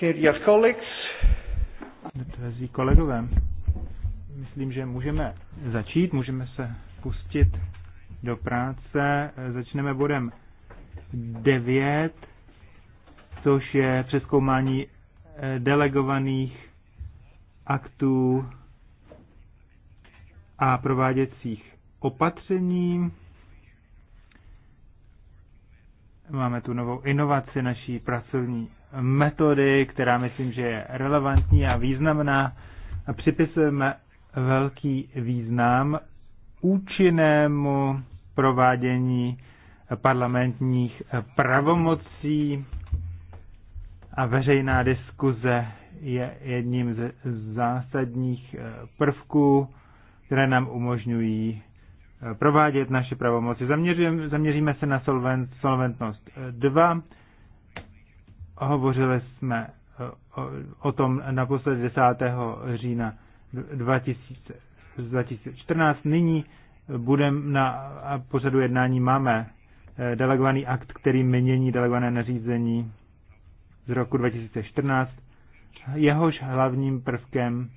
Dear colleagues. Drazí kolegové, myslím, že můžeme začít, můžeme se pustit do práce. Začneme bodem 9, což je přeskoumání eh, delegovaných aktů a prováděcích opatření. Máme tu novou inovaci naší pracovní metody, která myslím, že je relevantní a významná a připisujeme velký význam účinnému provádění parlamentních pravomocí a veřejná diskuze je jedním z zásadních eh, prvků, které nám umožňují eh, provádět naše pravomoci. Zaměříme, se na solventnost 2 hovořili jsme eh, o tom naposled 10. října 2014. Nyní budem na pořadu jednání máme eh, delegovaný akt, který mění delegované nařízení z roku 2014. Jehož hlavním prvkem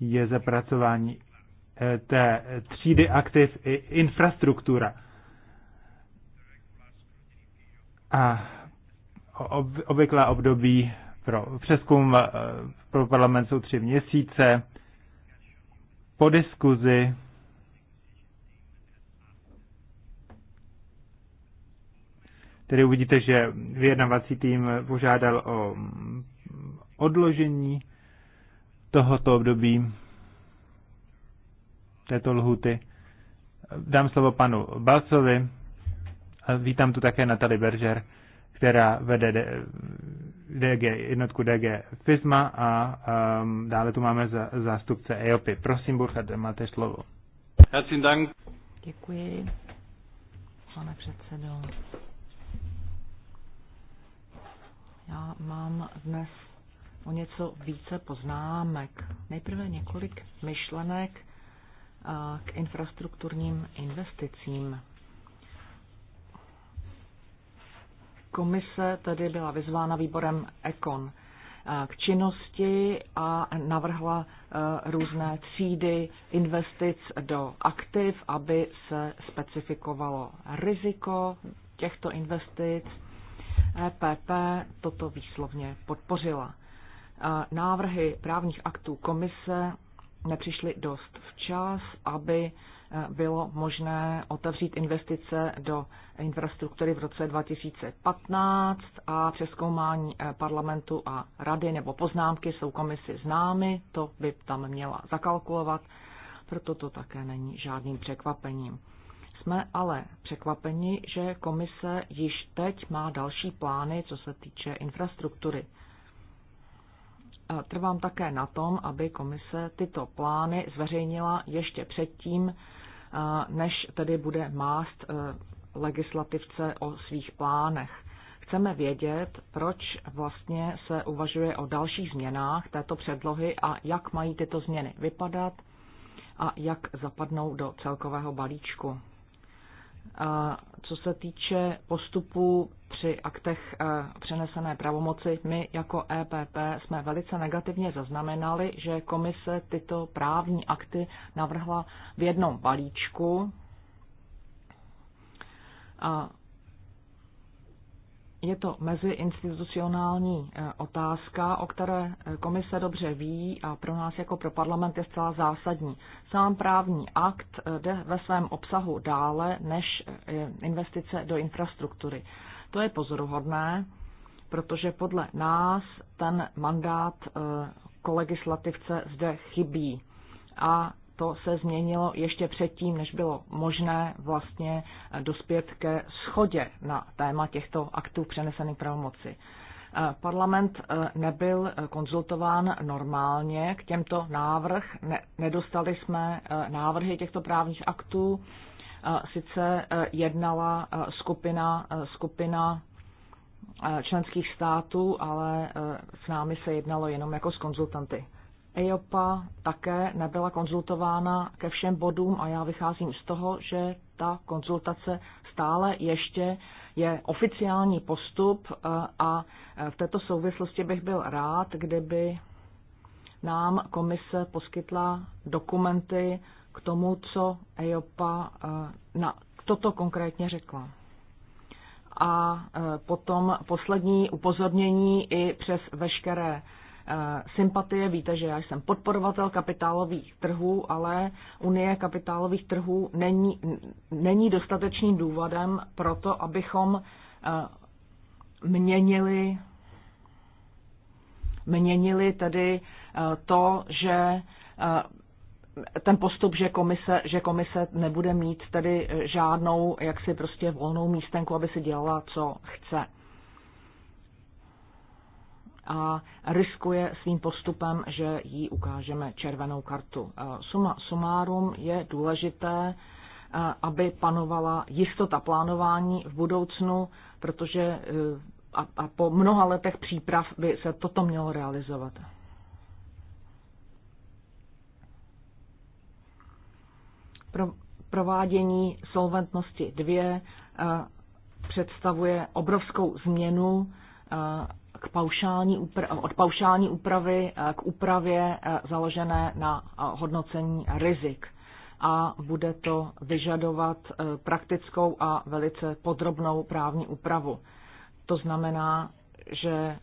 je zapracování eh, té třídy aktiv i infrastruktura. A obvyklá období pro přeskum eh, pro parlament jsou tři měsíce. Po diskuzi Tedy uvidíte, že vyjednavací tým požádal o odložení tohoto období, této lhuty. Dám slovo panu Balcovi a vítám tu také Natali Beržer která vede DG, jednotku DG FISMA a um, dále tu máme za, zástupce EOPy. Prosím, Burchard, máte slovo. Herzlichen Dank. Děkuji, pane předsedo. Já mám dnes o něco více poznámek. Nejprve několik myšlenek uh, k infrastrukturním investicím. Komise tedy byla vyzvána výborem ECON eh, k činnosti a navrhla eh, různé třídy investic do aktiv, aby se specifikovalo riziko těchto investic. EPP toto výslovně podpořila. Eh, návrhy právních aktů komise nepřišly dost včas, aby bylo možné otevřít investice do infrastruktury v roce 2015 a přeskoumání eh, parlamentu a rady nebo poznámky jsou komisi známy, to by tam měla zakalkulovat, proto to také není žádným překvapením. Jsme ale překvapeni, že komise již teď má další plány, co se týče infrastruktury. Trvám také na tom, aby komise tyto plány zveřejnila ještě předtím, než tedy bude mást e, legislativce o svých plánech. Chceme vědět, proč vlastně se uvažuje o dalších změnách této předlohy a jak mají tyto změny vypadat a jak zapadnou do celkového balíčku. E, co se týče postupu při aktech eh, přenesené pravomoci, my jako EPP jsme velice negativně zaznamenali, že komise tyto právní akty navrhla v jednom balíčku. A je to meziinstitucionální eh, otázka, o které eh, komise dobře ví a pro nás jako pro parlament je zcela zásadní. Sám právní akt eh, jde ve svém obsahu dále než investice do infrastruktury. To je pozoruhodné, protože podle nás ten mandát kolegislativce zde chybí a to se změnilo ještě předtím, než bylo možné vlastně dospět ke schodě na téma těchto aktů přenesených pravomoci. Parlament eh, nebyl eh, konzultován normálně k těmto návrh, nedostali jsme eh, návrhy těchto právních aktů, sice jednala skupina, skupina členských států, ale s námi se jednalo jenom jako s konzultanty. EIOPA také nebyla konzultována ke všem bodům a já vycházím z toho, že ta konzultace stále ještě je oficiální postup eh, a eh, v této souvislosti bych byl rád, kdyby nám komise poskytla dokumenty k tomu, co EIOPA eh, na toto konkrétně řekla. A potom poslední upozornění i přes veškeré Eh, sympatie. Víte, že já jsem podporovatel kapitálových trhů, ale Unie kapitálových trhů není, není dostatečným důvodem pro to, abychom eh, měnili, měnili tedy eh, to, že ten postup, že komise, že komise nebude mít tedy žádnou jaksi prostě volnou místenku, aby si dělala, co chce a riskuje svým postupem, že jí ukážeme červenou kartu. Eh, suma sumárum je důležité, eh, aby panovala jistota plánování v budoucnu, protože eh, a, a po mnoha letech příprav by se toto mělo realizovat. Pro, provádění solventnosti 2 představuje obrovskou změnu k paušální úpra- od paušální úpravy eh, k úpravě eh, založené na eh, hodnocení rizik. A bude to vyžadovat praktickou a velice podrobnou právní úpravu. To znamená, že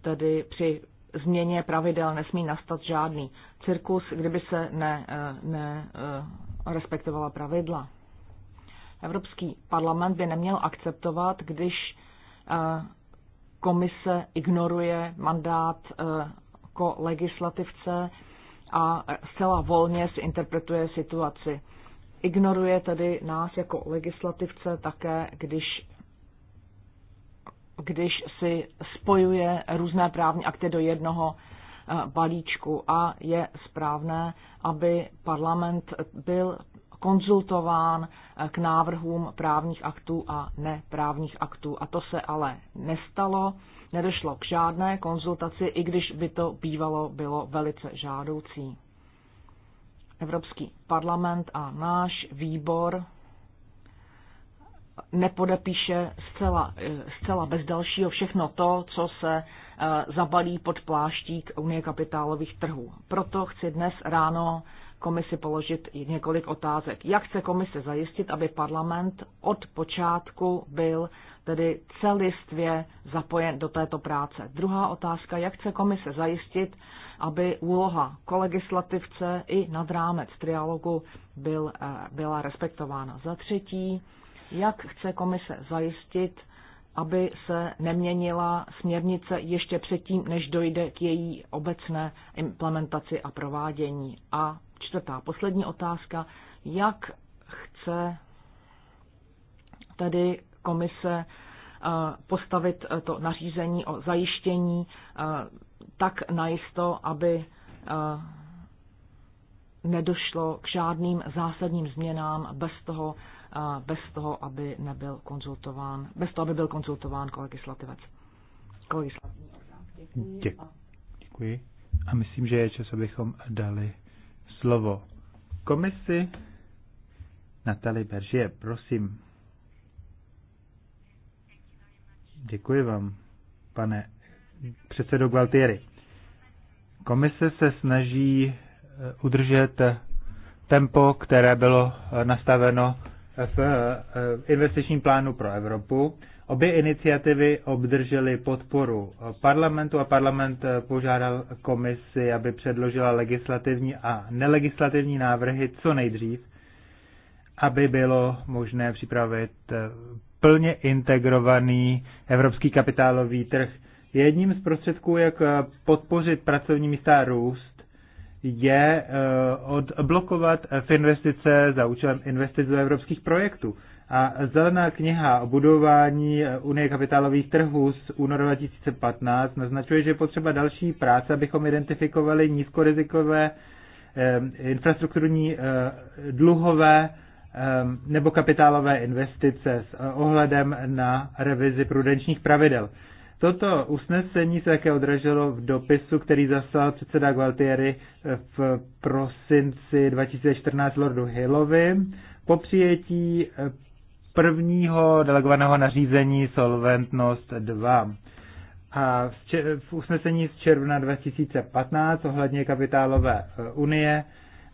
tedy při změně pravidel nesmí nastat žádný cirkus, kdyby se ne, ne respektovala pravidla. Evropský parlament by neměl akceptovat, když komise ignoruje mandát jako legislativce a zcela volně si interpretuje situaci. Ignoruje tedy nás jako legislativce také, když, když si spojuje různé právní akty do jednoho eh, balíčku a je správné, aby parlament byl konzultován eh, k návrhům právních aktů a neprávních aktů. A to se ale nestalo, nedošlo k žádné konzultaci, i když by to bývalo bylo velice žádoucí. Evropský parlament a náš výbor nepodepíše zcela, eh, zcela bez dalšího všechno to, co se eh, zabalí pod pláštík Unie kapitálových trhů. Proto chci dnes ráno komisi položit několik otázek. Jak chce komise zajistit, aby parlament od počátku byl tedy celistvě zapojen do této práce? Druhá otázka, jak chce komise zajistit, aby úloha kolegislativce i nad rámec trialogu byl, eh, byla respektována? Za třetí, jak chce komise zajistit, aby se neměnila směrnice ještě předtím, než dojde k její obecné implementaci a provádění. A čtvrtá poslední otázka, jak chce tedy komise eh, postavit eh, to nařízení o zajištění eh, tak najisto, aby nedošlo k žádným zásadním změnám bez toho, bez toho, aby nebyl konzultován, bez toho, aby byl konzultován kolegislativec. Kolegislativní orgán. Děkuji. Děkuji. A myslím, že je čas, abychom dali slovo komisi. Natali Berže, prosím. Děkuji vám, pane předsedo Gualtieri. Komise se snaží eh, udržet tempo, které bylo nastaveno v eh, investičním plánu pro Evropu Obě iniciativy obdržely podporu parlamentu a parlament požádal komisi, aby předložila legislativní a nelegislativní návrhy co nejdřív, aby bylo možné připravit eh, plně integrovaný evropský kapitálový trh. Jedním z prostředků, jak eh, podpořit pracovní místa a růst, je eh, odblokovat investice za účelem investic do evropských projektů. A zelená kniha o budování eh, Unie kapitálových trhů z února 2015 naznačuje, že je potřeba další práce, abychom identifikovali nízkorizikové eh, infrastrukturní eh, dluhové nebo kapitálové investice s ohledem na revizi prudenčních pravidel. Toto usnesení se také odraželo v dopisu, který zaslal předseda Gualtieri v prosinci 2014 Lordu Hillovi po přijetí prvního delegovaného nařízení Solventnost 2. A v usnesení z června 2015 ohledně kapitálové e, unie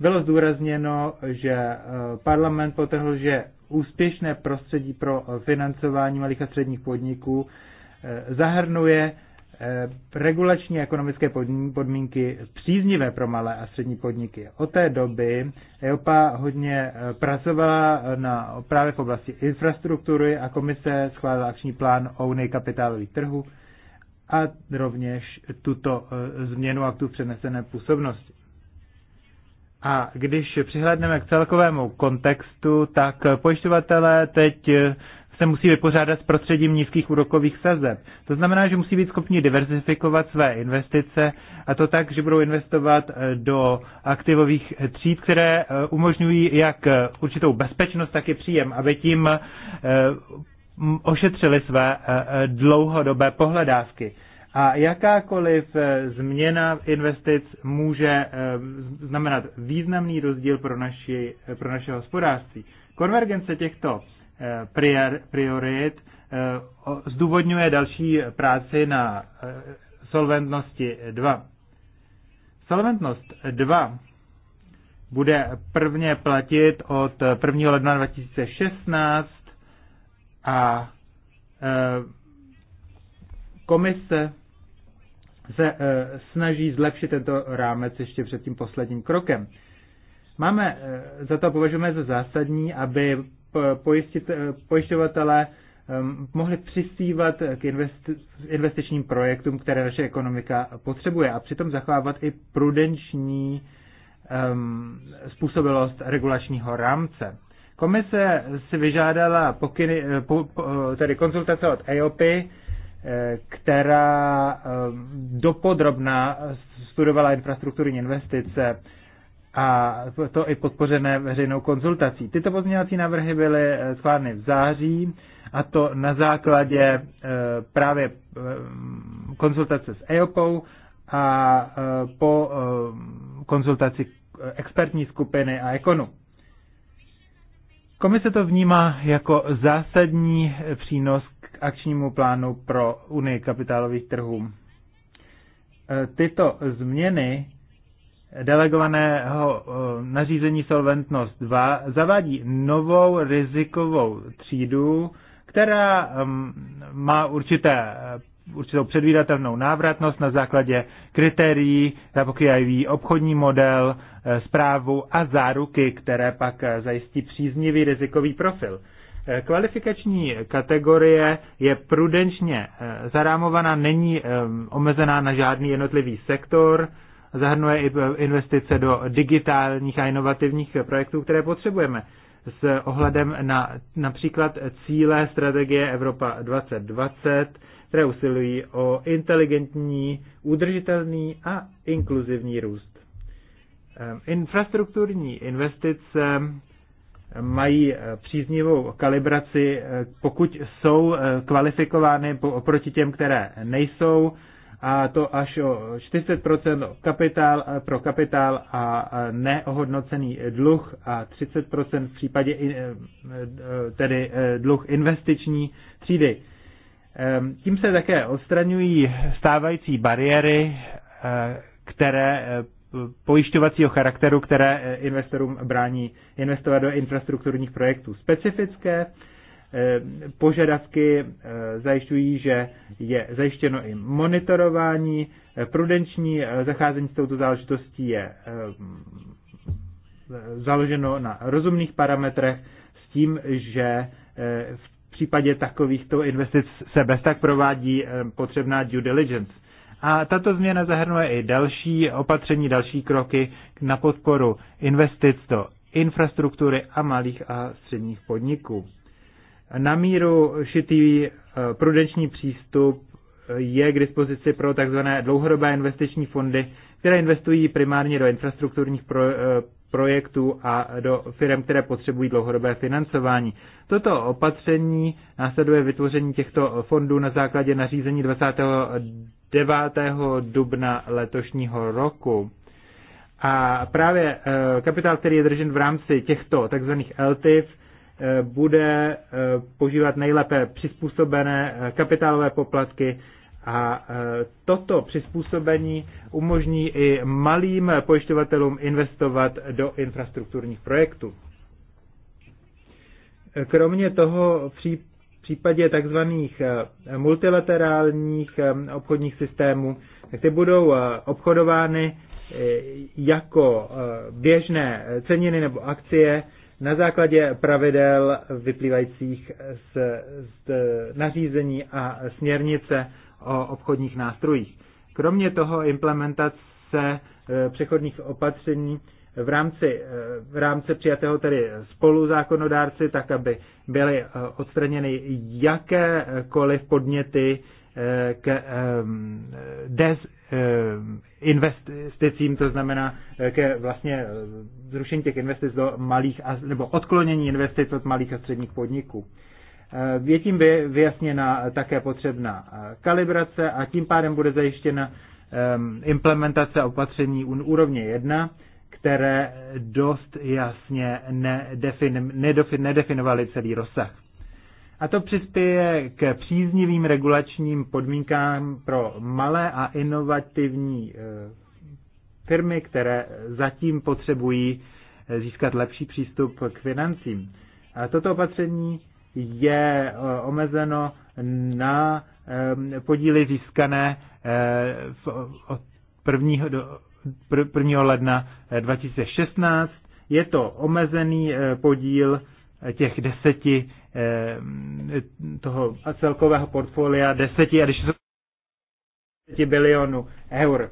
bylo zdůrazněno, že e, parlament potrhl, že úspěšné prostředí pro e, financování malých a středních podniků zahrnuje Eh, regulační ekonomické podmínky příznivé pro malé a střední podniky. Od té doby EOPA hodně eh, pracovala eh, na, právě v oblasti infrastruktury a komise schválila akční plán o unii trhu a rovněž tuto změnu aktu přenesené působnosti. A když přihlédneme k celkovému kontextu, tak pojišťovatelé teď se musí vypořádat s prostředím nízkých úrokových sazeb. To znamená, že musí být schopni diversifikovat své investice a to tak, že budou investovat eh, do aktivových tříd, které eh, umožňují jak eh, určitou bezpečnost, tak i příjem, aby tím ošetřili své dlouhodobé pohledávky. A jakákoliv změna investic může znamenat významný rozdíl pro, naši, pro naše hospodářství. Konvergence těchto priorit eh, zdůvodňuje další práci na eh, solventnosti 2. Solventnost 2 bude prvně platit od 1. ledna 2016 a eh, komise se snaží zlepšit tento rámec ještě před tím posledním krokem. Máme, za to považujeme za zásadní, aby pojistit, eh, ehm, mohli přistývat k investičním projektům, které naše ekonomika potřebuje a přitom zachovávat i prudenční um, způsobilost regulačního rámce. Komise si vyžádala pokyny, eh, po, po, eh, tedy konzultace od EOPy, která ehm, dopodrobná studovala infrastrukturní investice a to i podpořené veřejnou konzultací. Tyto pozměňovací návrhy byly eh, schváleny v září a to na základě eh, právě eh, konzultace s EOPou a po konzultaci expertní skupiny a ekonu. Komise to vnímá jako zásadní přínos k akčnímu plánu pro Unii kapitálových trhů. Tyto změny delegovaného eh, nařízení Solventnost 2 zavádí novou rizikovou třídu, která má určité, eh, určitou předvídatelnou návratnost na základě kritérií, zapokývají obchodní model, zprávu eh, a záruky, které pak zajistí příznivý rizikový profil. Kvalifikační kategorie je prudenčně zarámovaná, není omezená na žádný jednotlivý sektor, zahrnuje i investice do digitálních a inovativních projektů, které potřebujeme s ohledem na například cíle strategie Evropa 2020, které usilují o inteligentní, udržitelný a inkluzivní růst. Ehm, infrastrukturní investice mají příznivou kalibraci, eh, pokud jsou eh, kvalifikovány oproti těm, které nejsou a to až o 40% kapitál, eh, pro kapitál a eh, neohodnocený dluh a 30% v případě eh, tedy dluh investiční třídy. Ehm, tím se také odstraňují stávající bariéry, které pojišťovacího charakteru, které investorům brání investovat do infrastrukturních projektů. Specifické Eh, požadavky eh, zajišťují, že je zajištěno i monitorování, eh, prudenční zacházení s touto záležitostí je založeno na rozumných parametrech s tím, že v případě takovýchto investic se bez tak provádí potřebná due diligence. A tato změna zahrnuje i další opatření, další kroky na podporu investic do infrastruktury a malých a středních podniků. Na míru šitý eh, prudenční přístup eh, je k dispozici pro tzv. dlouhodobé investiční fondy, které investují primárně do infrastrukturních pro, eh, projektů a do firm, které potřebují dlouhodobé financování. Toto opatření následuje vytvoření těchto fondů na základě nařízení 29. dubna letošního roku. A právě kapitál, který je držen v rámci těchto tzv. LTIF, Eh, bude eh, požívat nejlépe přizpůsobené eh, kapitálové poplatky a toto přizpůsobení umožní i malým pojišťovatelům investovat do infrastrukturních projektů. Kromě toho v případě takzvaných multilaterálních obchodních systémů, tak ty budou obchodovány jako běžné ceniny nebo akcie na základě pravidel vyplývajících z, z nařízení a směrnice o obchodních nástrojích. Kromě toho implementace e, přechodných opatření v rámci, e, v rámci přijatého tedy spoluzákonodárci, tak aby byly e, odstraněny jakékoliv podněty k des, Eh, investicím, to znamená eh, ke vlastně eh, zrušení těch investic do malých, a, nebo odklonění investic od malých a středních podniků. Je tím vyjasněna také potřebná kalibrace a tím pádem bude zajištěna ehm, implementace opatření úrovně 1, které dost jasně nedefin, nedefin, nedefinovaly celý rozsah a to přispěje k příznivým regulačním podmínkám pro malé a inovativní eh, firmy, které zatím potřebují eh, získat lepší přístup k financím. A toto opatření je eh, omezeno na podíly získané od 1. 1. ledna 2016. Je to omezený podíl těch deseti eh, toho celkového portfolia deseti a když deseti bilionů eur.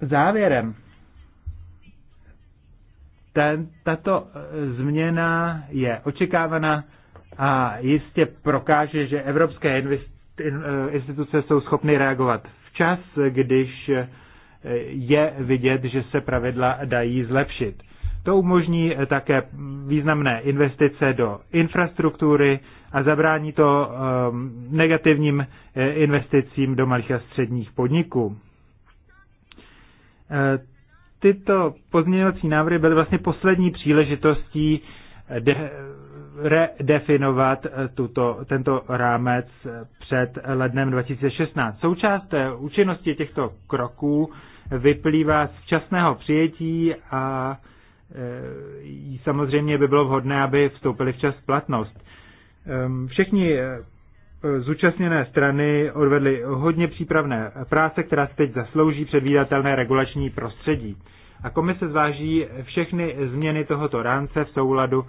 Závěrem, ten, tato eh, změna je očekávaná a jistě prokáže, že evropské eh, instituce jsou schopny reagovat včas, když je vidět, že se pravidla dají zlepšit. To umožní také významné investice do infrastruktury a zabrání to ehm, negativním eh, investicím do malých a středních podniků. Eh, tyto pozměňovací návrhy byly vlastně poslední příležitostí eh, de, redefinovat tuto, tento rámec před lednem 2016. Součást účinnosti těchto kroků vyplývá z časného přijetí a E, samozřejmě by bylo vhodné, aby vstoupily včas v platnost. Všichni e, zúčastněné strany odvedly hodně přípravné práce, která se teď zaslouží předvídatelné regulační prostředí. A komise zváží všechny změny tohoto rámce v souladu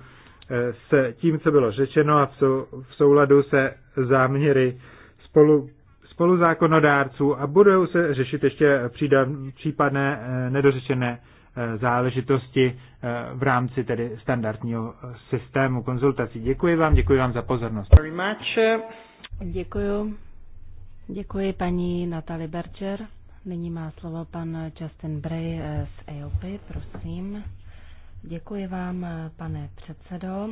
e, s tím, co bylo řečeno a v souladu se záměry spolu, spoluzákonodárců a budou se řešit ještě případné nedořečené Eh, záležitosti eh, v rámci tedy standardního systému konzultací. Děkuji vám, děkuji vám za pozornost. Děkuji. Děkuji paní Natali Berger. Nyní má slovo pan Justin Bray eh, z EOP, prosím. Děkuji vám, pane předsedo.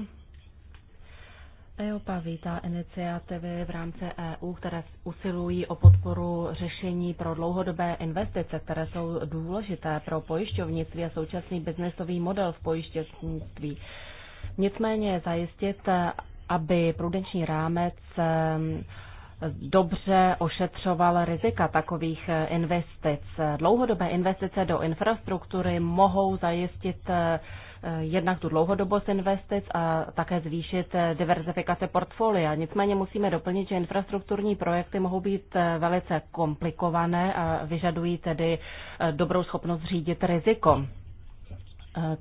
EOPA vítá iniciativy v rámci EU, které usilují o podporu řešení pro dlouhodobé investice, které jsou důležité pro pojišťovnictví a současný biznesový model v pojišťovnictví. Nicméně zajistit, aby prudenční rámec ehm, dobře ošetřoval rizika takových eh, investic. Dlouhodobé investice do infrastruktury mohou zajistit eh, Eh, jednak tu dlouhodobost investic a také zvýšit eh, diverzifikace portfolia. Nicméně musíme doplnit, že infrastrukturní projekty mohou být eh, velice komplikované a vyžadují tedy dobrou schopnost řídit riziko.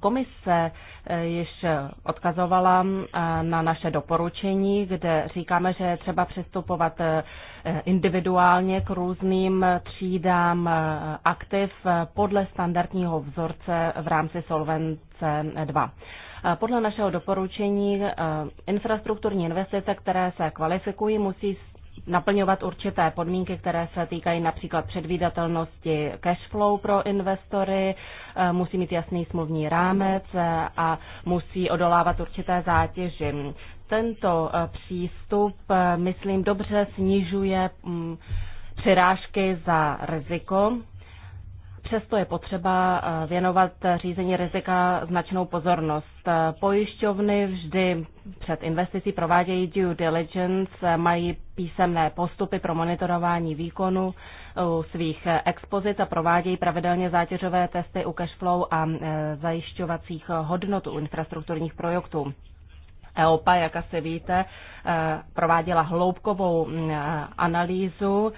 Komise eh, již odkazovala eh, na naše doporučení, kde říkáme, že je třeba přistupovat eh, individuálně k různým třídám aktiv podle standardního vzorce v rámci Solvence 2. Podle našeho doporučení infrastrukturní investice, které se kvalifikují, musí naplňovat určité podmínky, které se týkají například předvídatelnosti cash flow pro investory, eh, musí mít jasný smluvní rámec eh, a musí odolávat určité zátěži. Tento eh, přístup, myslím, dobře snižuje mm, přirážky za riziko Přesto je potřeba eh, věnovat řízení rizika značnou pozornost. Eh, pojišťovny vždy před investicí provádějí due diligence, eh, mají písemné postupy pro monitorování výkonu svých expozit a provádějí pravidelně zátěžové testy u cashflow a zajišťovacích hodnot u infrastrukturních projektů. EOPA, jak asi víte, prováděla hloubkovou mm, analýzu.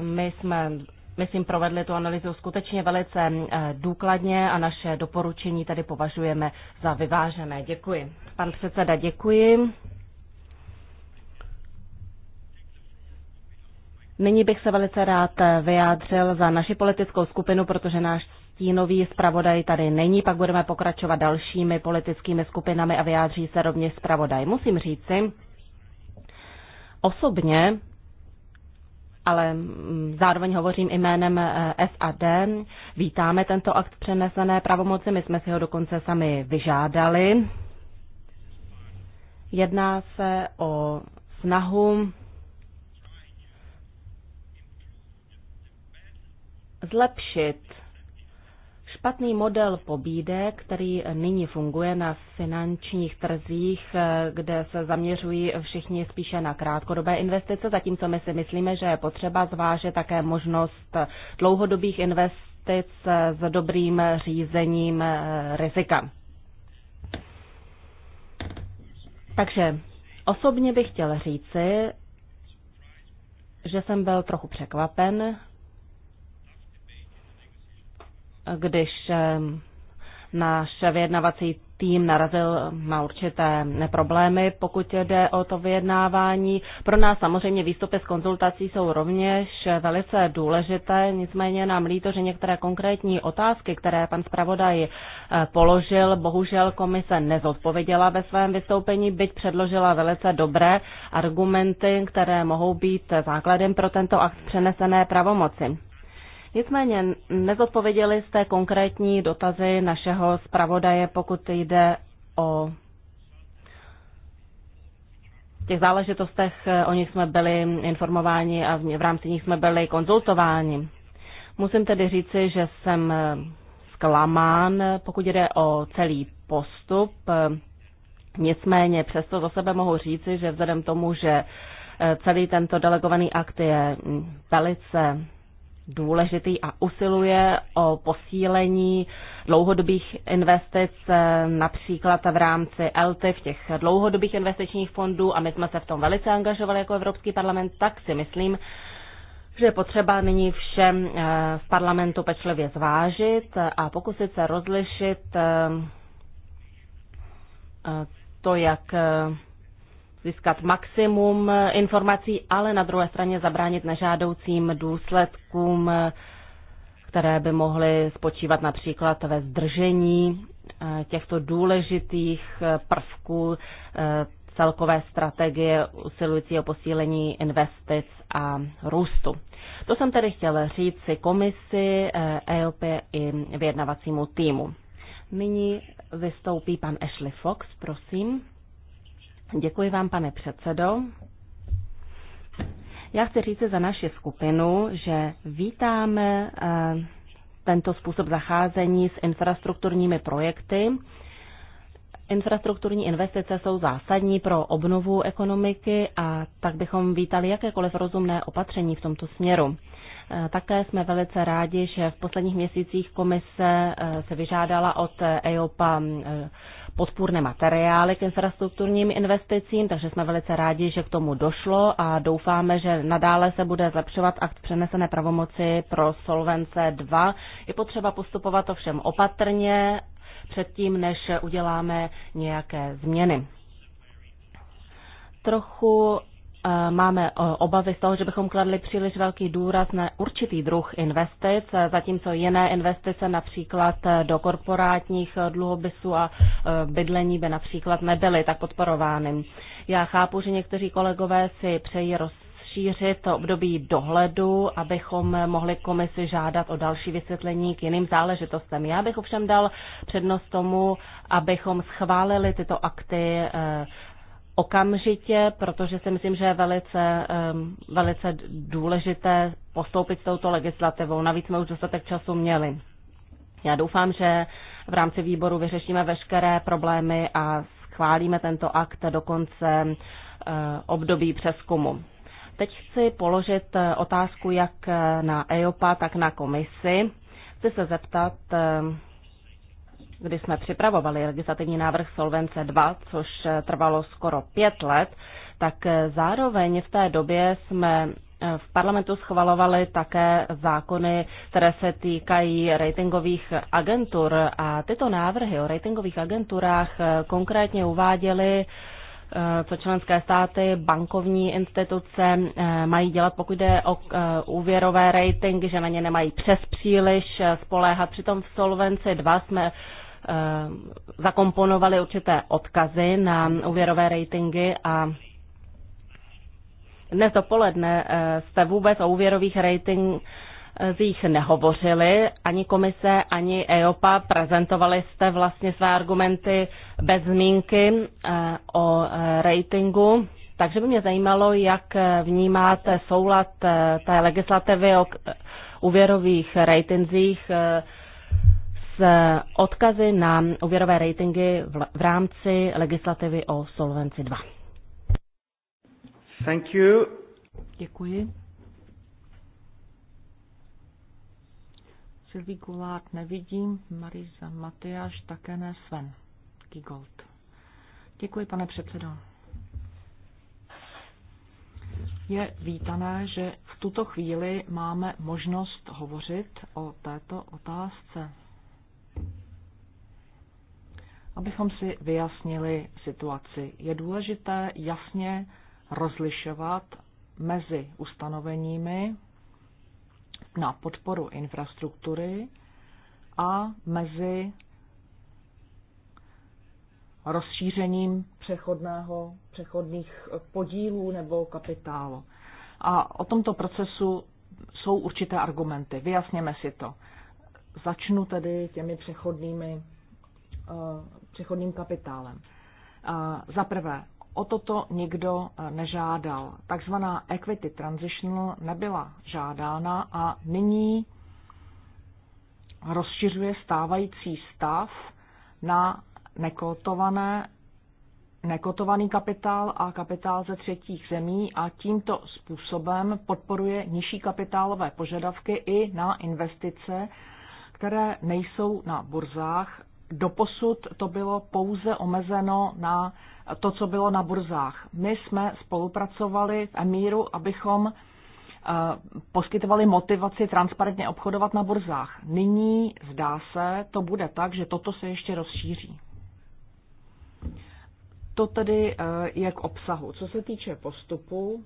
My jsme myslím, provedli tu analýzu skutečně velice eh, důkladně a naše doporučení tady považujeme za vyvážené. Děkuji. Pan předseda, děkuji. Nyní bych se velice rád eh, vyjádřil za naši politickou skupinu, protože náš stínový zpravodaj tady není, pak budeme pokračovat dalšími politickými skupinami a vyjádří se rovněž zpravodaj. Musím říci, osobně ale mm, zároveň hovořím jménem eh, SAD. Vítáme tento akt přenesené pravomoci, my jsme si ho dokonce sami vyžádali. Jedná se o snahu zlepšit Špatný model pobídek, který nyní funguje na finančních trzích, eh, kde se zaměřují všichni spíše na krátkodobé investice, zatímco my si myslíme, že je potřeba zvážit také možnost dlouhodobých investic s dobrým řízením eh, rizika. Takže osobně bych chtěl říci, že jsem byl trochu překvapen když náš vyjednavací tým narazil na určité problémy, pokud jde o to vyjednávání. Pro nás samozřejmě výstupy z konzultací jsou rovněž velice důležité, nicméně nám líto, že některé konkrétní otázky, které pan zpravodaj eh, položil, bohužel komise nezodpověděla ve svém vystoupení, byť předložila velice dobré argumenty, které mohou být základem pro tento akt přenesené pravomoci. Nicméně nezodpověděli jste konkrétní dotazy našeho zpravodaje, pokud jde o těch záležitostech, o nich jsme byli informováni a v rámci nich jsme byli konzultováni. Musím tedy říci, že jsem zklamán, pokud jde o celý postup. Nicméně přesto za sebe mohu říci, že vzhledem tomu, že eh, celý tento delegovaný akt je mm, velice důležitý a usiluje o posílení dlouhodobých investic, například v rámci v těch dlouhodobých investičních fondů, a my jsme se v tom velice angažovali jako Evropský parlament, tak si myslím, že je potřeba nyní všem eh, v parlamentu pečlivě zvážit a pokusit se rozlišit eh, eh, to, jak získat maximum eh, informací, ale na druhé straně zabránit nežádoucím důsledkům, eh, které by mohly spočívat například ve zdržení eh, těchto důležitých prvků celkové strategie usilující o posílení investic a růstu. To jsem tedy chtěl si komisi, EOP i vyjednavacímu týmu. Nyní vystoupí pan Ashley Fox, prosím. Děkuji vám, pane předsedo. Já chci říct za naši skupinu, že vítáme eh, tento způsob zacházení s infrastrukturními projekty. Infrastrukturní investice jsou zásadní pro obnovu ekonomiky a tak bychom vítali jakékoliv rozumné opatření v tomto směru. Eh, také jsme velice rádi, že v posledních měsících komise eh, se vyžádala od EOPA mm, eh, podpůrné materiály k infrastrukturním investicím, takže jsme velice rádi, že k tomu došlo a doufáme, že nadále se bude zlepšovat akt přenesené pravomoci pro Solvence 2. Je potřeba postupovat ovšem opatrně předtím, než uděláme nějaké změny. Trochu Eh, máme eh, obavy z toho, že bychom kladli příliš velký důraz na určitý druh investic, eh, zatímco jiné investice například do korporátních dluhopisů a bydlení by například nebyly tak podporovány. Já chápu, že někteří kolegové si přejí roz rozšířit období dohledu, abychom mohli komisi žádat o další vysvětlení k jiným záležitostem. Já bych ovšem dal přednost tomu, abychom schválili tyto akty okamžitě, protože si myslím, že je velice, velice důležité postoupit s touto legislativou. Navíc jsme už dostatek času měli. Já doufám, že v rámci výboru vyřešíme veškeré problémy a schválíme tento akt do konce eh, období přeskumu. Teď chci položit eh, otázku jak na EOPA, tak na komisi. Chci se zeptat, eh, kdy jsme připravovali legislativní návrh Solvence 2, což trvalo skoro pět let, tak zároveň v té době jsme eh, v parlamentu schvalovali také zákony, které se týkají ratingových agentur a tyto návrhy o ratingových agenturách eh, konkrétně uváděly, eh, co členské státy, bankovní instituce mají dělat, pokud jde o úvěrové ratingy, že na ně nemají přes příliš spoléhat. Přitom v Solvenci 2 jsme Eh, zakomponovali určité odkazy na úvěrové ratingy a dnes dopoledne eh, jste vůbec o úvěrových ratingzích nehovořili, ani komise, ani EOPA, prezentovali jste vlastně své argumenty bez zmínky eh, o ratingu. Takže by mě zajímalo, jak vnímáte soulad té legislativy o úvěrových ratingzích s eh, odkazy na úvěrové ratingy v rámci legislativy o Solvenci 2. Thank you. Děkuji. Silví Gulák nevidím, Marisa Matyáš také ne, Sven Kigold. Děkuji, pane předsedo. Je vítané, že v tuto chvíli máme možnost hovořit o této otázce abychom si vyjasnili situaci. Je důležité jasně rozlišovat mezi ustanoveními na podporu infrastruktury a mezi rozšířením přechodného, přechodných podílů nebo kapitálu. A o tomto procesu jsou určité argumenty. Vyjasněme si to. Začnu tedy těmi přechodnými Eh, přechodným kapitálem. Eh, za prvé, o toto nikdo eh, nežádal. Takzvaná equity transitional nebyla žádána a nyní rozšiřuje stávající stav na nekotované, nekotovaný kapitál a kapitál ze třetích zemí a tímto způsobem podporuje nižší kapitálové požadavky i na investice, které nejsou na burzách doposud to bylo pouze omezeno na to, co bylo na burzách. My jsme spolupracovali v Emíru, abychom eh, poskytovali motivaci transparentně obchodovat na burzách. Nyní, zdá se, to bude tak, že toto se ještě rozšíří. To tedy eh, je k obsahu. Co se týče postupu,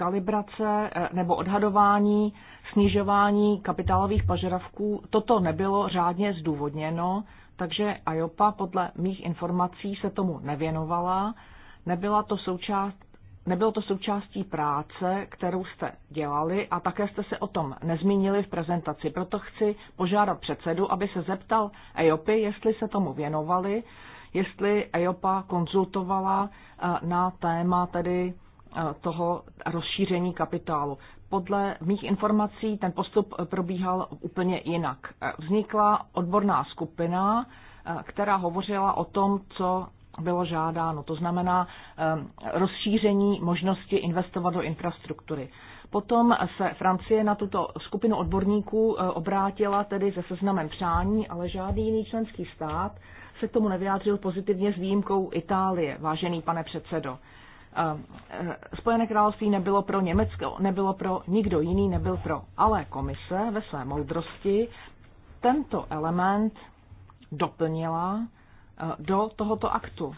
kalibrace eh, nebo odhadování snižování kapitálových požadavků, toto nebylo řádně zdůvodněno, takže IOPA podle mých informací se tomu nevěnovala, nebyla to součást, nebylo to součástí práce, kterou jste dělali a také jste se o tom nezmínili v prezentaci. Proto chci požádat předsedu, aby se zeptal EOPy, jestli se tomu věnovali, jestli EOPA konzultovala eh, na téma tedy Eh, toho rozšíření kapitálu. Podle mých informací ten postup probíhal úplně jinak. Eh, vznikla odborná skupina, eh, která hovořila o tom, co bylo žádáno, to znamená rozšíření možnosti investovat do infrastruktury. Potom se Francie na tuto skupinu odborníků obrátila tedy se seznamem přání, ale žádný jiný členský stát se k tomu nevyjádřil pozitivně s výjimkou Itálie, vážený pane předsedo. Eh, eh, Spojené království nebylo pro Německo, nebylo pro nikdo jiný, nebyl pro. Ale komise ve své moudrosti tento element doplnila eh, do tohoto aktu.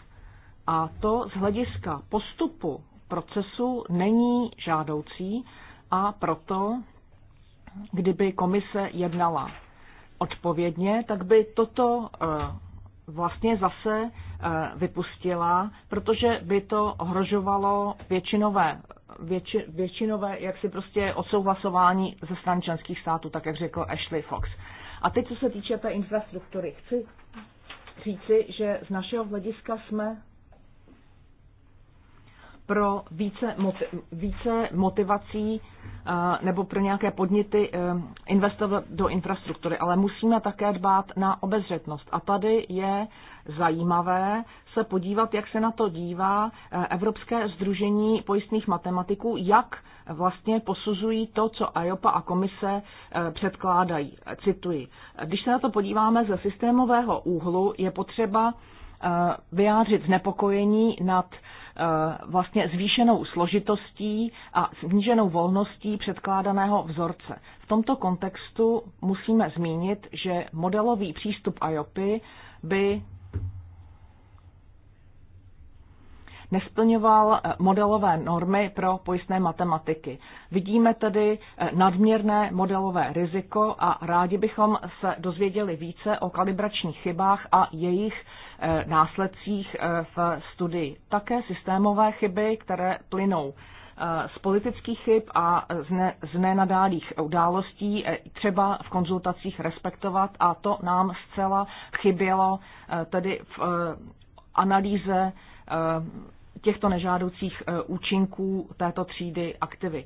A to z hlediska postupu procesu není žádoucí a proto, kdyby komise jednala odpovědně, tak by toto vlastně zase eh, vypustila, protože by to ohrožovalo většinové, větši, většinové jaksi prostě odsouhlasování ze stran členských států, tak jak řekl Ashley Fox. A teď, co se týče té infrastruktury, chci říci, že z našeho hlediska jsme pro více, více motivací eh, nebo pro nějaké podněty eh, investovat do infrastruktury, ale musíme také dbát na obezřetnost. A tady je zajímavé se podívat, jak se na to dívá eh, Evropské združení pojistných matematiků, jak vlastně posuzují to, co IOPA a komise předkládají. Cituji. Když se na to podíváme ze systémového úhlu, je potřeba vyjádřit znepokojení nad Eh, vlastně zvýšenou složitostí a sníženou volností předkládaného vzorce. V tomto kontextu musíme zmínit, že modelový přístup IOPy by nesplňoval eh, modelové normy pro pojistné matematiky. Vidíme tedy eh, nadměrné modelové riziko a rádi bychom se dozvěděli více o kalibračních chybách a jejich Eh, následcích eh, v studii. Také systémové chyby, které plynou eh, z politických chyb a z, nenadálých událostí třeba v konzultacích respektovat a to nám zcela chybělo tedy v analýze těchto nežádoucích účinků této třídy aktivy.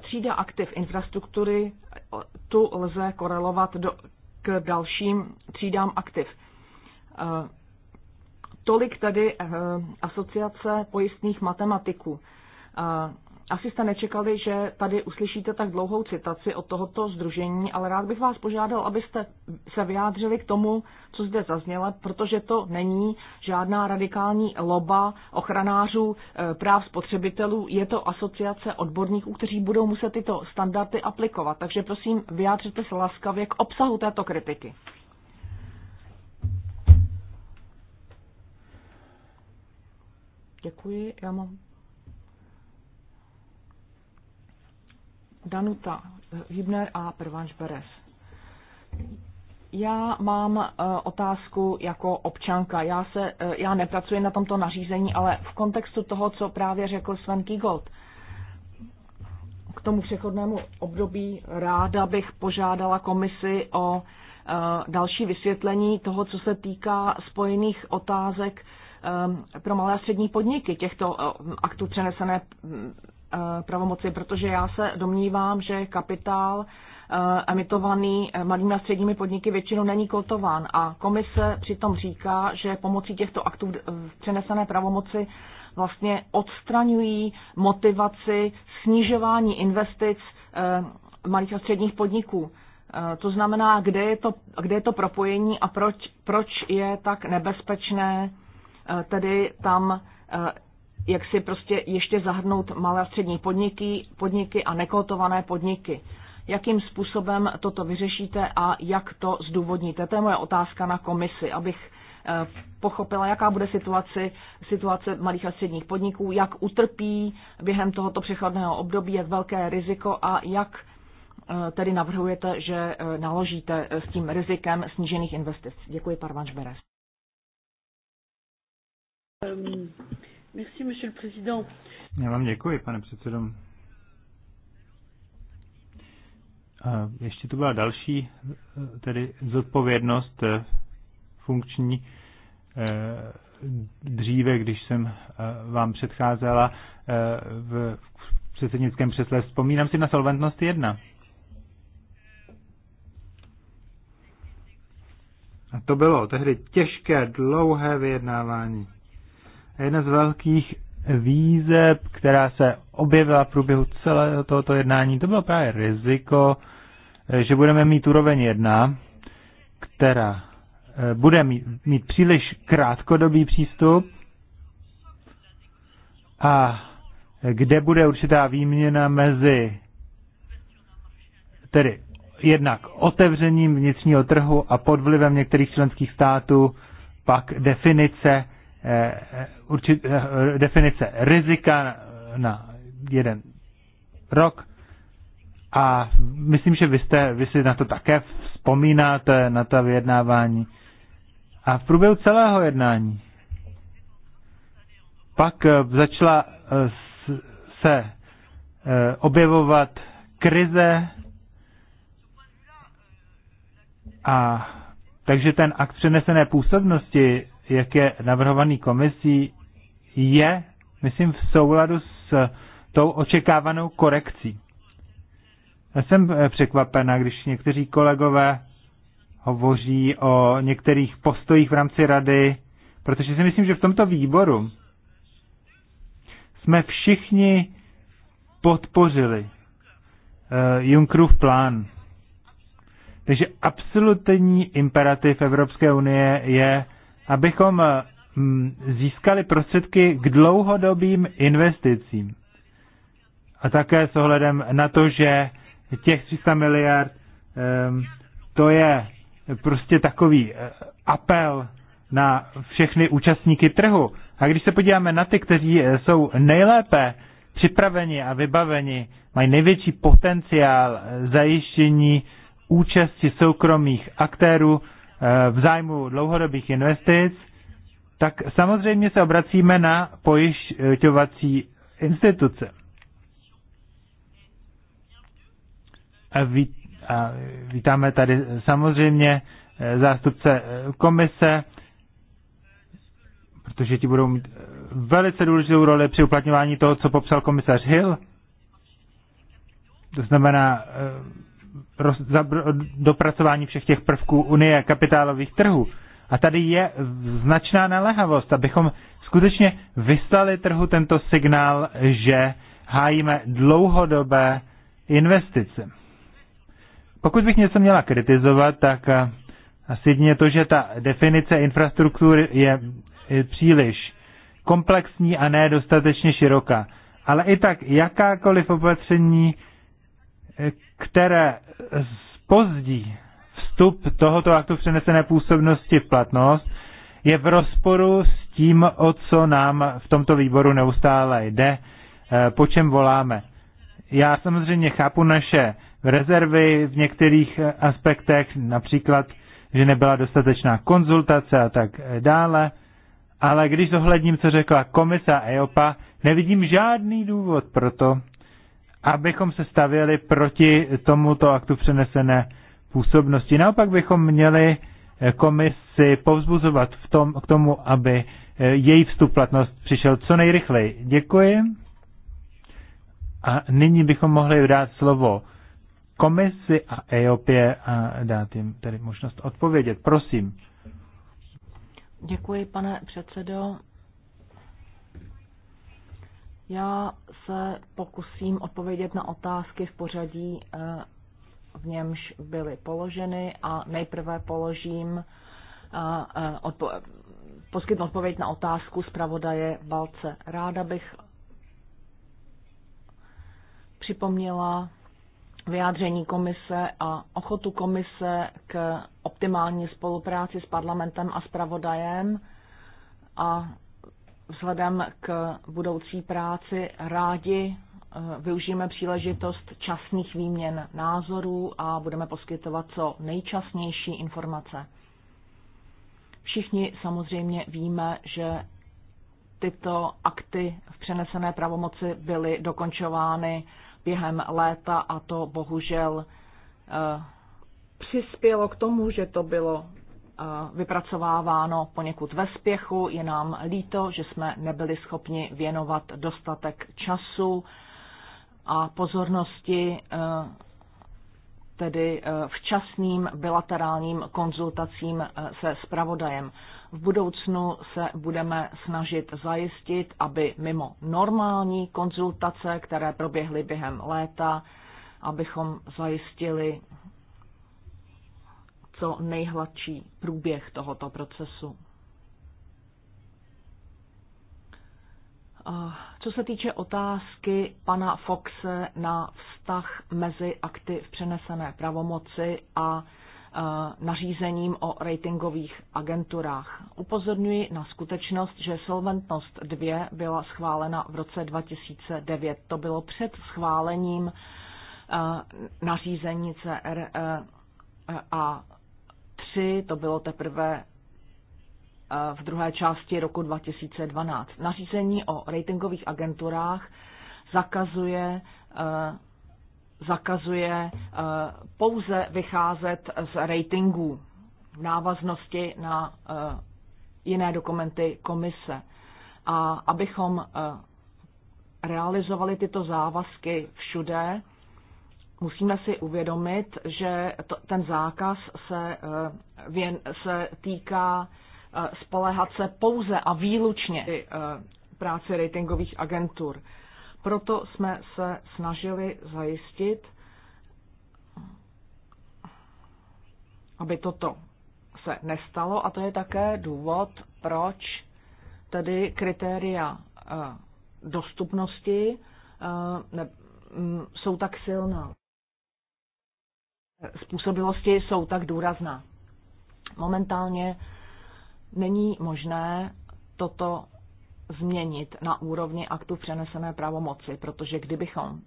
Třída aktiv infrastruktury tu lze korelovat do, k dalším třídám aktiv Tolik tedy eh, asociace pojistných matematiků. Eh, asi jste nečekali, že tady uslyšíte tak dlouhou citaci od tohoto združení, ale rád bych vás požádal, abyste se vyjádřili k tomu, co zde zaznělo, protože to není žádná radikální loba ochranářů eh, práv spotřebitelů, je to asociace odborníků, kteří budou muset tyto standardy aplikovat. Takže prosím, vyjádřete se laskavě k obsahu této kritiky. Děkuji, já mám Danuta eh, Hübner a Prvanš Beres. Já mám uh, otázku jako občanka. Já, se, uh, já nepracuji na tomto nařízení, ale v kontextu toho, co právě řekl Sven Kigold, k tomu přechodnému období ráda bych požádala komisi o uh, další vysvětlení toho, co se týká spojených otázek Ehm, pro malé a střední podniky těchto eh, aktů přenesené mm, eh, pravomoci, protože já se domnívám, že kapitál eh, emitovaný malými a středními podniky většinou není kotován a komise přitom říká, že pomocí těchto aktů přenesené pravomoci vlastně odstraňují motivaci snižování investic malých a středních podniků. To znamená, kde je to, kde je to propojení a proč, proč je tak nebezpečné Eh, tedy tam eh, jak si prostě ještě zahrnout malé a střední podniky, podniky a nekotované podniky. Jakým způsobem toto vyřešíte a jak to zdůvodníte? To je moje otázka na komisi, abych eh, pochopila, jaká bude situace, situace malých a středních podniků, jak utrpí během tohoto přechodného období, jak velké riziko a jak tedy navrhujete, že naložíte s tím rizikem snížených investic. Děkuji, pan Beres. Euh, merci, monsieur le président. Já vám děkuji, pane předsedo. A ještě tu byla další eh, tedy zodpovědnost eh, funkční eh, dříve, když jsem vám předcházela v předsednickém přesle. Vzpomínám si na solventnost 1. A to bylo tehdy těžké, dlouhé vyjednávání. Jedna z velkých výzeb, která se objevila v průběhu celého tohoto jednání, to bylo právě riziko, že budeme mít úroveň 1, která eh, bude mít, mít příliš krátkodobý přístup a kde bude určitá výměna mezi tedy jednak otevřením vnitřního trhu a pod vlivem některých členských států, pak definice Eh, eh, určit, eh, definice rizika na jeden rok. A myslím, že vy, jste, vy si na to také vzpomínáte, na to vyjednávání. A v průběhu celého jednání pak začala se objevovat krize a takže ten akt přenesené působnosti jak je navrhovaný komisí, je, myslím, v souladu s tou očekávanou korekcí. Já jsem eh, překvapena, když někteří kolegové hovoří o některých postojích v rámci rady, protože si myslím, že v tomto výboru jsme všichni podpořili uh, Junckerův plán. Takže absolutní imperativ Evropské unie je abychom eh, získali prostředky k dlouhodobým investicím. A také s ohledem na to, že těch 300 miliard to je prostě takový eh, apel na všechny účastníky trhu. A když se podíváme na ty, kteří eh, jsou nejlépe připraveni a vybaveni, mají největší potenciál zajištění účasti soukromých aktérů, v zájmu dlouhodobých investic, tak samozřejmě se obracíme na pojišťovací instituce. A, ví, a vítáme tady samozřejmě eh, zástupce eh, komise, protože ti budou mít eh, velice důležitou roli při uplatňování toho, co popsal komisař Hill. To znamená dopracování všech těch prvků Unie kapitálových trhů. A tady je značná naléhavost, abychom skutečně vyslali trhu tento signál, že hájíme dlouhodobé investice. Pokud bych něco měla kritizovat, tak eh, asi jedině to, že ta definice infrastruktury je příliš komplexní a ne dostatečně široká. Ale i tak jakákoliv opatření které spozdí vstup tohoto aktu přenesené působnosti v platnost, je v rozporu s tím, o co nám v tomto výboru neustále jde, eh, po čem voláme. Já samozřejmě chápu naše rezervy v některých eh, aspektech, například, že nebyla dostatečná konzultace a tak eh, dále, ale když zohledním, co řekla komisa EOPA, nevidím žádný důvod pro to, abychom se stavěli proti tomuto aktu přenesené působnosti. Naopak bychom měli eh, komisi povzbuzovat v tom, k tomu, aby eh, její vstup platnost přišel co nejrychleji. Děkuji. A nyní bychom mohli dát slovo komisi a EOPě a dát jim tedy možnost odpovědět. Prosím. Děkuji, pane předsedo. Já se pokusím odpovědět na otázky v pořadí, eh, v němž byly položeny a nejprve položím eh, eh, odpo- poskytnu odpověď na otázku zpravodaje Balce. Ráda bych připomněla vyjádření komise a ochotu komise k optimální spolupráci s parlamentem a zpravodajem a vzhledem k budoucí práci rádi eh, využijeme příležitost časných výměn názorů a budeme poskytovat co nejčasnější informace. Všichni samozřejmě víme, že tyto akty v přenesené pravomoci byly dokončovány během léta a to bohužel eh, přispělo k tomu, že to bylo Eh, vypracováváno poněkud ve spěchu. Je nám líto, že jsme nebyli schopni věnovat dostatek času a pozornosti eh, tedy eh, včasným bilaterálním konzultacím se spravodajem. V budoucnu se budeme snažit zajistit, aby mimo normální konzultace, které proběhly během léta, abychom zajistili co nejhladší průběh tohoto procesu. Co se týče otázky pana Foxe na vztah mezi akty v přenesené pravomoci a nařízením o ratingových agenturách. Upozorňuji na skutečnost, že Solventnost 2 byla schválena v roce 2009. To bylo před schválením nařízení CR e, a Tři, to bylo teprve eh, v druhé části roku 2012. Nařízení o ratingových agenturách zakazuje eh, zakazuje eh, pouze vycházet z ratingů v návaznosti na jiné dokumenty komise. A abychom realizovali tyto závazky všude, musíme si uvědomit, že to, ten zákaz se, eh, věn, se týká eh, spolehat se pouze a výlučně eh, práci ratingových agentur. Proto jsme se snažili zajistit, aby toto se nestalo a to je také důvod, proč tedy kritéria dostupnosti mm, jsou tak silná způsobilosti jsou tak důrazná. Momentálně není možné toto změnit na úrovni aktu přenesené pravomoci, protože kdybychom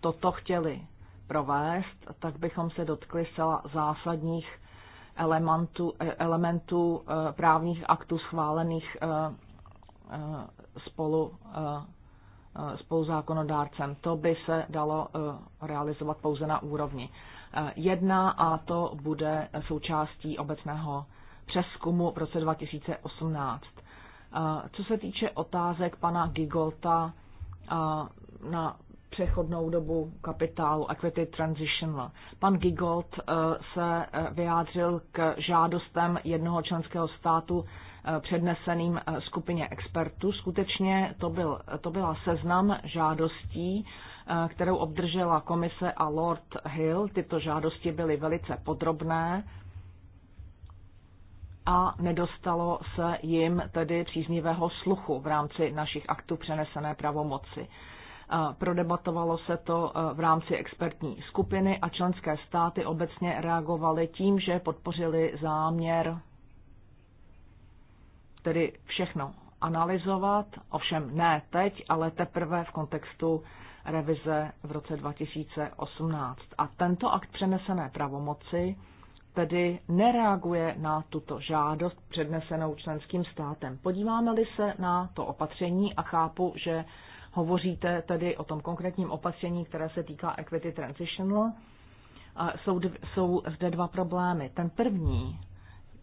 toto chtěli provést, tak bychom se dotkli zcela zásadních elementů, elementů eh, právních aktů schválených eh, eh, spolu, spolu zákonodárcem. To by se dalo realizovat pouze na úrovni Eh, jedna a to bude součástí obecného přeskumu v roce 2018. Eh, co se týče otázek pana Gigolta eh, na přechodnou dobu kapitálu Equity Transitional. Pan Gigold se vyjádřil k žádostem jednoho členského státu předneseným skupině expertů. Skutečně to, byl, to byla seznam žádostí Eh, kterou obdržela komise a Lord Hill. Tyto žádosti byly velice podrobné a nedostalo se jim tedy příznivého sluchu v rámci našich aktů přenesené pravomoci. Eh, prodebatovalo se to eh, v rámci expertní skupiny a členské státy obecně reagovaly tím, že podpořili záměr tedy všechno analyzovat, ovšem ne teď, ale teprve v kontextu revize v roce 2018. A tento akt přenesené pravomoci tedy nereaguje na tuto žádost přednesenou členským státem. Podíváme-li se na to opatření a chápu, že hovoříte tedy o tom konkrétním opatření, které se týká Equity Transitional, jsou, dv, jsou zde dva problémy. Ten první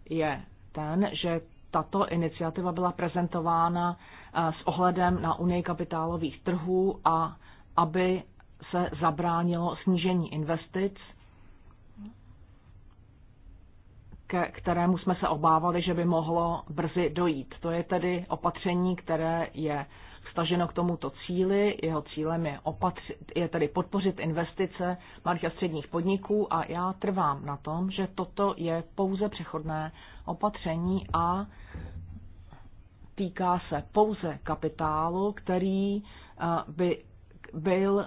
je ten, že tato iniciativa byla prezentována s ohledem na Unii kapitálových trhů a aby se zabránilo snížení investic, ke kterému jsme se obávali, že by mohlo brzy dojít. To je tedy opatření, které je staženo k tomuto cíli. Jeho cílem je, opatři, je tedy podpořit investice malých a středních podniků a já trvám na tom, že toto je pouze přechodné opatření a týká se pouze kapitálu, který eh, by byl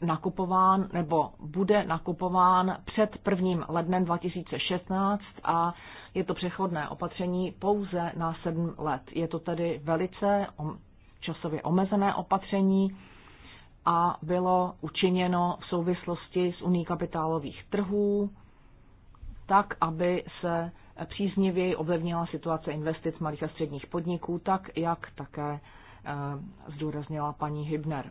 nakupován nebo bude nakupován před 1. lednem 2016 a je to přechodné opatření pouze na 7 let. Je to tedy velice časově omezené opatření a bylo učiněno v souvislosti s uní kapitálových trhů, tak, aby se příznivěji ovlivnila situace investic malých a středních podniků, tak jak také eh, zdůraznila paní Hybner.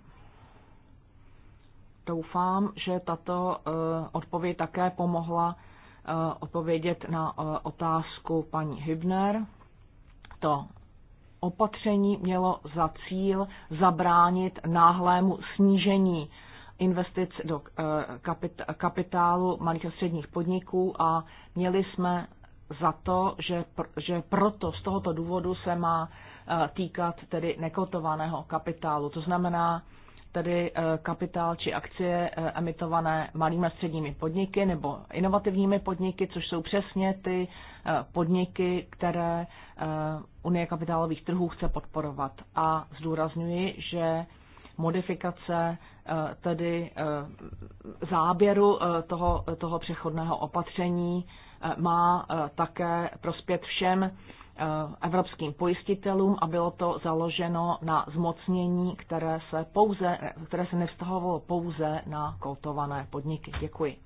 Doufám, že tato eh, odpověď také pomohla eh, odpovědět na eh, otázku paní Hybner. To opatření mělo za cíl zabránit náhlému snížení investic do kapitálu malých a středních podniků a měli jsme za to, že, že proto z tohoto důvodu se má týkat tedy nekotovaného kapitálu. To znamená, tedy eh, kapitál či akcie eh, emitované malými a středními podniky nebo inovativními podniky, což jsou přesně ty eh, podniky, které Unie kapitálových trhů chce podporovat. A zdůrazňuji, že modifikace tedy záběru toho, toho přechodného opatření má také prospět všem Eh, evropským pojistitelům a bylo to založeno na zmocnění, které se, pouze, které se nevztahovalo pouze na koltované podniky. Děkuji.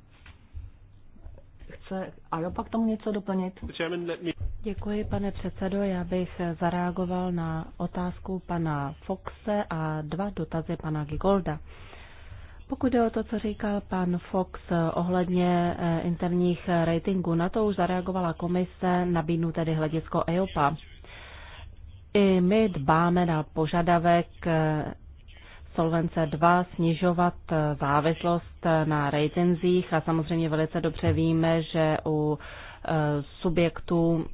Chce Aropa k tomu něco doplnit? Děkuji, pane předsedo. Já bych zareagoval na otázku pana Foxe a dva dotazy pana Gigolda. Pokud jde o to, co říkal pan Fox eh, ohledně eh, interních eh, ratingů, na to už zareagovala komise, nabídnu tedy hledisko EOPA. I my dbáme na požadavek Solvence 2 snižovat závislost na ratingzích a samozřejmě velice dobře víme, že u subjektů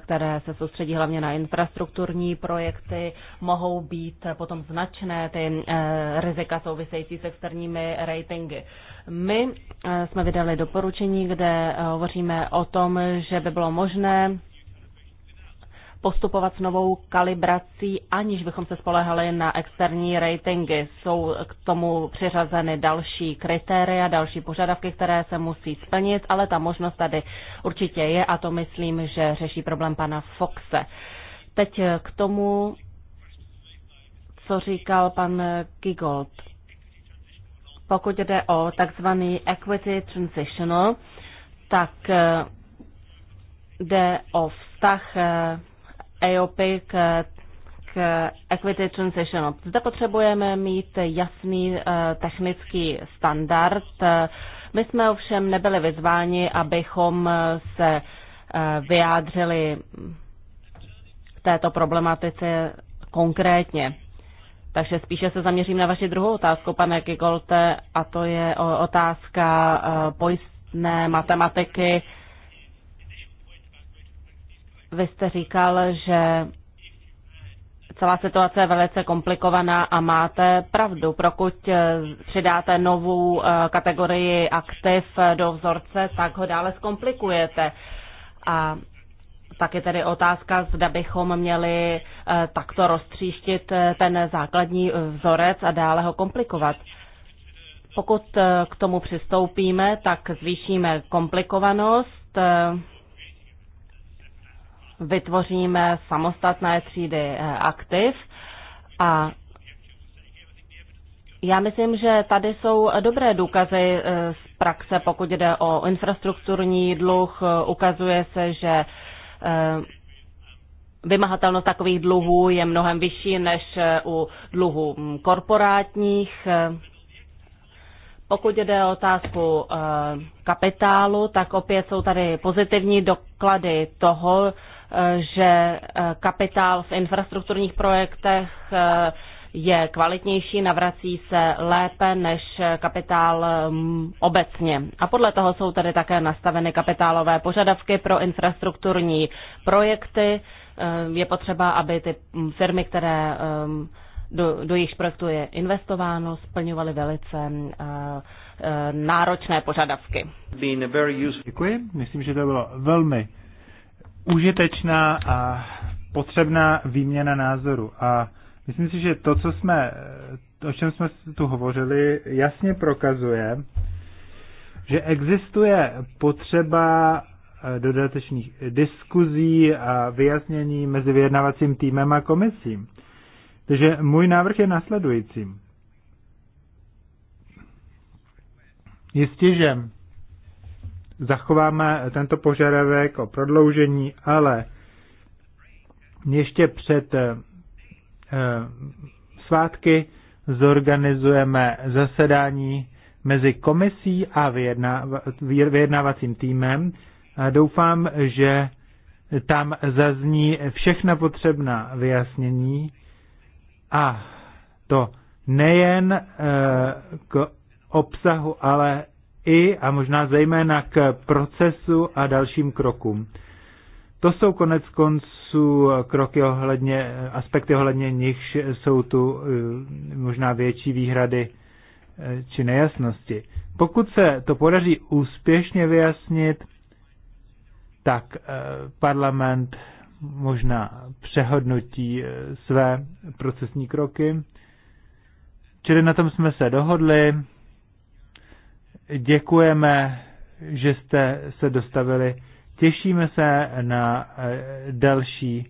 které se soustředí hlavně na infrastrukturní projekty, mohou být potom značné ty eh, rizika související s externími ratingy. My eh, jsme vydali doporučení, kde eh, hovoříme o tom, že by bylo možné postupovat s novou kalibrací, aniž bychom se spolehali na externí ratingy. Jsou k tomu přiřazeny další kritéria, další požadavky, které se musí splnit, ale ta možnost tady určitě je a to myslím, že řeší problém pana Foxe. Teď k tomu, co říkal pan Gigold. Pokud jde o takzvaný equity transitional, tak jde o vztah EOPy k, k Equity Transition. No, zde potřebujeme mít jasný eh, technický standard. My jsme ovšem nebyli vyzváni, abychom eh, se eh, vyjádřili k této problematice konkrétně. Takže spíše se zaměřím na vaši druhou otázku, pane Kigolte, a to je otázka pojistné matematiky vy jste říkal, že celá situace je velice komplikovaná a máte pravdu. prokud přidáte novou eh, kategorii aktiv do vzorce, tak ho dále zkomplikujete. A tak je tedy otázka, zda bychom měli eh, takto roztříštit eh, ten základní vzorec a dále ho komplikovat. Pokud k tomu přistoupíme, tak zvýšíme komplikovanost, vytvoříme samostatné třídy eh, aktiv a já myslím, že tady jsou dobré důkazy eh, z praxe, pokud jde o infrastrukturní dluh. Eh, ukazuje se, že vymahatelnost takových dluhů je mnohem vyšší než u dluhů mm, korporátních. Pokud jde o otázku kapitálu, tak opět jsou tady pozitivní doklady toho, že eh, kapitál v infrastrukturních projektech eh, je kvalitnější, navrací se lépe než eh, kapitál mm, obecně. A podle toho jsou tady také nastaveny kapitálové požadavky pro infrastrukturní projekty. Je potřeba, aby ty mm, firmy, které mm, do, do jejich projektu je investováno, splňovaly velice náročné požadavky. Děkuji. Myslím, že to bylo velmi užitečná a potřebná výměna názoru. A myslím si, že to, co jsme, o čem jsme tu hovořili, jasně prokazuje, že existuje potřeba eh, dodatečných diskuzí a vyjasnění mezi vyjednavacím týmem a komisím. Takže můj návrh je následující. Jistě, že zachováme tento požadavek o prodloužení, ale ještě před eh, svátky zorganizujeme zasedání mezi komisí a vyjednávacím týmem. Doufám, že tam zazní všechna potřebná vyjasnění a to nejen eh, k obsahu, ale i a možná zejména k procesu a dalším krokům. To jsou konec konců kroky ohledně, aspekty ohledně nich jsou tu eh, možná větší výhrady eh, či nejasnosti. Pokud se to podaří úspěšně vyjasnit, tak eh, parlament možná přehodnotí své procesní kroky. Čili na tom jsme se dohodli děkujeme, že jste se dostavili. Těšíme se na eh, další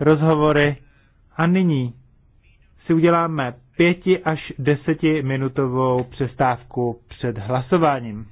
rozhovory. A nyní si uděláme pěti až desetiminutovou přestávku před hlasováním.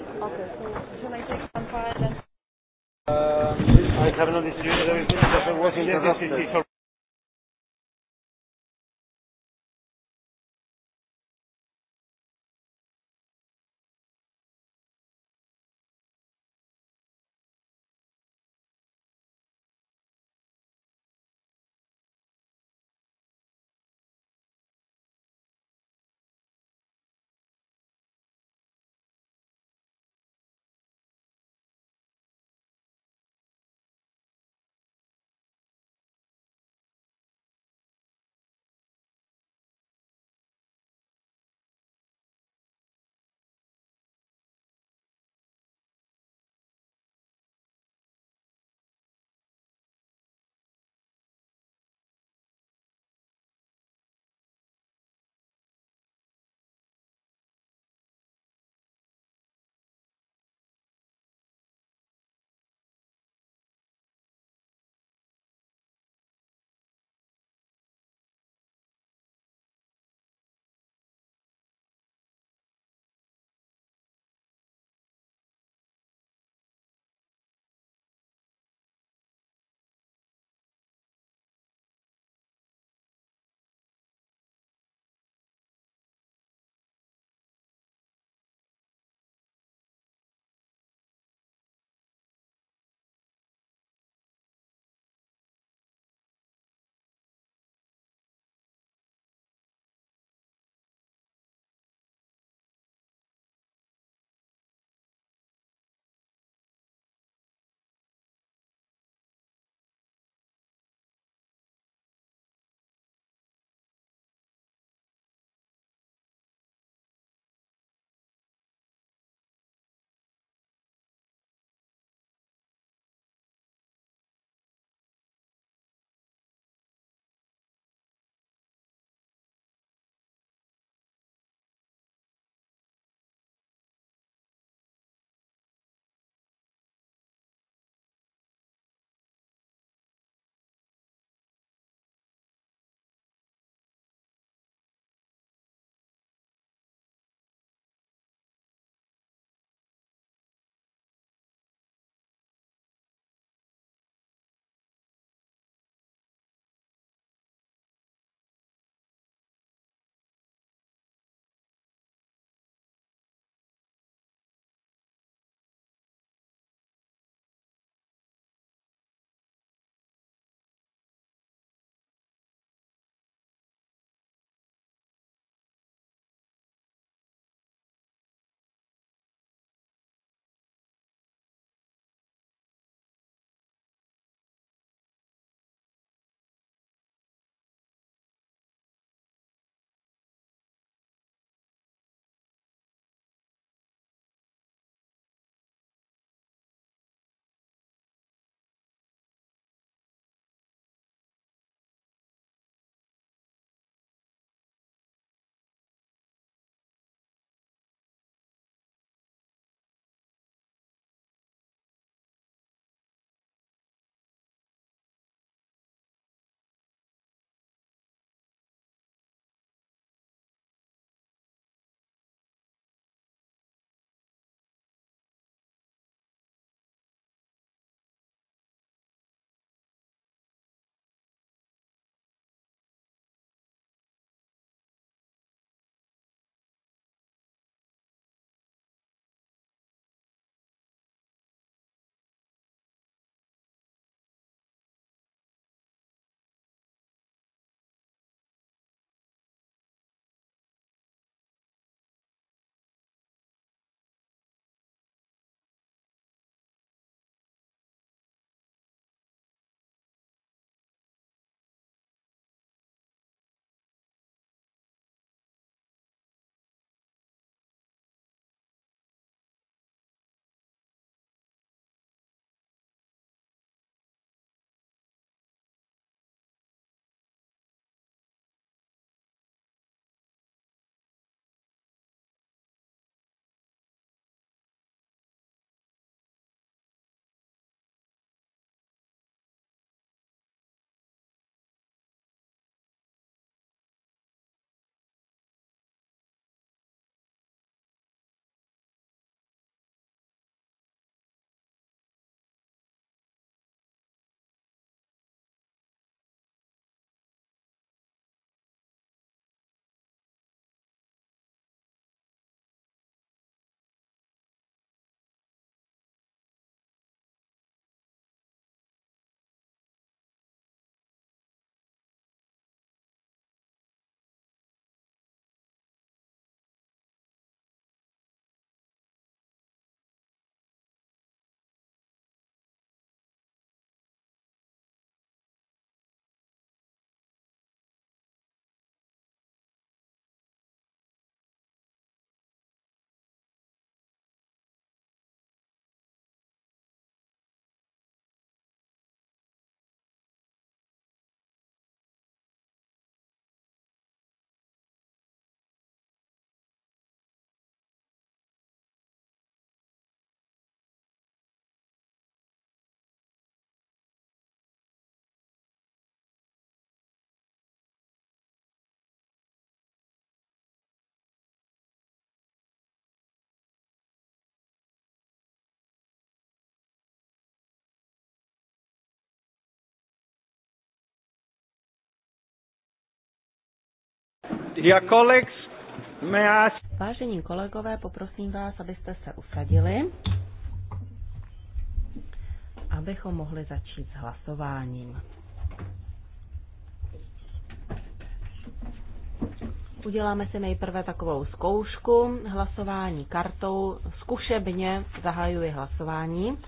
Okay, so shall I take some Uh, I have not distributed everything Vážení kolegové, poprosím vás, abyste se usadili, abychom mohli začít s hlasováním. Uděláme si nejprve takovou zkoušku hlasování kartou. Zkušebně zahajuji hlasování.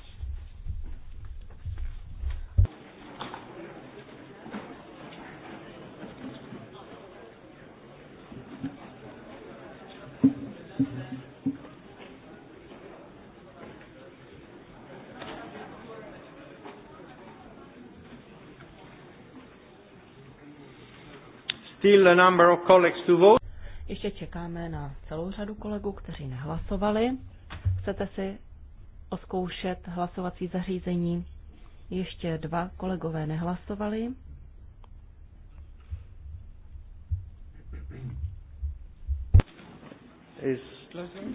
Still number of colleagues to vote. Ještě čekáme na celou řadu kolegů, kteří nehlasovali. Chcete si oskoušet hlasovací zařízení? Ještě dva kolegové nehlasovali.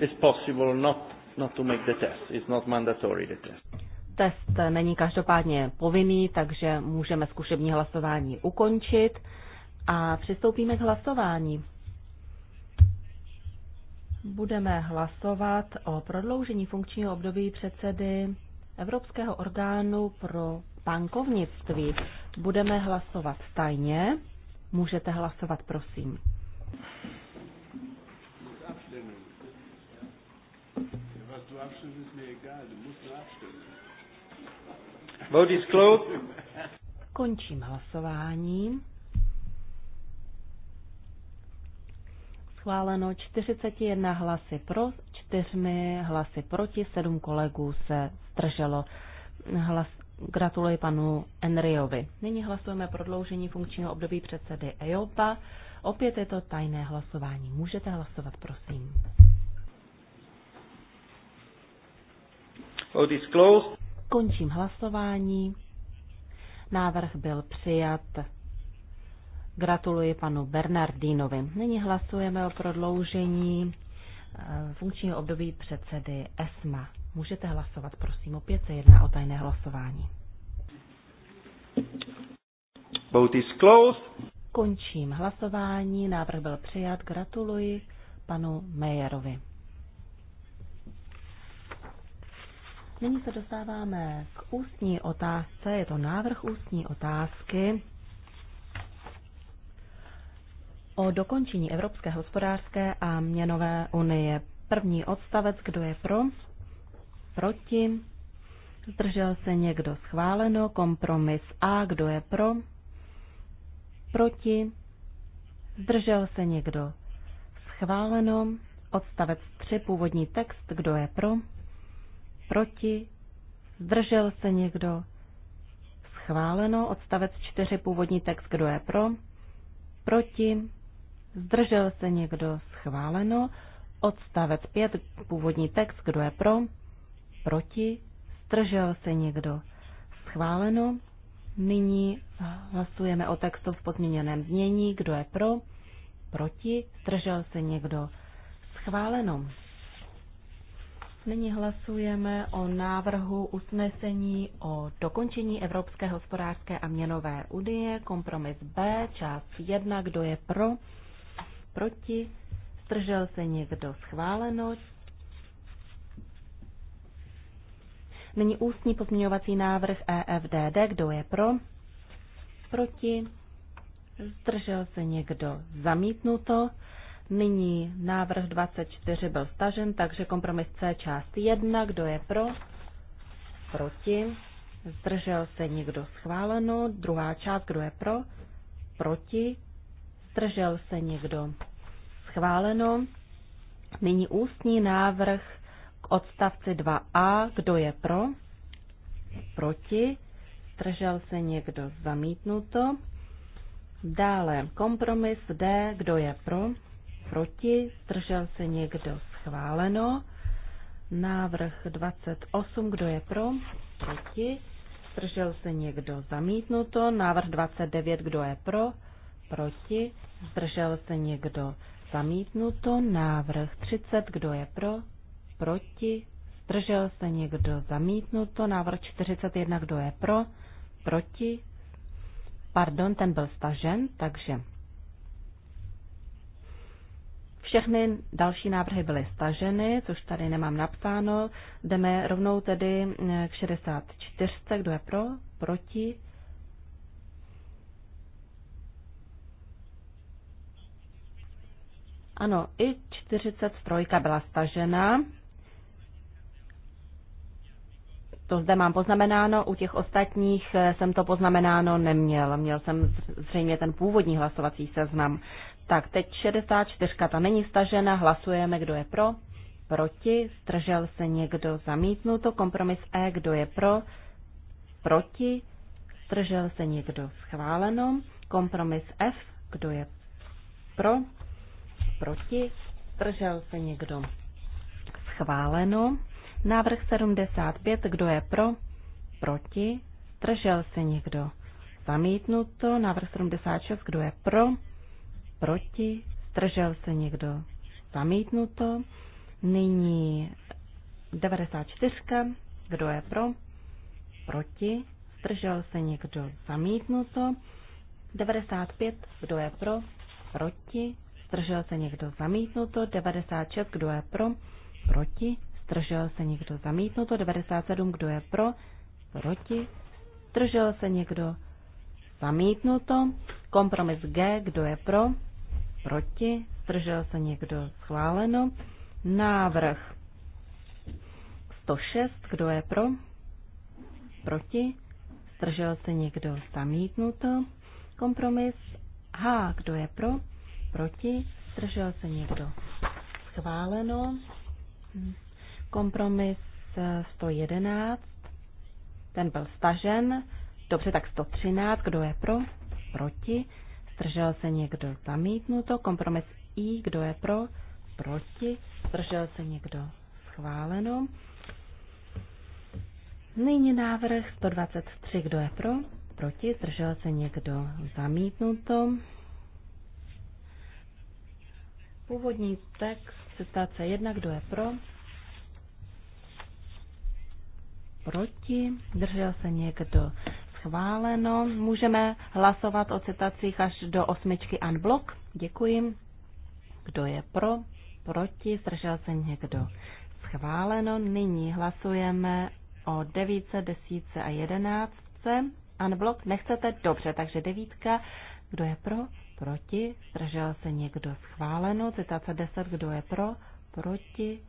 is possible not, not to make the test. It's not mandatory the test. Test není každopádně povinný, takže můžeme zkušební hlasování ukončit a přistoupíme k hlasování. Budeme hlasovat o prodloužení funkčního období předsedy Evropského orgánu pro bankovnictví. Budeme hlasovat tajně. Můžete hlasovat, prosím. Vote is closed. Končím hlasování. schváleno 41 hlasy pro, 4 hlasy proti, 7 kolegů se strželo. Hlas, gratuluji panu Enriovi. Nyní hlasujeme prodloužení funkčního období předsedy EOPA. Opět je to tajné hlasování. Můžete hlasovat, prosím. Končím hlasování. Návrh byl přijat. Gratuluji panu Bernardínovi. Nyní hlasujeme o prodloužení eh, funkčního období předsedy ESMA. Můžete hlasovat, prosím, opět se jedná o tajné hlasování. Vote is closed. Končím hlasování, návrh byl přijat, gratuluji panu Mejerovi. Nyní se dostáváme k ústní otázce, je to návrh ústní otázky o dokončení Evropské hospodářské a měnové unie. První odstavec, kdo je pro, proti, zdržel se někdo schváleno, kompromis A, kdo je pro, proti, zdržel se někdo schváleno, odstavec 3, původní text, kdo je pro, proti, zdržel se někdo schváleno, odstavec 4, původní text, kdo je pro, proti, zdržel se někdo schváleno, odstavec 5, původní text, kdo je pro, proti, zdržel se někdo schváleno, nyní hlasujeme o textu v podmíněném znění, kdo je pro, proti, zdržel se někdo schváleno. Nyní hlasujeme o návrhu usnesení o dokončení Evropské hospodářské a měnové unie, kompromis B, část 1, kdo je pro, proti? Zdržel se někdo schváleno? Nyní ústní pozměňovací návrh EFDD. Kdo je pro? Proti? Zdržel se někdo zamítnuto? Nyní návrh 24 byl stažen, takže kompromis C část 1. Kdo je pro? Proti? Zdržel se někdo schváleno? Druhá část, kdo je pro? Proti? Zdržel se někdo Schváleno. Nyní ústní návrh k odstavci 2a. Kdo je pro? Proti? Zdržel se někdo? Zamítnuto. Dále kompromis D. Kdo je pro? Proti? Zdržel se někdo? Schváleno. Návrh 28. Kdo je pro? Proti? Zdržel se někdo? Zamítnuto. Návrh 29. Kdo je pro? Proti? Zdržel se někdo? Zamítnuto. Návrh 30. Kdo je pro? Proti? Zdržel se někdo? Zamítnuto. Návrh 41. Kdo je pro? Proti? Pardon, ten byl stažen, takže všechny další návrhy byly staženy, což tady nemám napsáno. Jdeme rovnou tedy k 64. Kdo je pro? Proti? Ano, i 43 byla stažena. To zde mám poznamenáno, u těch ostatních eh, jsem to poznamenáno neměl. Měl jsem zřejmě ten původní hlasovací seznam. Tak, teď 64, ta není stažena, hlasujeme, kdo je pro, proti, stržel se někdo, zamítnuto, kompromis E, kdo je pro, proti, stržel se někdo, schváleno, kompromis F, kdo je pro, proti, zdržel se někdo. Schváleno. Návrh 75, kdo je pro, proti, zdržel se někdo. Zamítnuto. Návrh 76, kdo je pro, proti, zdržel se někdo. Zamítnuto. Nyní 94, kdo je pro, proti, zdržel se někdo. Zamítnuto. 95, kdo je pro, proti, Zdržel se někdo zamítnuto? 96. Kdo je pro? Proti? Zdržel se někdo zamítnuto? 97. Kdo je pro? Proti? Zdržel se někdo zamítnuto? Kompromis G. Kdo je pro? Proti? Zdržel se někdo schváleno? Návrh 106. Kdo je pro? Proti? Zdržel se někdo zamítnuto? Kompromis H. Kdo je pro? proti? Zdržel se někdo? Schváleno. Kompromis 111. Eh, Ten byl stažen. Dobře, tak 113. Kdo je pro? Proti. Zdržel se někdo? Zamítnuto. Kompromis I. Kdo je pro? Proti. Zdržel se někdo? Schváleno. Nyní návrh 123. Kdo je pro? Proti. Zdržel se někdo? Zamítnuto. Původní text stáce jedna, kdo je pro? Proti? Držel se někdo? Schváleno. Můžeme hlasovat o citacích až do osmičky unblock. Děkuji. Kdo je pro? Proti? Zdržel se někdo? Schváleno. Nyní hlasujeme o devíce, desíce a jedenáctce. Unblock nechcete? Dobře, takže devítka. Kdo je pro? proti, zdržel se někdo schváleno, citace 10, kdo je pro, proti,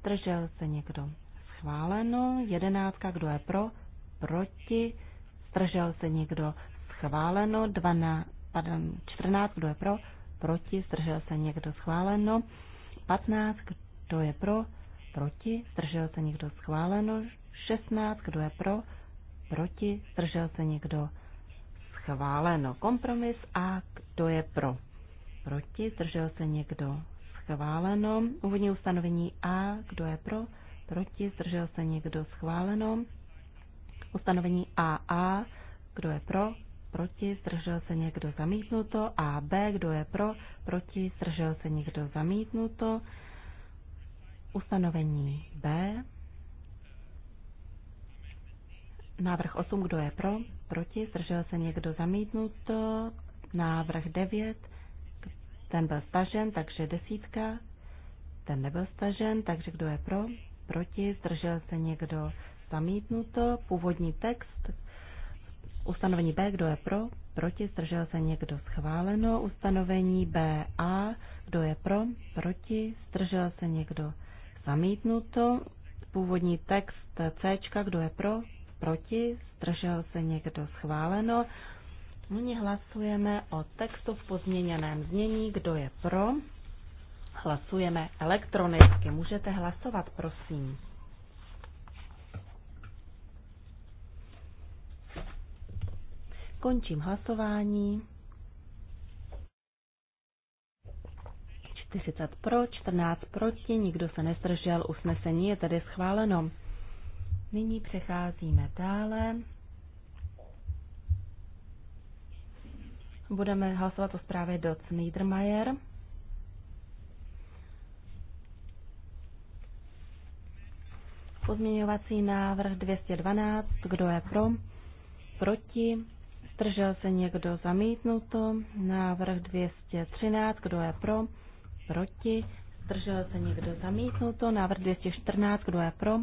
zdržel se někdo schváleno, jedenáctka, kdo je pro, proti, zdržel se někdo schváleno, 12, pardon, 14, kdo je pro, proti, zdržel se někdo schváleno, 15, kdo je pro, proti, zdržel se někdo schváleno, 16, kdo je pro, proti, zdržel se někdo schváleno, schváleno. Kompromis A, kdo je pro? Proti, zdržel se někdo? Schváleno. Úvodní ustanovení A, kdo je pro? Proti, zdržel se někdo? Schváleno. Ustanovení AA, kdo je pro? Proti, zdržel se někdo? Zamítnuto. AB, kdo je pro? Proti, zdržel se někdo? Zamítnuto. Ustanovení B, Návrh 8, kdo je pro? Proti? Zdržel se někdo zamítnuto? Návrh 9, ten byl stažen, takže desítka. Ten nebyl stažen, takže kdo je pro? Proti? Zdržel se někdo zamítnuto? Původní text. Ustanovení B, kdo je pro? Proti? Zdržel se někdo schváleno? Ustanovení a, kdo je pro? Proti? Zdržel se někdo zamítnuto? Původní text C, kdo je pro? proti, zdržel se někdo schváleno. Nyní hlasujeme o textu v pozměněném znění, kdo je pro. Hlasujeme elektronicky. Můžete hlasovat, prosím. Končím hlasování. 40 pro, 14 proti, nikdo se nestržel, usnesení je tedy schváleno. Nyní přecházíme dále. Budeme hlasovat o zprávě Dot Niedermayer. Pozměňovací návrh 212. Kdo je pro? Proti? Zdržel se někdo zamítnuto? Návrh 213. Kdo je pro? Proti? Zdržel se někdo zamítnuto? Návrh 214. Kdo je pro?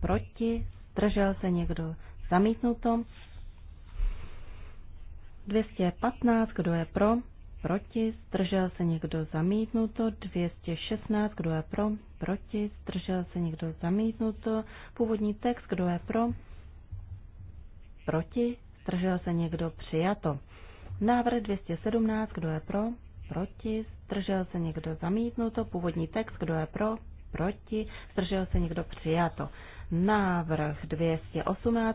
proti, zdržel se někdo zamítnuto. 215, kdo je pro, proti, zdržel se někdo zamítnuto, 216, kdo je pro, proti, zdržel se někdo zamítnuto, původní text, kdo je pro, proti, zdržel se někdo přijato. Návrh 217, kdo je pro, proti, zdržel se někdo zamítnuto, původní text, kdo je pro, proti, zdržel se někdo přijato. Návrh 218,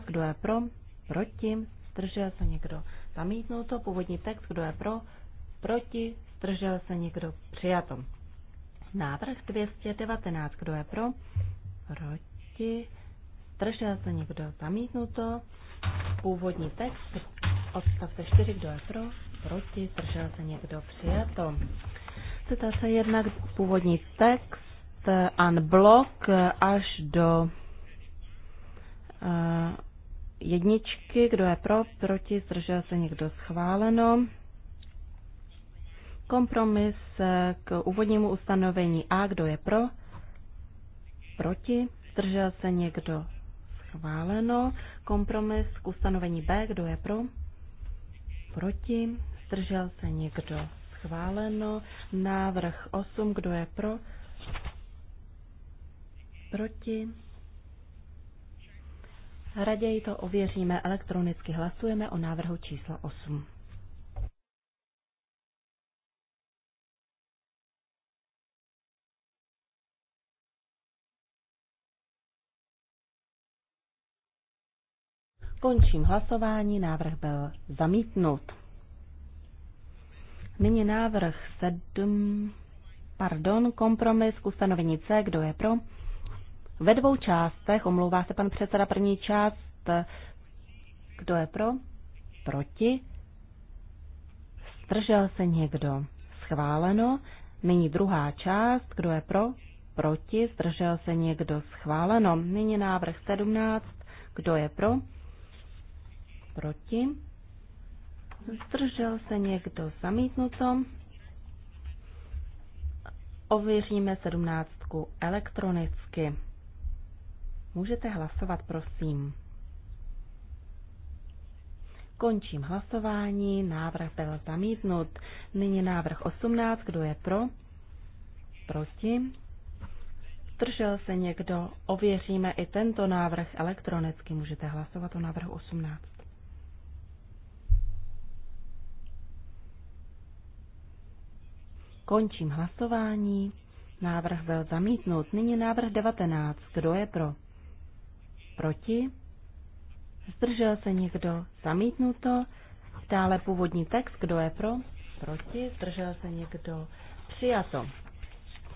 kdo je pro, proti, zdržel se někdo. to původní text, kdo je pro, proti, zdržel se někdo. Přijato. Návrh 219, kdo je pro, proti, zdržel se někdo. Zamítnuto, původní text, odstavce 4, kdo je pro, proti, zdržel se někdo. Přijato. Citace jednak původní text, unblock až do Eh, jedničky, kdo je pro, proti, zdržel se někdo schváleno. Kompromis eh, k úvodnímu ustanovení A, kdo je pro, proti, zdržel se někdo schváleno. Kompromis k ustanovení B, kdo je pro, proti, zdržel se někdo schváleno. Návrh 8, kdo je pro, proti, Raději to ověříme elektronicky. Hlasujeme o návrhu číslo 8. Končím hlasování, návrh byl zamítnut. Nyní návrh 7, pardon, kompromis k ustanovení C, kdo je pro? ve dvou částech. Omlouvá se pan předseda první část. Kdo je pro? Proti? Zdržel se někdo? Schváleno. Nyní druhá část. Kdo je pro? Proti? Zdržel se někdo? Schváleno. Nyní návrh 17. Kdo je pro? Proti? Zdržel se někdo? Zamítnuto. Ověříme sedmnáctku elektronicky. Můžete hlasovat, prosím. Končím hlasování, návrh byl zamítnut. Nyní návrh 18, kdo je pro? Proti? Zdržel se někdo? Ověříme i tento návrh elektronicky. Můžete hlasovat o návrhu 18. Končím hlasování. Návrh byl zamítnut. Nyní návrh 19. Kdo je pro? Proti? Zdržel se někdo? Zamítnuto. Dále původní text. Kdo je pro? Proti? Zdržel se někdo? Přijato.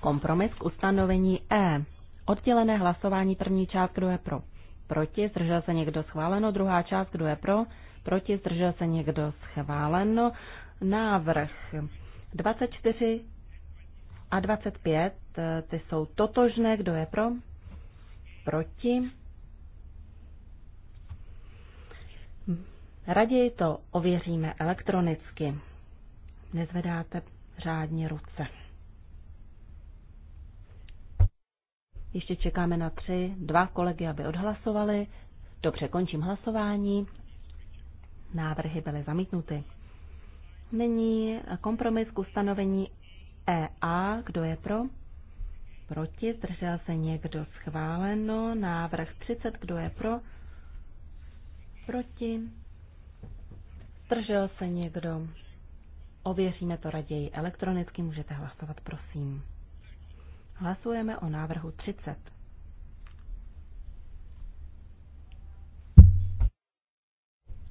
Kompromis k ustanovení E. Oddělené hlasování první část. Kdo je pro? Proti? Zdržel se někdo? Schváleno. Druhá část. Kdo je pro? Proti? Zdržel se někdo? Schváleno. Návrh 24 a 25. Eh, ty jsou totožné. Kdo je pro? Proti? Raději to ověříme elektronicky. Nezvedáte řádně ruce. Ještě čekáme na tři, dva kolegy, aby odhlasovali. Dobře, končím hlasování. Návrhy byly zamítnuty. Nyní kompromis k ustanovení EA. Kdo je pro? Proti. Zdržel se někdo schváleno. Návrh 30. Kdo je pro? Proti? Zdržel se někdo? Ověříme to raději elektronicky, můžete hlasovat, prosím. Hlasujeme o návrhu 30.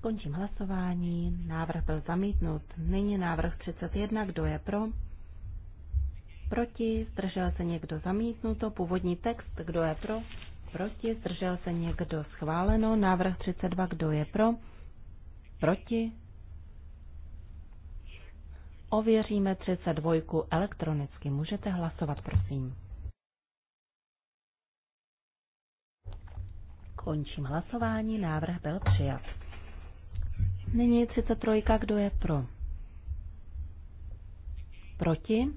Končím hlasování. Návrh byl zamítnut. Nyní návrh 31. Kdo je pro? Proti? Zdržel se někdo zamítnuto? Původní text. Kdo je pro? Proti? Zdržel se někdo? Schváleno. Návrh 32. Kdo je pro? Proti? Ověříme 32 elektronicky. Můžete hlasovat, prosím. Končím hlasování. Návrh byl přijat. Nyní 33. Kdo je pro? Proti?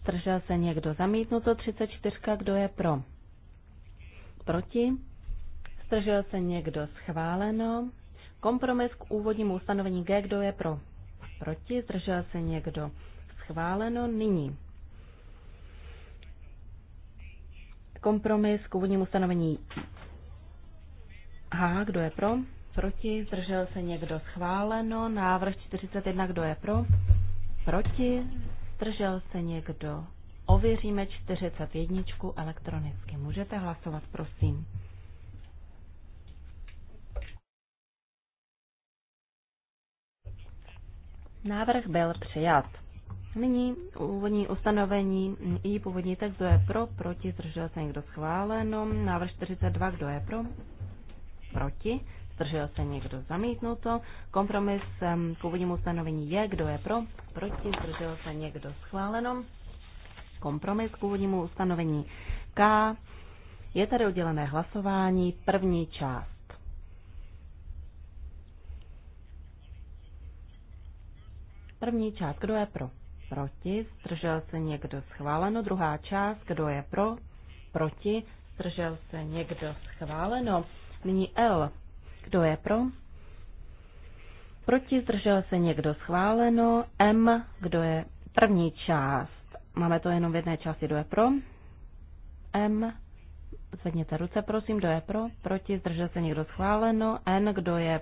Zdržel se někdo? Zamítnuto 34. Kdo je pro? Proti? Zdržel se někdo? Schváleno. Kompromis k úvodnímu ustanovení G. Kdo je pro? Proti? Zdržel se někdo? Schváleno. Nyní. Kompromis k úvodnímu ustanovení H. Kdo je pro? Proti? Zdržel se někdo? Schváleno. Návrh 41. Kdo je pro? Proti? Zdržel se někdo? ověříme 41 elektronicky. Můžete hlasovat, prosím. Návrh byl přijat. Nyní úvodní ustanovení i původní text, kdo je pro, proti, zdržel se někdo schváleno. Návrh 42, kdo je pro, proti, zdržel se někdo zamítnuto. Kompromis k původnímu ustanovení je, kdo je pro, proti, zdržel se někdo schváleno kompromis k úvodnímu ustanovení K. Je tady oddělené hlasování, první část. První část, kdo je pro? Proti, zdržel se někdo schváleno. Druhá část, kdo je pro? Proti, zdržel se někdo schváleno. Nyní L. Kdo je pro? Proti zdržel se někdo schváleno. M, kdo je první část. Máme to jenom v jedné části, do je pro. M, zvedněte ruce, prosím, kdo je pro, proti, zdržel se někdo schváleno. N, kdo je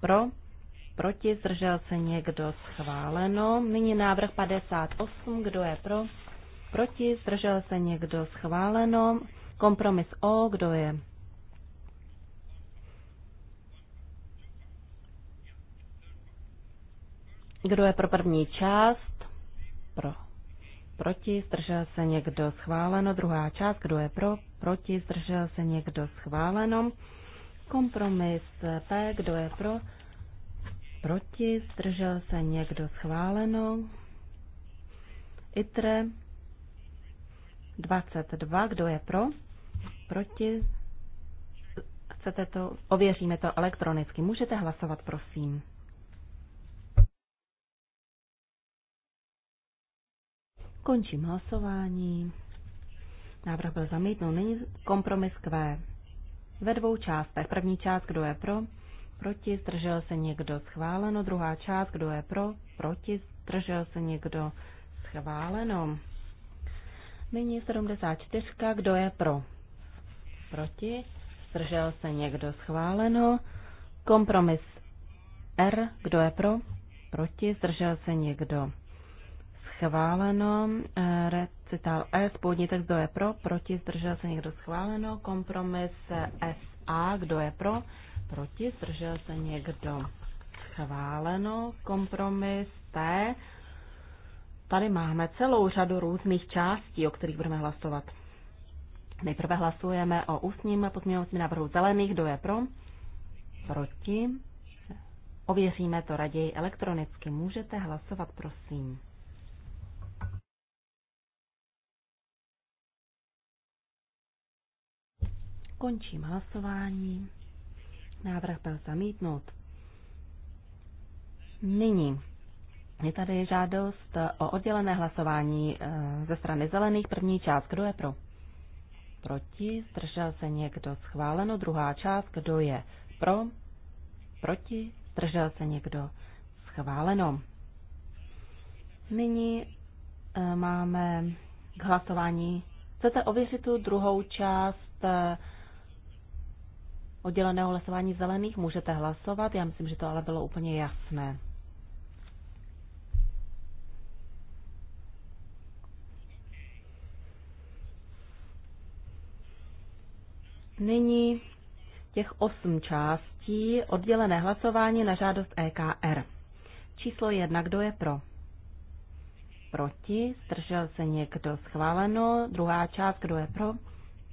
pro, proti, zdržel se někdo schváleno. Nyní návrh 58, kdo je pro, proti, zdržel se někdo schváleno. Kompromis O, kdo je Kdo je pro první část? Pro proti, zdržel se někdo schváleno, druhá část, kdo je pro, proti, zdržel se někdo schváleno, kompromis P, kdo je pro, proti, zdržel se někdo schváleno, ITRE 22, kdo je pro, proti, chcete to, ověříme to elektronicky, můžete hlasovat, prosím. Končím hlasování. Návrh byl zamítnut. není kompromis Q. Ve dvou částech. První část, kdo je pro, proti, zdržel se někdo, schváleno. Druhá část, kdo je pro, proti, zdržel se někdo, schváleno. Nyní 74. Kdo je pro? Proti? Zdržel se někdo? Schváleno. Kompromis R. Kdo je pro? Proti? Zdržel se někdo? schváleno. Eh, recital S, původní text, kdo je pro, proti, zdržel se někdo schváleno. Kompromis SA, kdo je pro, proti, zdržel se někdo schváleno. Kompromis T, tady máme celou řadu různých částí, o kterých budeme hlasovat. Nejprve hlasujeme o ústním pozměňovacím návrhu zelených, kdo je pro, proti, Ověříme to raději elektronicky. Můžete hlasovat, prosím. Končím hlasování. Návrh byl zamítnut. Nyní je tady žádost o oddělené hlasování eh, ze strany zelených. První část, kdo je pro? Proti, zdržel se někdo schváleno. Druhá část, kdo je pro? Proti, zdržel se někdo schváleno. Nyní eh, máme k hlasování. Chcete ověřit tu druhou část eh, odděleného hlasování zelených můžete hlasovat. Já myslím, že to ale bylo úplně jasné. Nyní těch osm částí oddělené hlasování na žádost EKR. Číslo jedna, kdo je pro? Proti, stržel se někdo schváleno. Druhá část, kdo je pro?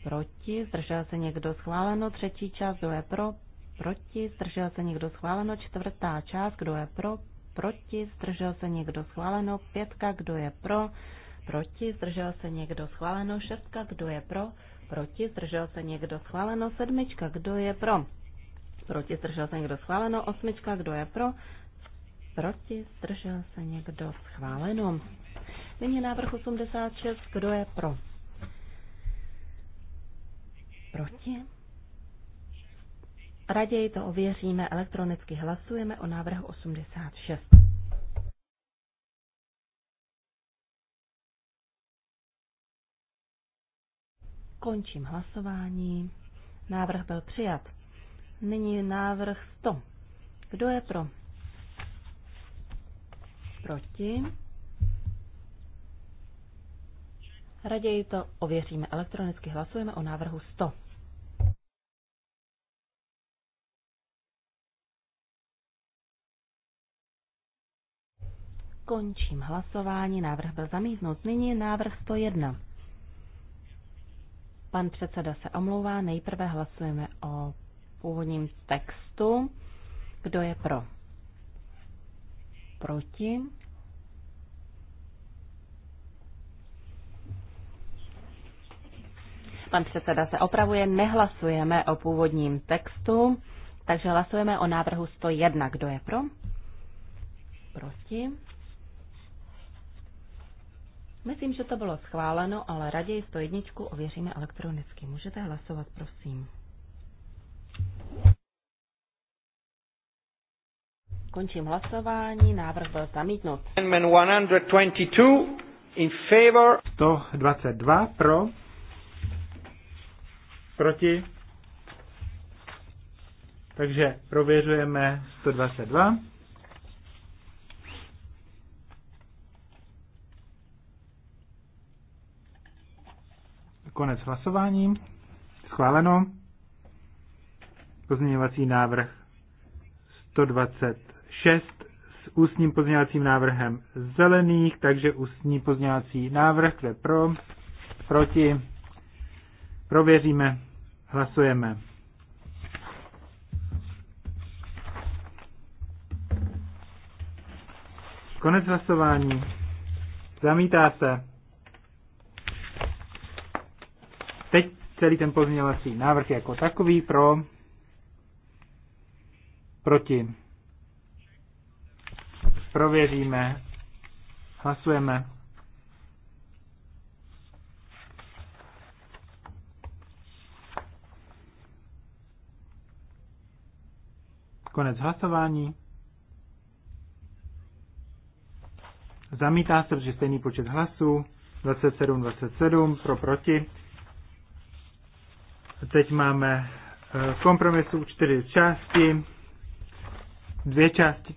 proti, zdržel se někdo schváleno, třetí část, kdo je pro, proti, zdržel se někdo schváleno, čtvrtá část, kdo je pro, proti, zdržel se někdo schváleno, pětka, kdo je pro, proti, zdržel se někdo schváleno, šestka, kdo je pro, proti, zdržel se někdo schváleno, sedmička, kdo je pro, proti, zdržel se někdo schváleno, osmička, kdo je pro, proti, zdržel se někdo schváleno. Nyní návrh 86, kdo je pro? proti? Raději to ověříme elektronicky. Hlasujeme o návrhu 86. Končím hlasování. Návrh byl přijat. Nyní návrh 100. Kdo je pro? Proti? Raději to ověříme elektronicky. Hlasujeme o návrhu 100. Končím hlasování. Návrh byl zamítnut. Nyní návrh 101. Pan předseda se omlouvá. Nejprve hlasujeme o původním textu. Kdo je pro? Proti? Pan předseda se opravuje, nehlasujeme o původním textu, takže hlasujeme o návrhu 101. Kdo je pro? Proti? Myslím, že to bylo schváleno, ale raději 101 ověříme elektronicky. Můžete hlasovat, prosím. Končím hlasování, návrh byl zamítnut. 122 in 122 pro. Proti. Takže prověřujeme 122. Konec hlasování. Schváleno. Pozměňovací návrh 126 s ústním pozměňovacím návrhem zelených, takže ústní pozměňovací návrh, kde pro, proti, prověříme, hlasujeme. Konec hlasování. Zamítá se. celý ten pozměňovací návrh jako takový pro, proti. Prověříme, hlasujeme. Konec hlasování. Zamítá se, že stejný počet hlasů, 27, 27, pro, proti. Teď máme eh, kompromisu čtyři části, dvě části,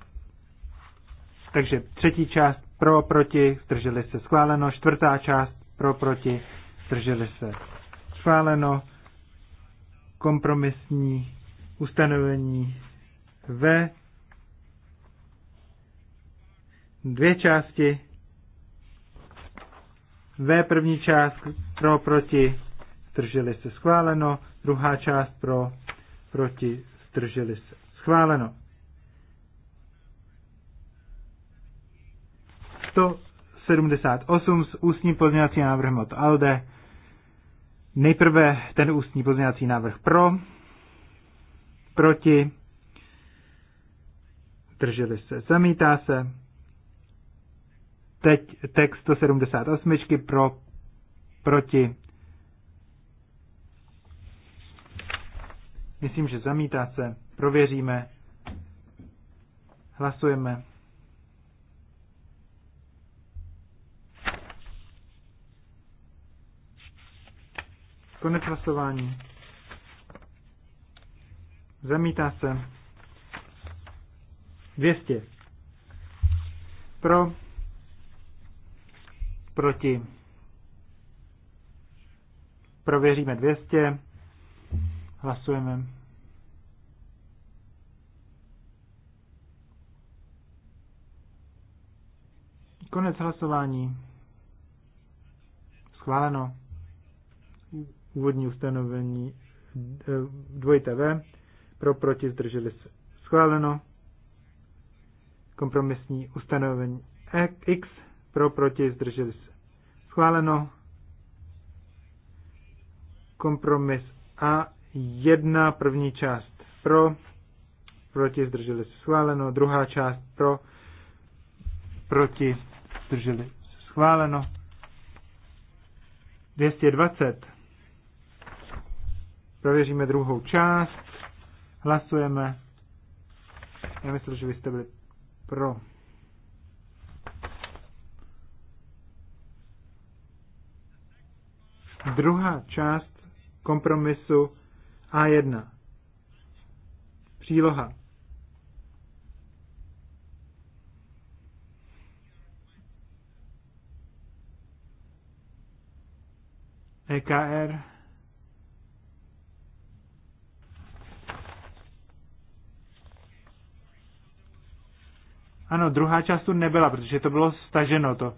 takže třetí část pro, proti, zdrželi se schváleno, čtvrtá část pro, proti, zdrželi se schváleno, kompromisní ustanovení ve dvě části, V první část pro, proti, zdrželi se schváleno, druhá část pro, proti, zdrželi se schváleno. 178 s ústním pozměňovacím návrhem od ALDE. Nejprve ten ústní pozměňovací návrh pro, proti, drželi se, zamítá se. Teď text 178 pro, proti, Myslím, že zamítá se. Prověříme. Hlasujeme. Konec hlasování. Zamítá se. 200. Pro. Proti. Prověříme 200. Hlasujeme. Konec hlasování. Schváleno. Úvodní ustanovení eh, dvojité V. Pro, proti, zdrželi se. Schváleno. Kompromisní ustanovení X. Pro, proti, zdrželi se. Schváleno. Kompromis A jedna první část pro, proti, zdrželi se schváleno, druhá část pro, proti, zdrželi se schváleno. 220. Prověříme druhou část. Hlasujeme. Já myslím, že vy jste byli pro. Druhá část kompromisu a1. Příloha. EKR. Ano, druhá část tu nebyla, protože to bylo staženo, to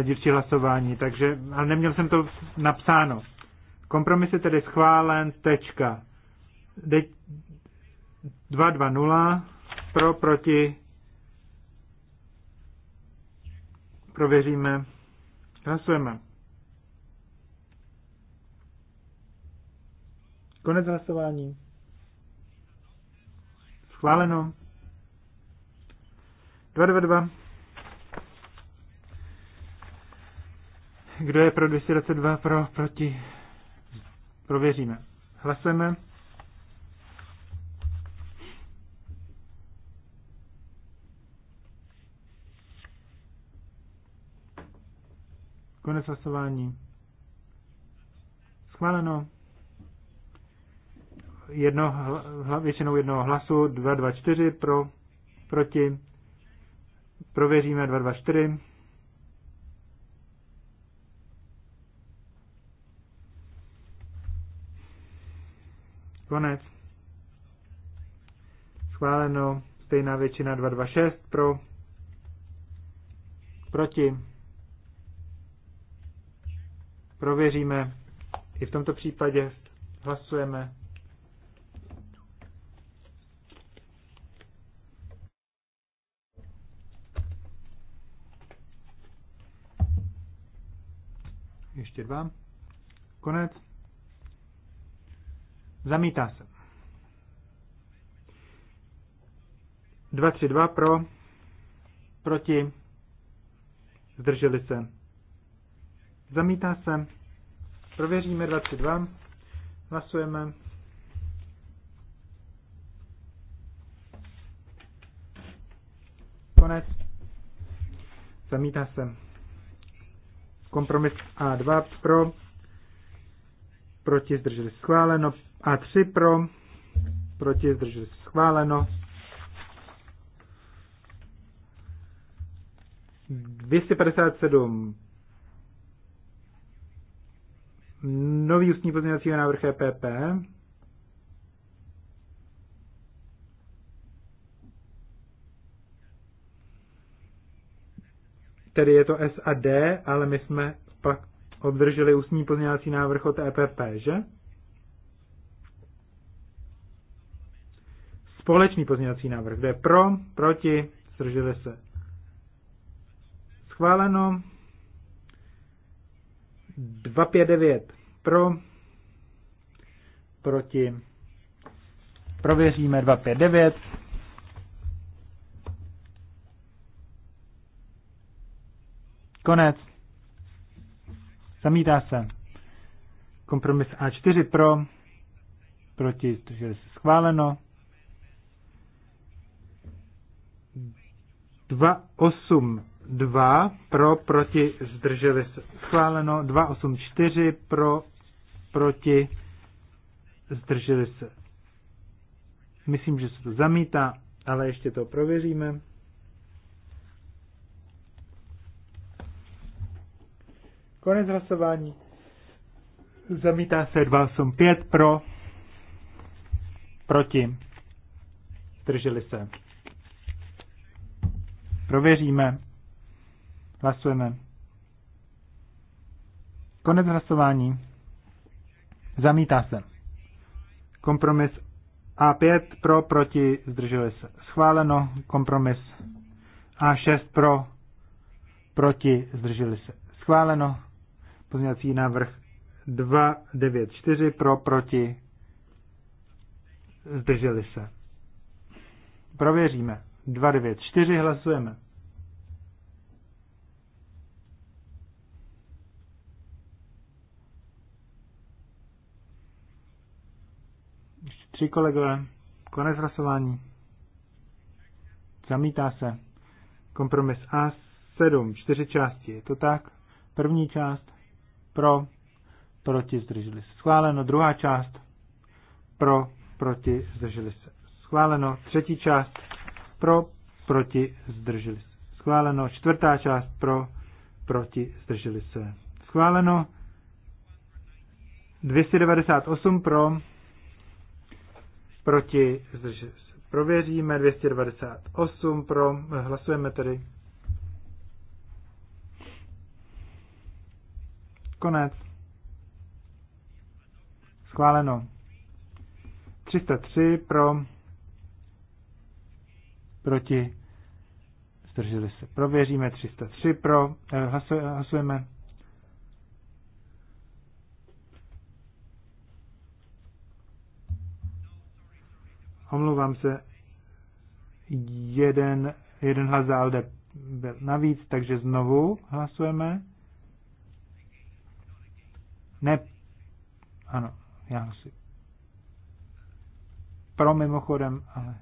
e, dívčí hlasování, takže, ale neměl jsem to napsáno. Kompromis je tedy schválen, tečka. 220 pro, proti, prověříme, hlasujeme. Konec hlasování. Schváleno. 222. Kdo je pro 222 pro, proti, Prověříme. Hlasujeme. Konec hlasování. Schváleno. Jedno, hla, většinou jednoho hlasu 224 pro, proti. Prověříme 224. Konec. Schváleno. Stejná většina 226 pro. Proti. Prověříme. I v tomto případě hlasujeme. Ještě dva. Konec. Zamítá se. 232 pro, proti, zdrželi se. Zamítá se. Prověříme 232. Hlasujeme. Konec. Zamítá se. Kompromis A2 pro, proti, zdrželi schváleno. A 3 pro, proti, zdrželi se schváleno. 257 nový ústní pozměňovací návrh EPP. Tedy je to SAD, ale my jsme pak obdrželi ústní pozměňovací návrh od EPP, že? Společný pozměňovací návrh. Kdo je pro, proti, zdrželi se. Schváleno. 259 pro, proti. Prověříme 259. Konec. Zamítá se. Kompromis A4 pro, proti, zdrželi se schváleno. 282 pro, proti, zdrželi se. Schváleno 284 pro, proti, zdrželi se. Myslím, že se to zamítá, ale ještě to prověříme. Konec hlasování. Zamítá se 285 pro, proti, zdrželi se Prověříme. Hlasujeme. Konec hlasování. Zamítá se. Kompromis A5 pro, proti, zdrželi se. Schváleno. Kompromis A6 pro, proti, zdrželi se. Schváleno. Pozměňovací návrh 294 pro, proti, zdrželi se. Prověříme. 294 hlasujeme. Ještě tři kolegové. Konec hlasování. Zamítá se. Kompromis A7. Čtyři části. Je to tak? První část. Pro. Proti. Zdrželi se. Schváleno. Druhá část. Pro. Proti. Zdrželi se. Schváleno. Třetí část pro, proti, zdrželi se. Schváleno. Čtvrtá část pro, proti, zdrželi se. Schváleno. 298 pro, proti, zdrželi se. Prověříme 298 pro, hlasujeme tedy. Konec. Schváleno. 303 pro, proti, zdrželi se. Prověříme 303 pro, eh, hlasujeme. Omlouvám se, jeden, jeden hlas za Alde byl navíc, takže znovu hlasujeme. Ne, ano, já hlasuji. Pro mimochodem, ale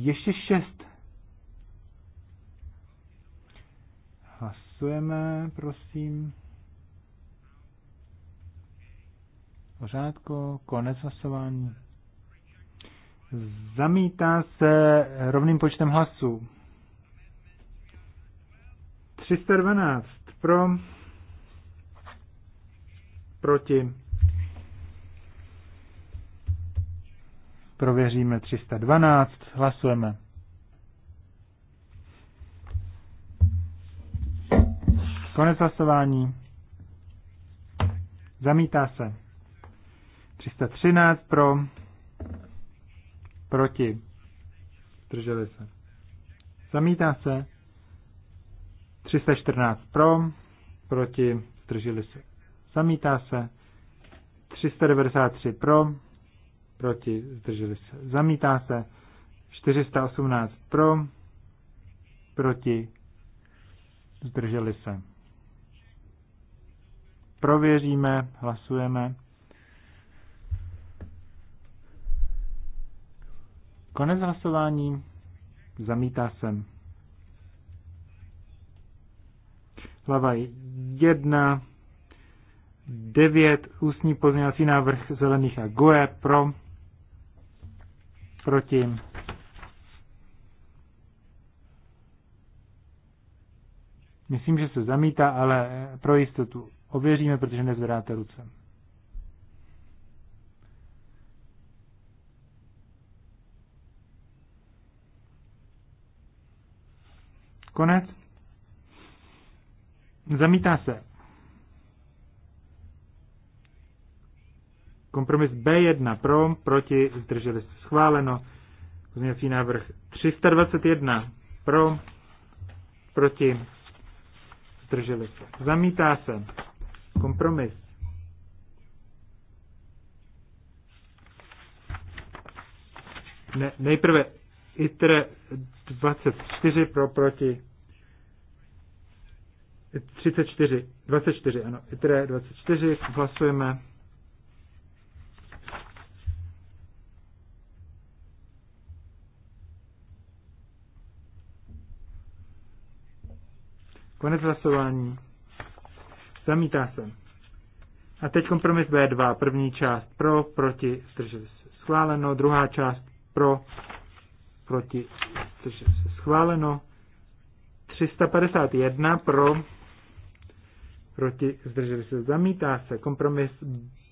ještě šest. Hlasujeme, prosím. Pořádko, konec hlasování. Zamítá se rovným počtem hlasů. 312 pro, proti Prověříme 312, hlasujeme. Konec hlasování. Zamítá se. 313 pro, proti, drželi se. Zamítá se. 314 pro, proti, zdrželi se. Zamítá se. 393 pro, proti, zdrželi se. Zamítá se 418 pro, proti, zdrželi se. Prověříme, hlasujeme. Konec hlasování. Zamítá se. Hlava 1. 9. Ústní pozměňovací návrh zelených a GOE pro Proti. Myslím, že se zamítá, ale pro jistotu ověříme, protože nezvedáte ruce. Konec. Zamítá se. Kompromis B1 pro, proti, zdrželi se schváleno. Pozměňovací návrh 321 pro, proti, zdrželi se. Zamítá se. Kompromis. Ne, nejprve ITRE 24 pro, proti, 34, 24, ano, ITRE 24, hlasujeme. Konec hlasování. Zamítá se. A teď kompromis B2. První část pro, proti, zdržel se. Schváleno. Druhá část pro, proti, zdržel se. Schváleno. 351 pro, proti, zdržel se. Zamítá se. Kompromis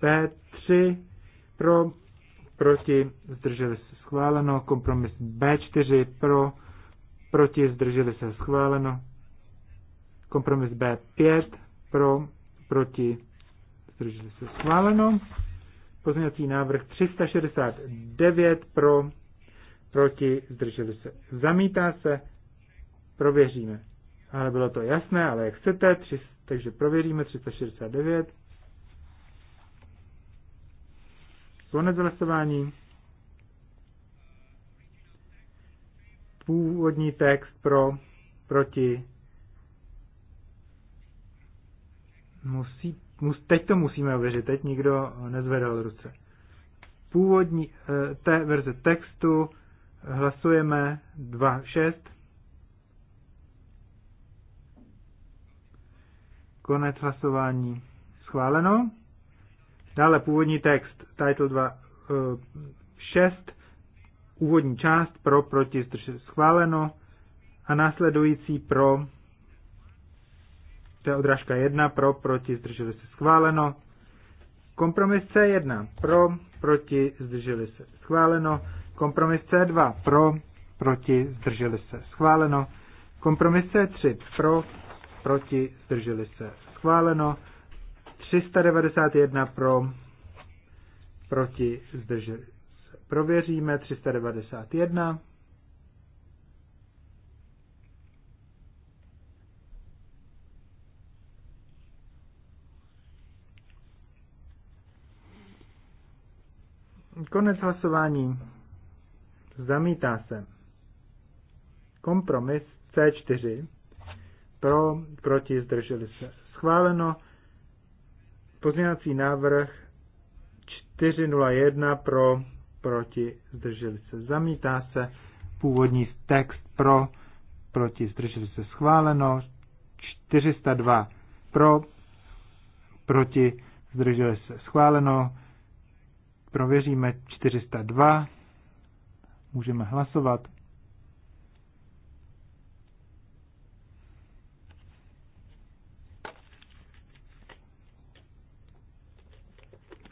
B3 pro, proti, zdržel se. Schváleno. Kompromis B4 pro, proti, zdržel se. Schváleno. Kompromis B5 pro, proti, zdrželi se schváleno. Pozměňovací návrh 369 pro, proti, zdrželi se. Zamítá se, prověříme. Ale bylo to jasné, ale jak chcete, tři, takže prověříme 369. Konec hlasování. Původní text pro, proti, Musí, mus, teď to musíme ověřit, teď nikdo nezvedal ruce. Původní eh, té verze textu hlasujeme 2.6. Konec hlasování schváleno. Dále původní text, title 2.6. 6, eh, úvodní část pro, proti, schváleno a následující pro, to je odrážka 1 pro, proti, zdrželi se schváleno. Kompromis C1 pro, proti, zdrželi se schváleno. Kompromis C2 pro, proti, zdrželi se schváleno. Kompromis C3 pro, proti, zdrželi se schváleno. 391 pro, proti, zdrželi se. Prověříme 391. Konec hlasování. Zamítá se. Kompromis C4. Pro, proti, zdrželi se. Schváleno. Pozměňovací návrh 401 pro, proti, zdrželi se. Zamítá se. Původní text pro, proti, zdrželi se. Schváleno. 402 pro, proti, zdrželi se. Schváleno. Prověříme 402. Můžeme hlasovat.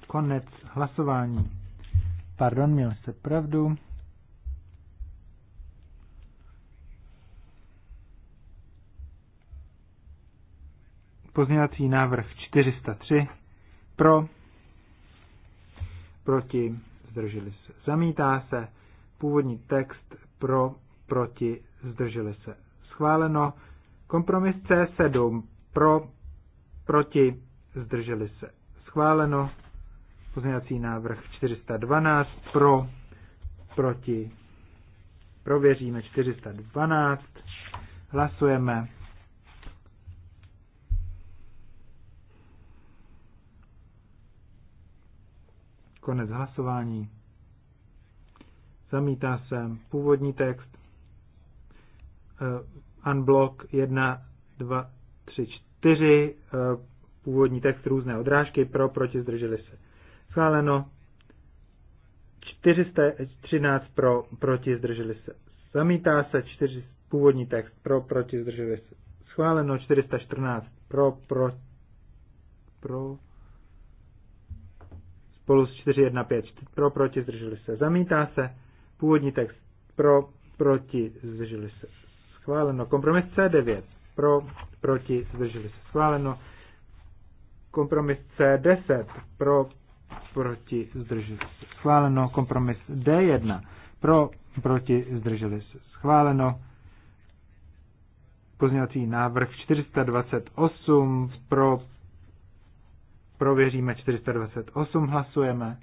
Konec hlasování. Pardon, měl se pravdu. Pozměňovací návrh 403 pro proti, zdrželi se. Zamítá se původní text pro, proti, zdrželi se. Schváleno. Kompromis C7 pro, proti, zdrželi se. Schváleno. Pozměňovací návrh 412 pro, proti, prověříme 412. Hlasujeme. Konec hlasování. Zamítá se původní text. Eh, unblock 1, 2, 3, 4. Původní text různé odrážky. Pro, proti, zdrželi se. Schváleno. 413 pro, proti, zdrželi se. Zamítá se 4, původní text pro, proti, zdrželi se. Schváleno 414 pro, pro, pro spolu s 415 pro, proti, zdrželi se, zamítá se. Původní text pro, proti, zdrželi se, schváleno. Kompromis C9 pro, proti, zdrželi se, schváleno. Kompromis C10 pro, proti, zdrželi se, schváleno. Kompromis D1 pro, proti, zdrželi se, schváleno. Pozměňovací návrh 428 pro, prověříme 428, hlasujeme.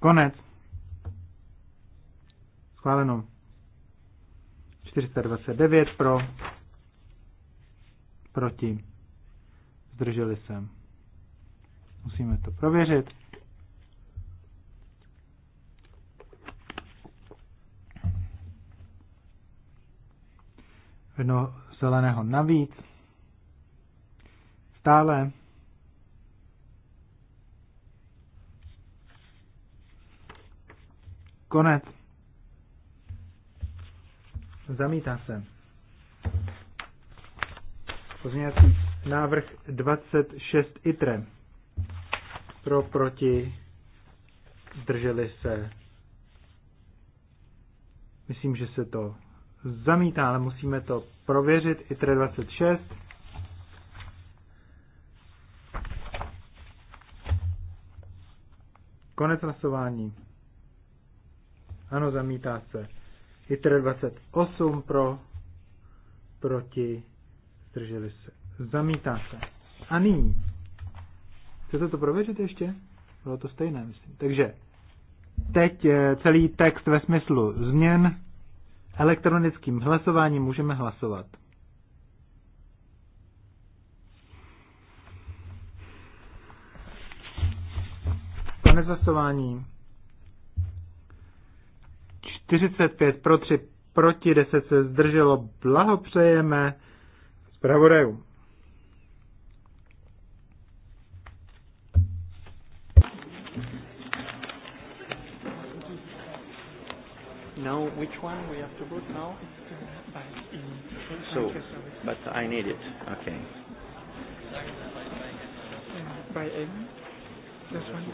Konec. Schváleno. 429 pro. Proti. Zdrželi se. Musíme to prověřit. jedno zeleného navíc. Stále konec. Zamítá se. Pozměňovací návrh 26 ITRE. Pro, proti, zdrželi se. Myslím, že se to zamítá, ale musíme to prověřit. ITRE 26. Konec hlasování. Ano, zamítá se. ITRE 28 pro, proti, zdrželi se. Zamítá se. A nyní. Chcete to prověřit ještě? Bylo to stejné, myslím. Takže teď eh, celý text ve smyslu změn Elektronickým hlasováním můžeme hlasovat. Konec hlasování. 45 pro 3 proti 10 se zdrželo. Blahopřejeme zpravodajům. know which one we have to put now? So, but I need it. Okay. By M. This one.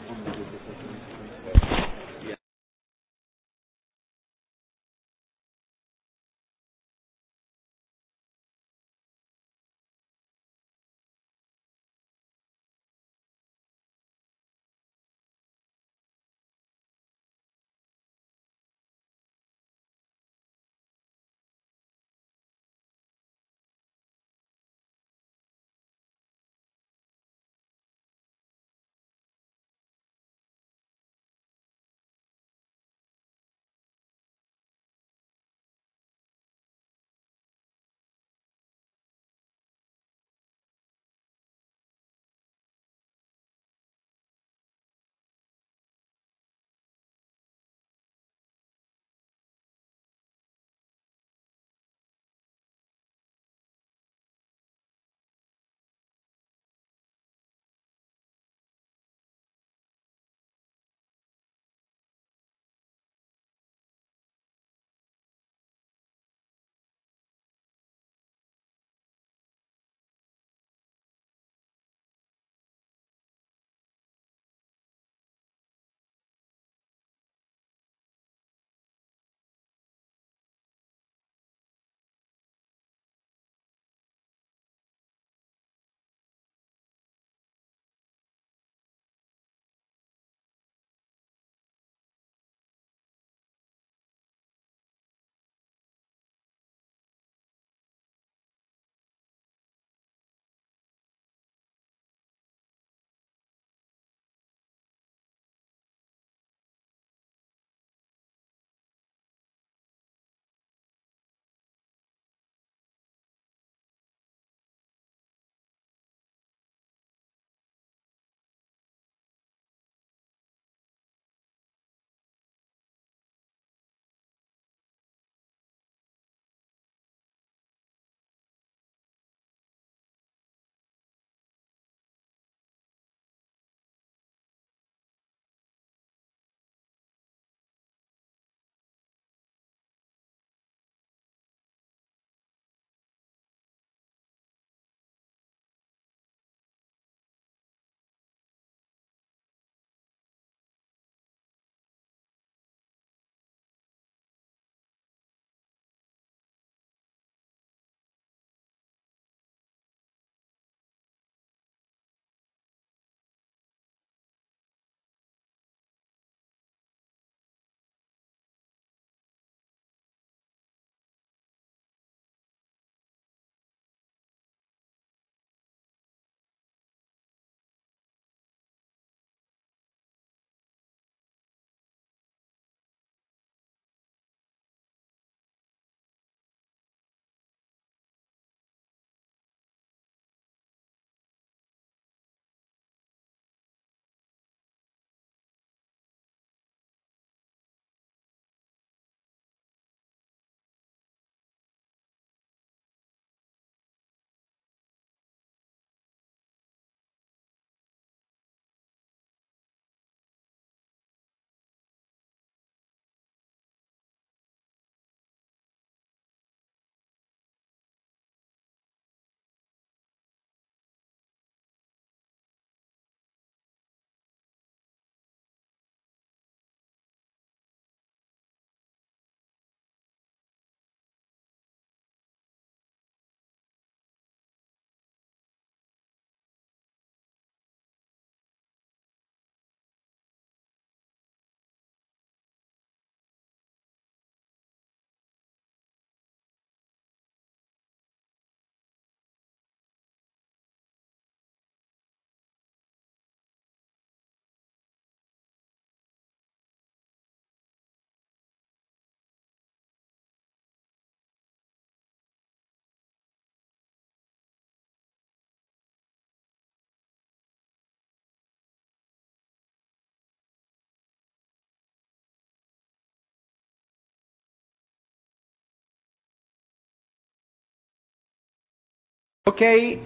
Okay,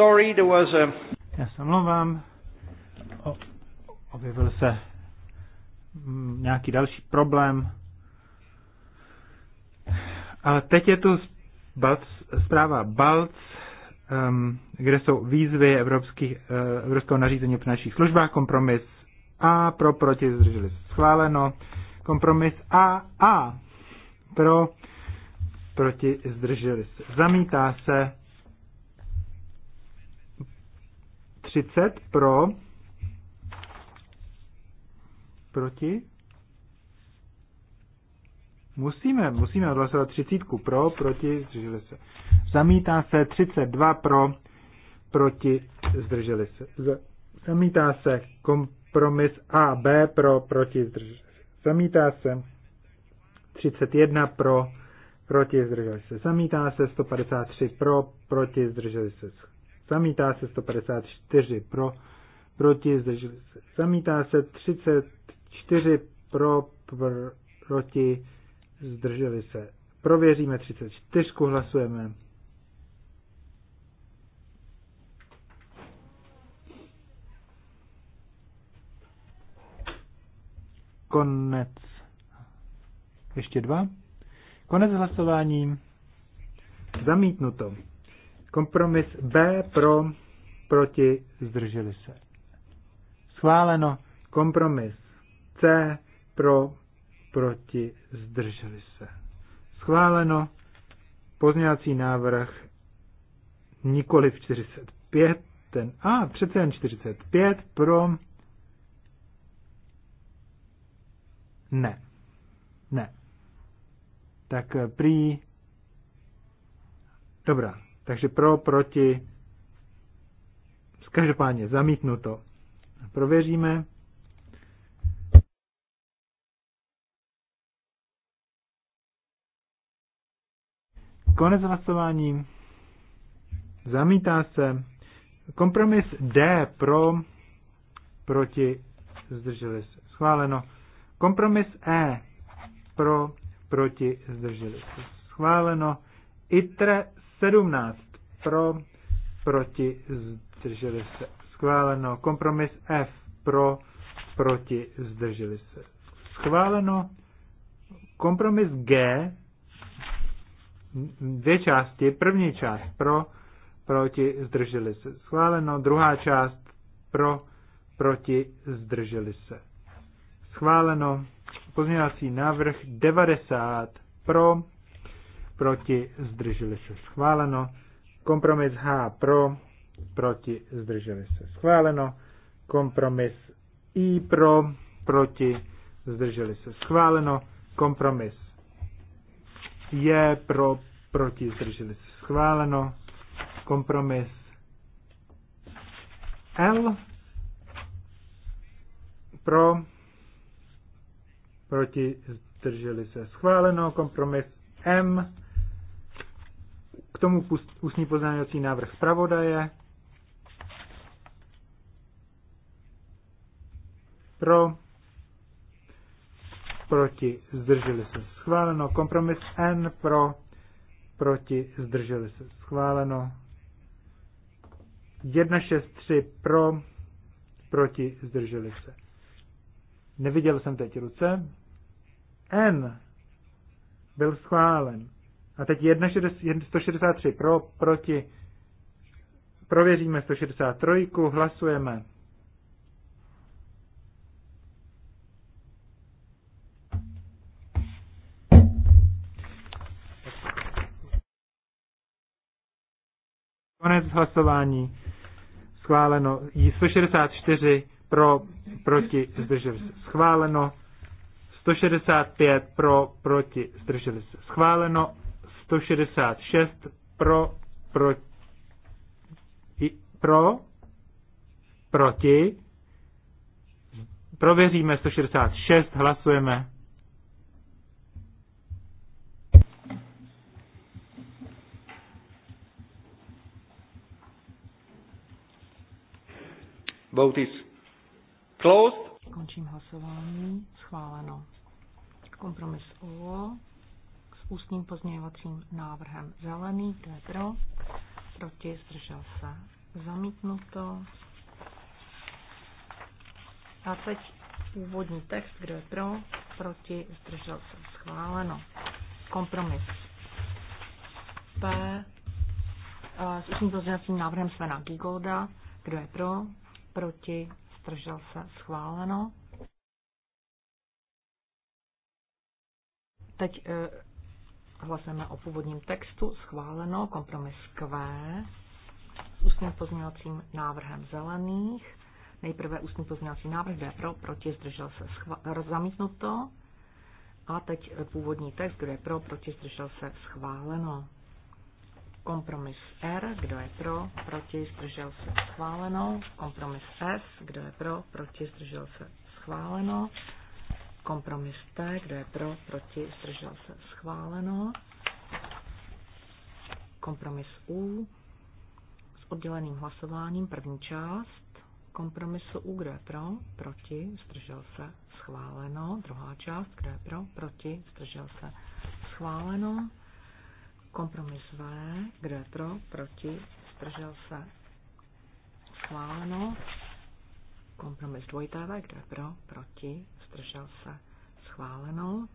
sorry, there was a... Já se omlouvám. objevil se mm, nějaký další problém. Ale teď je tu Balc, zpráva Balc, um, kde jsou výzvy evropských, uh, evropského nařízení pro našich službách, kompromis A, pro, proti, zdrželi schváleno, kompromis A, A, pro, proti, zdrželi se, zamítá se, 30 pro, proti. Musíme, musíme odhlasovat 30 pro, proti, zdrželi se. Zamítá se 32 pro, proti, zdrželi se. Zamítá se kompromis A, B pro, proti, zdrželi se. Zamítá se 31 pro, proti, zdrželi se. Zamítá se 153 pro, proti, zdrželi se zamítá se 154 pro, proti, zdrželi se, zamítá se 34 pro, pr, proti, zdrželi se. Prověříme 34, hlasujeme. Konec. Ještě dva. Konec hlasování. Zamítnuto. Kompromis B pro, proti, zdrželi se. Schváleno. Kompromis C pro, proti, zdrželi se. Schváleno. Pozměňovací návrh nikoli v 45, ten A, přece jen 45 pro, ne, ne. Tak eh, prý, dobrá, takže pro, proti, každopádně zamítnuto. Prověříme. Konec hlasování. Zamítá se. Kompromis D pro, proti, zdrželi se. Schváleno. Kompromis E pro, proti, zdrželi se. Schváleno. ITRE 17 pro, proti, zdrželi se. Schváleno. Kompromis F pro, proti, zdrželi se. Schváleno. Kompromis G, dvě části. První část pro, proti, zdrželi se. Schváleno. Druhá část pro, proti, zdrželi se. Schváleno. Pozměňovací návrh 90 pro, proti, zdrželi se schváleno. Kompromis H pro, proti, zdrželi se schváleno. Kompromis I pro, proti, zdrželi se schváleno. Kompromis J pro, proti, zdrželi se schváleno. Kompromis L pro, proti, zdrželi se schváleno. Kompromis M k tomu ústní poznávací návrh zpravodaje. Pro. Proti. Zdrželi se. Schváleno. Kompromis N pro. Proti. Zdrželi se. Schváleno. 163 pro. Proti. Zdrželi se. Neviděl jsem teď ruce. N byl schválen. A teď 1, 163 pro, proti. Prověříme 163, hlasujeme. Konec hlasování. Schváleno. 164 pro, proti, zdrželi se. Schváleno. 165 pro, proti, zdrželi se. Schváleno. 166 pro, pro, pro, proti. Prověříme 166, hlasujeme. Vote is closed. Končím hlasování. Schváleno. Kompromis O ústním pozměňovacím návrhem zelený, kdo je pro, proti, zdržel se, zamítnuto. A teď úvodní text, kdo je pro, proti, zdržel se, schváleno. Kompromis. P eh, s ústním pozměňovacím návrhem Svena Gigolda, kdo je pro, proti, zdržel se, schváleno. Teď eh, Hlasujeme o původním textu, schváleno, kompromis Q s ústním pozměňovacím návrhem zelených. Nejprve ústní pozměňovací návrh D pro, proti, zdržel se schva- eh, zamítnuto. A teď eh, původní text, kdo je pro, proti, zdržel se schváleno. Kompromis R, kdo je pro, proti, zdržel se schváleno. Kompromis S, kdo je pro, proti, zdržel se schváleno. Kompromis T, kdo je pro, proti, zdržel se, schváleno. Kompromis U s odděleným hlasováním, první část. Kompromisu U, kdo je pro, proti, zdržel se, schváleno. Druhá část, kdo je pro, proti, zdržel se, schváleno. Kompromis V, kdo je pro, proti, zdržel se, schváleno. Kompromis dvojité V, kdo je pro, proti, zdržel se, schváleno.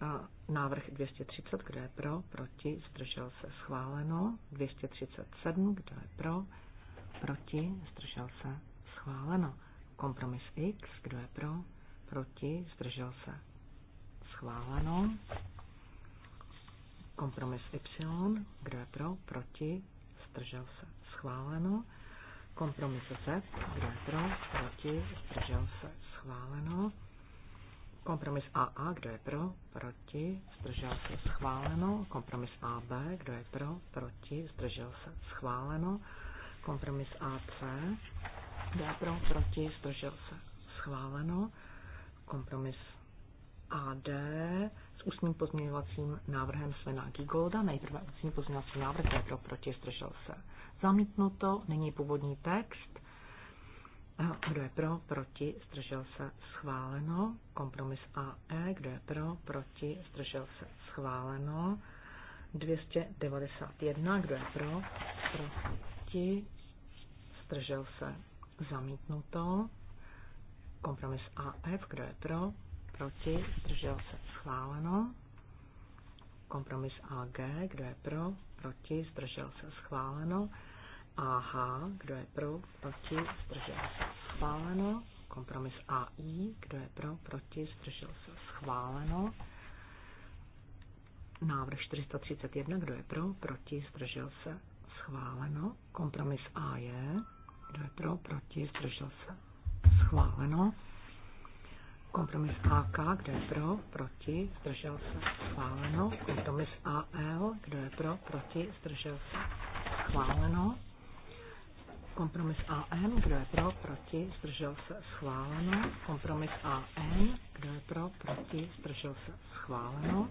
A návrh 230, kdo je pro, proti, zdržel se, schváleno. 237, kdo je pro, proti, zdržel se, schváleno. Kompromis X, kdo je pro, proti, zdržel se, schváleno. Kompromis Y, kdo je pro, proti, zdržel se, schváleno. Kompromis se, kdo je pro, proti, zdržel se, schváleno. Kompromis AA, kdo je pro, proti, zdržel se, schváleno. Kompromis AB, kdo je pro, proti, zdržel se, schváleno. Kompromis AC, kdo je pro, proti, zdržel se, schváleno. Kompromis AD s ústním pozměňovacím návrhem Svena Gigolda. Nejprve ústní pozměňovací návrh, kdo je pro, proti, zdržel se, zamítnuto, není původní text. Eh, kdo je pro, proti, zdržel se, schváleno. Kompromis AE, kdo je pro, proti, zdržel se, schváleno. 291, kdo je pro, proti, zdržel se, zamítnuto. Kompromis AF, kdo je pro, proti, zdržel se, schváleno. Kompromis AG, kdo je pro, proti, zdržel se, schváleno. AH, kdo je pro, proti, zdržel se, schváleno. Kompromis AI, kdo je pro, proti, zdržel se, schváleno. Návrh 431, kdo je pro, proti, zdržel se, schváleno. Kompromis A je, kdo je pro, proti, zdržel se, schváleno. Kompromis AK, kdo je pro, proti, zdržel se, schváleno. Kompromis AL, kdo je pro, proti, zdržel se, schváleno. Kompromis AN, kdo je pro, proti, zdržel se, schváleno. Kompromis AN, kdo je pro, proti, zdržel se, schváleno.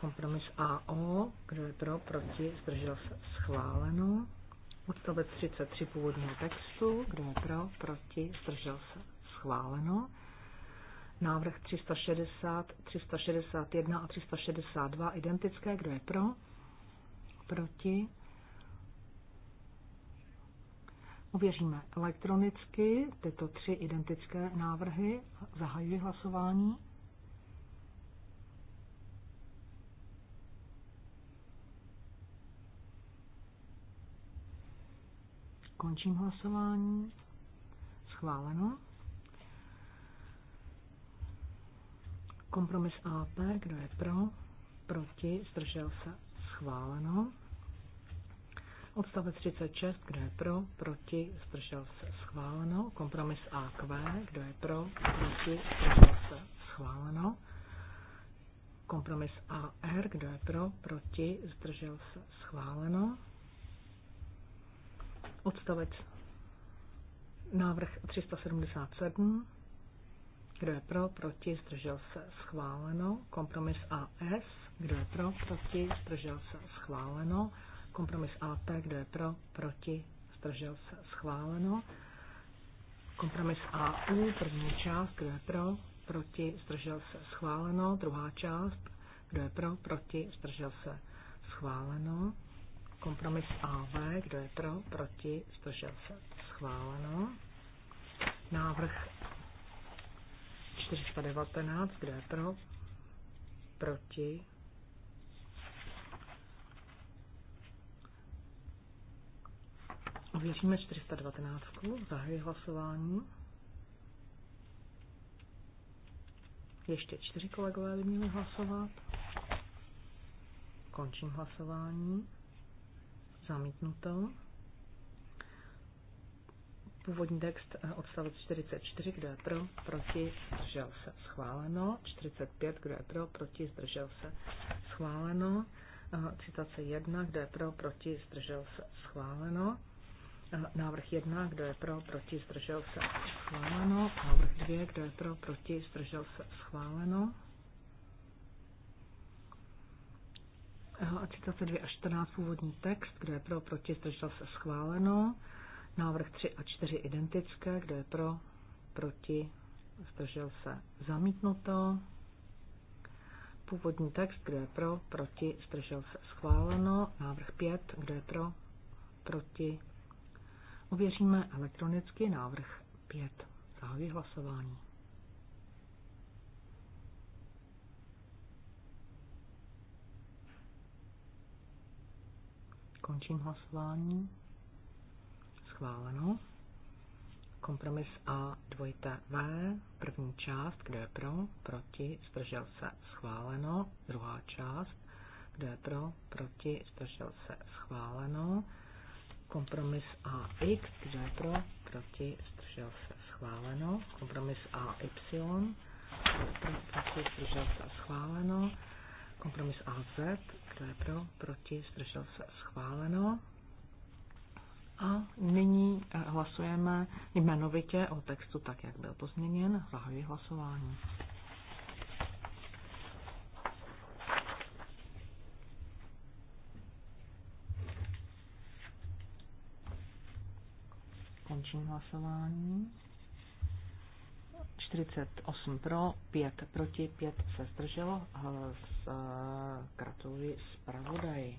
Kompromis AO, kdo je pro, proti, zdržel se, schváleno. Odstavec 33 původního textu, kdo je pro, proti, zdržel se, schváleno. Návrh 360, 361 a 362 identické, kdo je pro, proti, Ověříme elektronicky tyto tři identické návrhy. Zahajuji hlasování. Končím hlasování. Schváleno. Kompromis AP, kdo je pro, proti, zdržel se, schváleno. Odstavec 36, kdo je pro, proti, zdržel se, schváleno. Kompromis AQ, kdo je pro, proti, zdržel se, schváleno. Kompromis AR, kdo je pro, proti, zdržel se, schváleno. Odstavec návrh 377, kdo je pro, proti, zdržel se, schváleno. Kompromis AS, kdo je pro, proti, zdržel se, schváleno. Kompromis AT, kdo je pro, proti, zdržel se, schváleno. Kompromis AU, první část, kdo je pro, proti, zdržel se, schváleno. Druhá část, kdo je pro, proti, zdržel se, schváleno. Kompromis AV, kdo je pro, proti, zdržel se, schváleno. Návrh 419, kdo je pro, proti, Ověříme 419. Zahajuji hlasování. Ještě čtyři kolegové by měli hlasovat. Končím hlasování. Zamítnuto. Původní text eh, odstavec 44, kdo je pro, proti, zdržel se, schváleno. 45, kdo je pro, proti, zdržel se, schváleno. Eh, citace 1, kdo je pro, proti, zdržel se, schváleno. Návrh 1, kdo je pro, proti, zdržel se, schváleno. Návrh 2, kdo je pro, proti, zdržel se, schváleno. A citace 2 a 14, původní text, kdo je pro, proti, zdržel se, schváleno. Návrh 3 a 4 identické, kdo je pro, proti, zdržel se, zamítnuto. Původní text, kdo je pro, proti, zdržel se, schváleno. Návrh 5, kdo je pro, proti, Ověříme elektronicky návrh 5. Zahajuji hlasování. Končím hlasování. Schváleno. Kompromis A dvojité V, první část, kde je pro, proti, zdržel se, schváleno. Druhá část, kde je pro, proti, zdržel se, schváleno. Kompromis AX, kdo je pro, proti, zdržel se schváleno. Kompromis AY, pro, proti, zdržel se schváleno. Kompromis AZ, kdo je pro, proti, zdržel se schváleno. A nyní eh, hlasujeme jmenovitě o textu tak, jak byl pozměněn. Zahajuji hlasování. Končím hlasování. 48 pro, 5 proti, 5 se zdrželo. S, eh, gratuluji zpravodaji.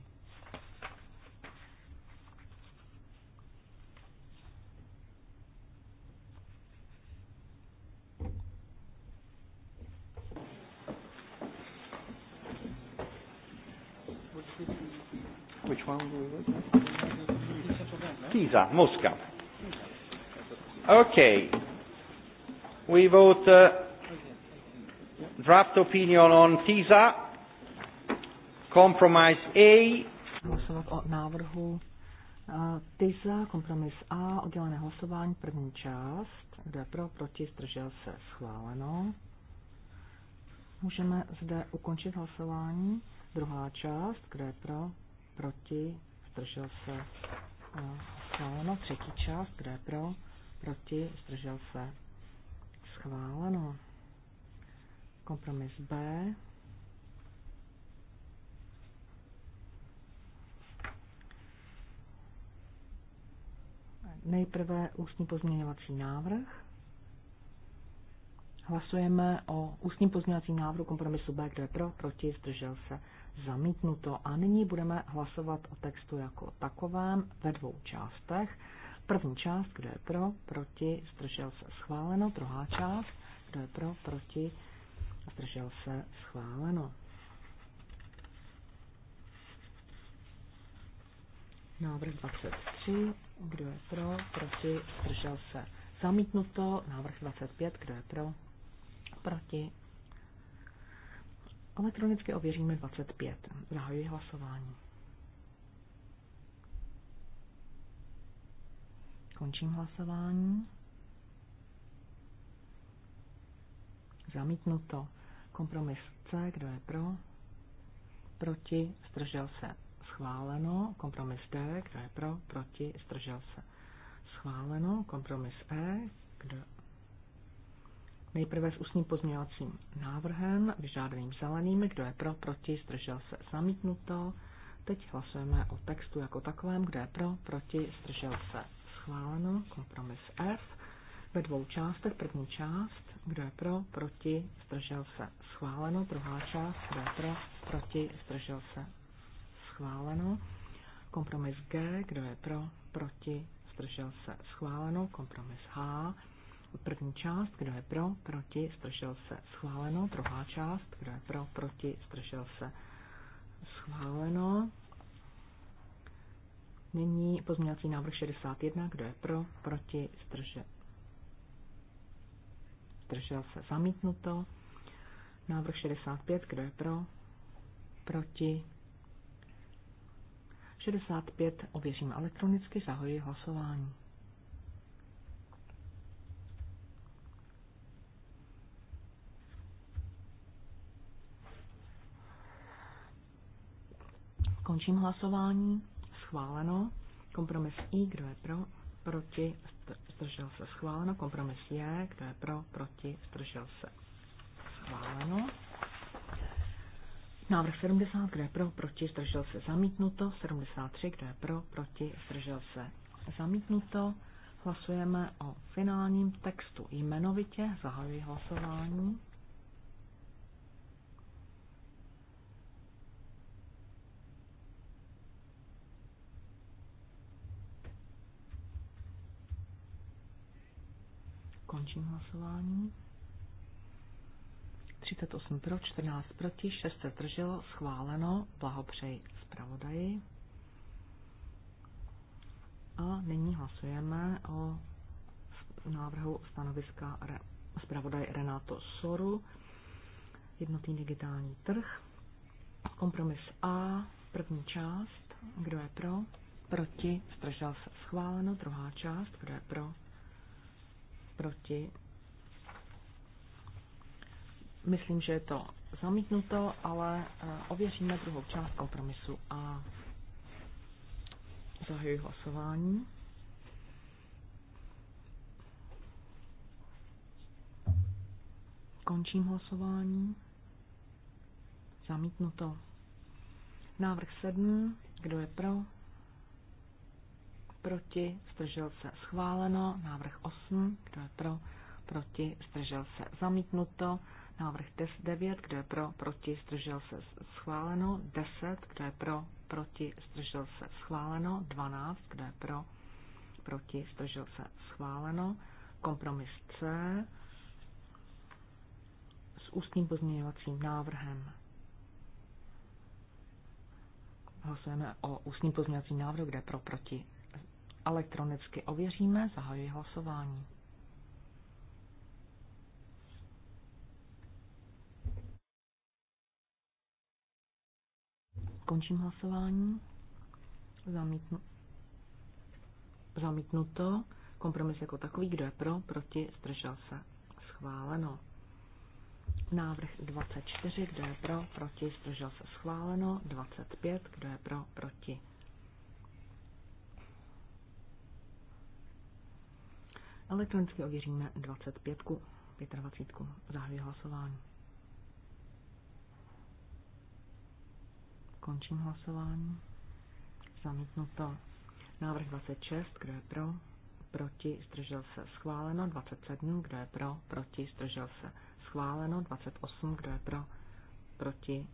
Which Pisa, Moscow. Okay. We vote uh, draft opinion on TISA. Compromise A. Hlasovat o návrhu uh, TISA, kompromis A, oddělené hlasování, první část, kde pro, proti, zdržel se, schváleno. Můžeme zde ukončit hlasování. Druhá část, kde pro, proti, zdržel se, uh, schváleno. Třetí část, kde pro, proti, zdržel se, schváleno. Kompromis B. Nejprve ústní pozměňovací návrh. Hlasujeme o ústním pozměňovacím návrhu kompromisu B, kdo je pro, proti, zdržel se, zamítnuto. A nyní budeme hlasovat o textu jako takovém ve dvou částech. První část, kdo je pro, proti, zdržel se schváleno. Druhá část, kdo je pro, proti, zdržel se schváleno. Návrh 23, kdo je pro, proti, zdržel se zamítnuto. Návrh 25, kdo je pro, proti. Elektronicky ověříme 25. Zahajuji hlasování. Končím hlasování. Zamítnuto. Kompromis C, kdo je pro? Proti, zdržel se. Schváleno. Kompromis D, kdo je pro? Proti, zdržel se. Schváleno. Kompromis E, kdo Nejprve s ústním pozměňovacím návrhem, vyžádaným zeleným, kdo je pro, proti, zdržel se, zamítnuto. Teď hlasujeme o textu jako takovém, kdo je pro, proti, zdržel se, schváleno, kompromis F, ve dvou částech, první část, kdo je pro, proti, zdržel se, schváleno, druhá část, kdo je pro, proti, zdržel se, schváleno, kompromis G, kdo je pro, proti, zdržel se, schváleno, kompromis H, první část, kdo je pro, proti, zdržel se, schváleno, druhá část, kdo je pro, proti, zdržel se, schváleno, Nyní pozměňovací návrh 61. Kdo je pro? Proti? Zdržel. Zdržel se. Zamítnuto. Návrh 65. Kdo je pro? Proti? 65. Ověřím elektronicky. Zahoji hlasování. Končím hlasování schváleno. Kompromis I, kdo je pro, proti, zdržel se, schváleno. Kompromis J, kdo je pro, proti, zdržel se, schváleno. Návrh 70, kdo je pro, proti, zdržel se, zamítnuto. 73, kdo je pro, proti, zdržel se, zamítnuto. Hlasujeme o finálním textu jmenovitě. Zahajuji hlasování. Končím hlasování. 38 pro, 14 proti, 6 se zdrželo, schváleno, blahopřeji zpravodaji. A nyní hlasujeme o návrhu stanoviska re, zpravodaj Renato Soru, jednotný digitální trh, kompromis A, první část, kdo je pro, proti, zdržel se, schváleno, druhá část, kdo je pro, proti. Myslím, že je to zamítnuto, ale eh, ověříme druhou část kompromisu a zahajuji hlasování. Končím hlasování. Zamítnuto. Návrh 7. Kdo je pro? proti, zdržel se schváleno, návrh 8, kdo je pro, proti, zdržel se zamítnuto, návrh 10, 9, kdo je pro, proti, zdržel se schváleno, 10, kdo je pro, proti, zdržel se schváleno, 12, kdo je pro, proti, zdržel se schváleno, kompromis C s ústním pozměňovacím návrhem. Hlasujeme o ústním pozměňovacím návrhu, kde pro, proti, Elektronicky ověříme, zahajuji hlasování. Končím hlasování. Zamítnu... Zamítnuto. Kompromis jako takový, kdo je pro, proti, zdržel se. Schváleno. Návrh 24, kdo je pro, proti, zdržel se. Schváleno. 25, kdo je pro, proti, Elektronicky ověříme 25, 25. Zahajuji hlasování. Končím hlasování. Zamítnuto. Návrh 26, kdo je pro? Proti, zdržel se, schváleno. 27, kdo je pro? Proti, zdržel se, schváleno. 28, kdo je pro? Proti,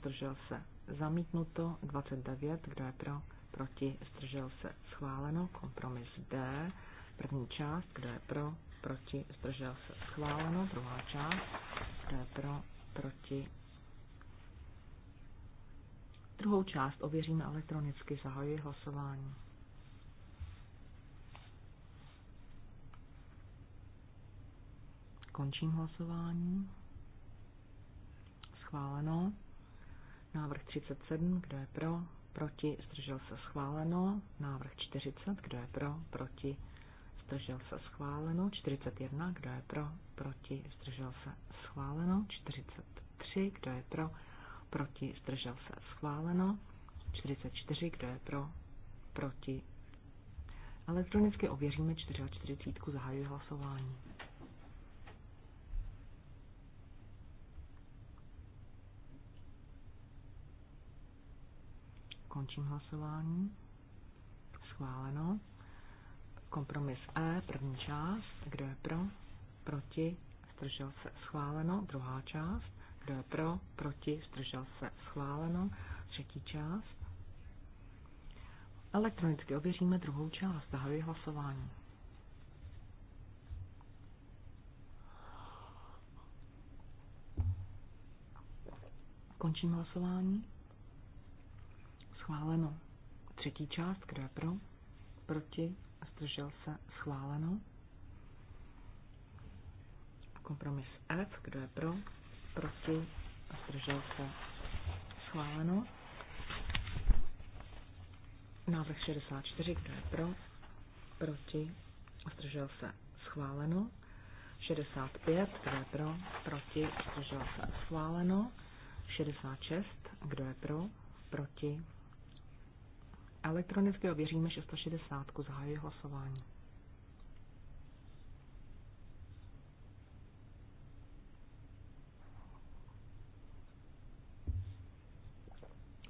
zdržel se, zamítnuto. 29, kdo je pro? Proti, zdržel se, schváleno. Kompromis D První část, kdo je pro, proti, zdržel se schváleno. Druhá část, kdo je pro, proti. Druhou část ověříme elektronicky, zahajuji hlasování. Končím hlasování. Schváleno. Návrh 37, kdo je pro, proti, zdržel se schváleno. Návrh 40, kdo je pro, proti, zdržel se schváleno, 41, kdo je pro, proti, zdržel se schváleno, 43, kdo je pro, proti, zdržel se schváleno, 44, kdo je pro, proti. Elektronicky ověříme 44, zahajuji hlasování. Končím hlasování. Schváleno. Kompromis E, první část, kdo je pro, proti, zdržel se schváleno, druhá část, kdo je pro, proti, zdržel se schváleno, třetí část. Elektronicky ověříme druhou část, zahajuji hlasování. Končím hlasování. Schváleno. Třetí část, kdo je pro, proti, zdržel se, schváleno. Kompromis F, kdo je pro, proti, zdržel se, schváleno. Návrh 64, kdo je pro, proti, zdržel se, schváleno. 65, kdo je pro, proti, zdržel se, schváleno. 66, kdo je pro, proti, Elektronicky věříme 660. Zahajuji hlasování.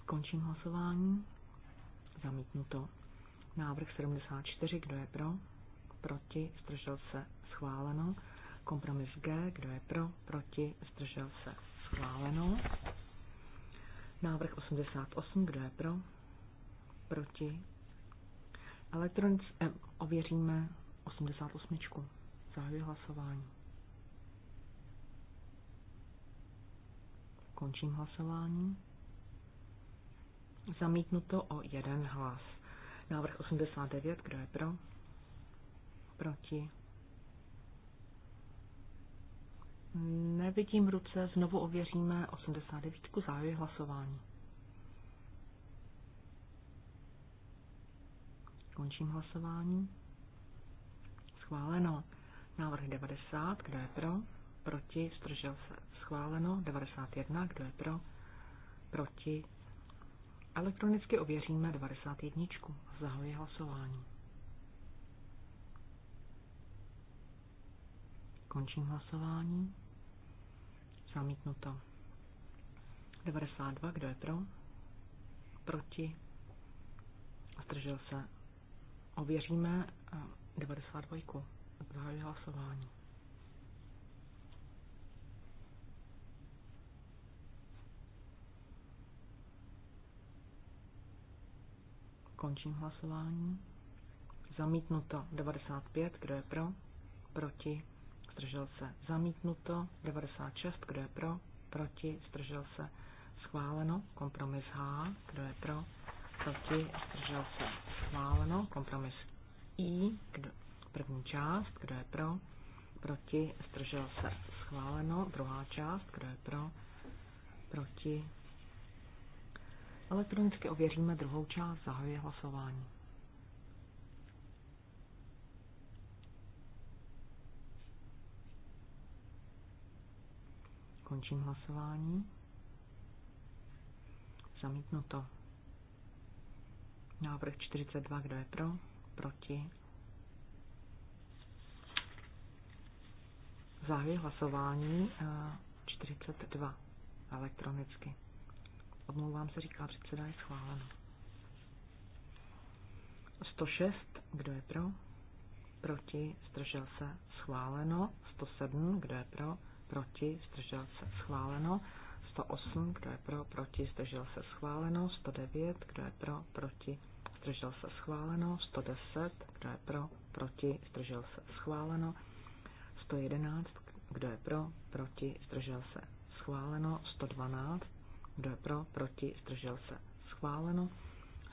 Končím hlasování. Zamítnuto. Návrh 74. Kdo je pro? Proti. Zdržel se. Schváleno. Kompromis G. Kdo je pro? Proti. Zdržel se. Schváleno. Návrh 88. Kdo je pro? proti. Elektronic, eh, ověříme 88. Zahajuji hlasování. Končím hlasování. Zamítnuto o jeden hlas. Návrh 89, kdo je pro? Proti. Nevidím ruce, znovu ověříme 89. Zahajuji hlasování. Končím hlasování. Schváleno. Návrh 90, kdo je pro? Proti, stržel se. Schváleno. 91, kdo je pro? Proti. Elektronicky ověříme 91. Zahajuji hlasování. Končím hlasování. Zamítnuto. 92, kdo je pro? Proti? Zdržel se Ověříme 92. Eh, Zahajuji hlasování. Končím hlasování. Zamítnuto 95, kdo je pro? Proti. Zdržel se. Zamítnuto 96, kdo je pro? Proti. Zdržel se. Schváleno. Kompromis H, kdo je pro? proti, zdržel se, schváleno. Kompromis I, kdo, první část, kdo je pro, proti, zdržel se, schváleno. Druhá část, kdo je pro, proti. Elektronicky ověříme druhou část, zahajuje hlasování. Končím hlasování. Zamítnuto. Návrh 42, kdo je pro? Proti? Zahajuji hlasování 42 eh, elektronicky. Omlouvám se, říká předseda, je schváleno. 106, kdo je pro? Proti, zdržel se, schváleno. 107, kdo je pro? Proti, zdržel se, schváleno. 108, kdo je pro, proti, zdržel se schváleno, 109, kdo je pro, proti, zdržel se schváleno, 110, kdo je pro, proti, zdržel se schváleno, 111, kdo je pro, proti, zdržel se schváleno, 112, kdo je pro, proti, zdržel se schváleno,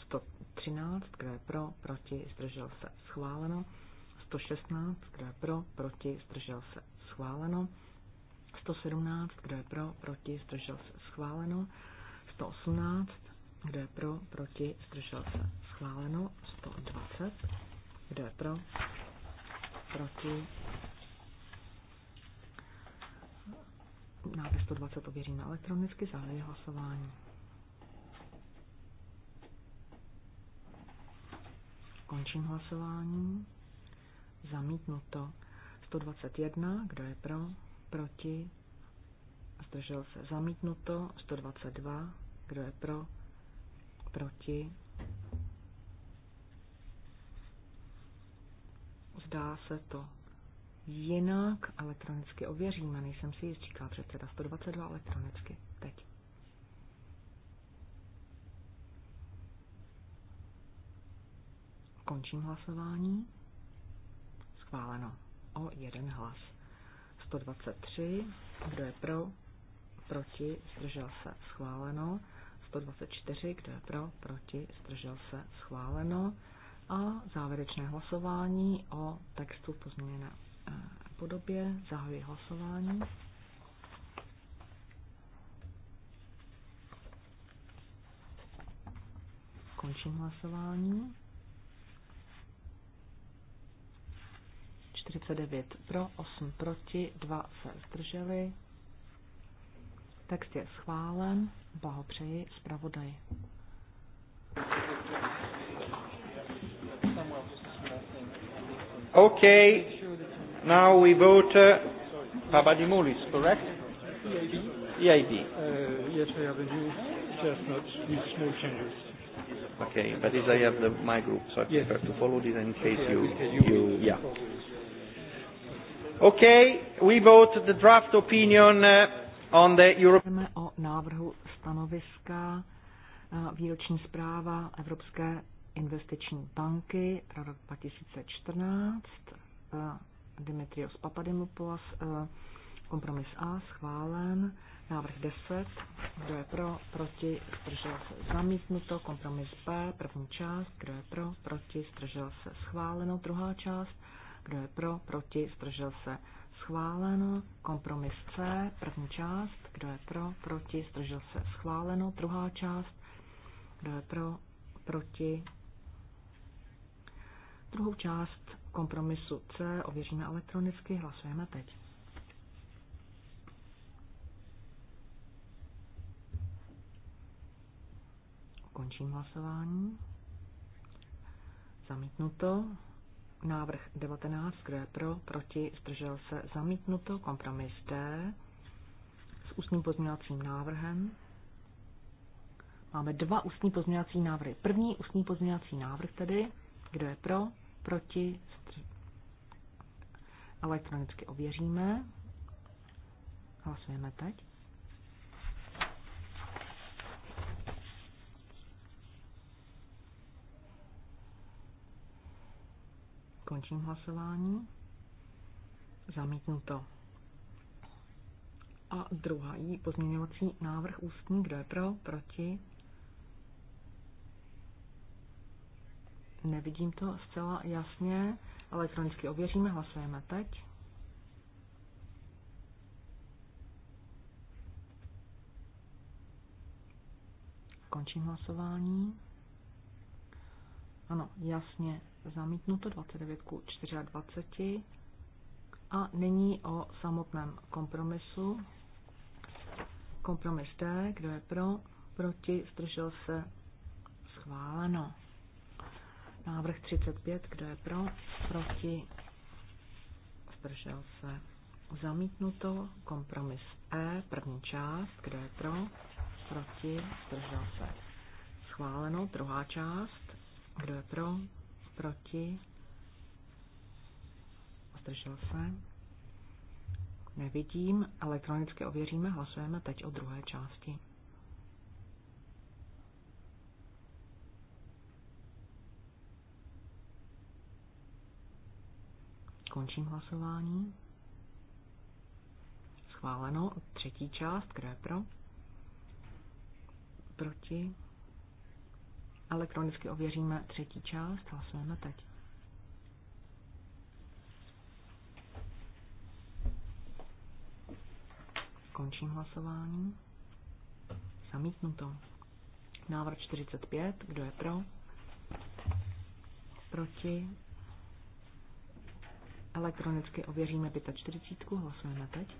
113, kdo je pro, proti, zdržel se schváleno, 116, kdo je pro, proti, zdržel se schváleno, 117, kdo je pro, proti, zdržel se, schváleno. 118, kdo je pro, proti, zdržel se, schváleno. 120, kdo je pro, proti, návrh 120 ověříme elektronicky, zahajuji hlasování. Končím hlasování. Zamítnuto. 121, kdo je pro? proti, zdržel se zamítnuto, 122, kdo je pro, proti, zdá se to jinak, elektronicky ověříme, nejsem si jist, říká předseda 122 elektronicky, teď. Končím hlasování. Schváleno o jeden hlas. 123. Kdo je pro? Proti? Zdržel se? Schváleno. 124. Kdo je pro? Proti? Zdržel se? Schváleno. A závěrečné hlasování o textu v pozměněné eh, podobě. Zahajuji hlasování. Končím hlasování. 49 pro, 8 proti, 2 se zdrželi. Text je schválen. Blahopřeji zpravodaji. Okay, now we vote uh, Papadimoulis, correct? EIB. Uh, yes, we have a new, just not with small changes. Okay, but this I have the, my group, so I yes. prefer to follow this in case okay, you, you, you, yeah. Okay, we vote the draft opinion uh, on the European... o návrhu stanoviska uh, výroční zpráva Evropské investiční banky pro rok 2014. Uh, Dimitrios Papadimopoulos, kompromis A, schválen. Návrh 10, kdo je pro, proti, zdržel se, zamítnuto. Kompromis B, první část, kdo je pro, proti, zdržel se, schváleno. Druhá část, kdo je pro? Proti? Zdržel se? Schváleno. Kompromis C. První část. Kdo je pro? Proti? Zdržel se? Schváleno. Druhá část. Kdo je pro? Proti? Druhou část kompromisu C ověříme elektronicky. Hlasujeme teď. Končím hlasování. Zamítnuto. Návrh 19, kdo je pro, proti, zdržel se, zamítnuto. Kompromis D s ústním pozměňovacím návrhem. Máme dva ústní pozměňovací návrhy. První ústní pozměňovací návrh tedy, kdo je pro, proti, elektronicky ověříme. Hlasujeme teď. Končím hlasování. Zamítnuto. A druhý pozměňovací návrh ústní. Kdo je pro? Proti? Nevidím to zcela jasně. Elektronicky ověříme, hlasujeme teď. Končím hlasování. Ano, jasně zamítnuto 29 k 24. A nyní o samotném kompromisu. Kompromis D, kdo je pro, proti, zdržel se, schváleno. Návrh 35, kdo je pro, proti, zdržel se, zamítnuto. Kompromis E, první část, kdo je pro, proti, zdržel se, schváleno. Druhá část, kdo je pro, proti, zdržel se, nevidím, elektronicky ověříme, hlasujeme teď o druhé části. Končím hlasování. Schváleno. Třetí část. Kdo je pro? Proti? Elektronicky ověříme třetí část, hlasujeme teď. Končím hlasování. Zamítnuto. Návrh 45, kdo je pro? Proti? Elektronicky ověříme 45, hlasujeme teď.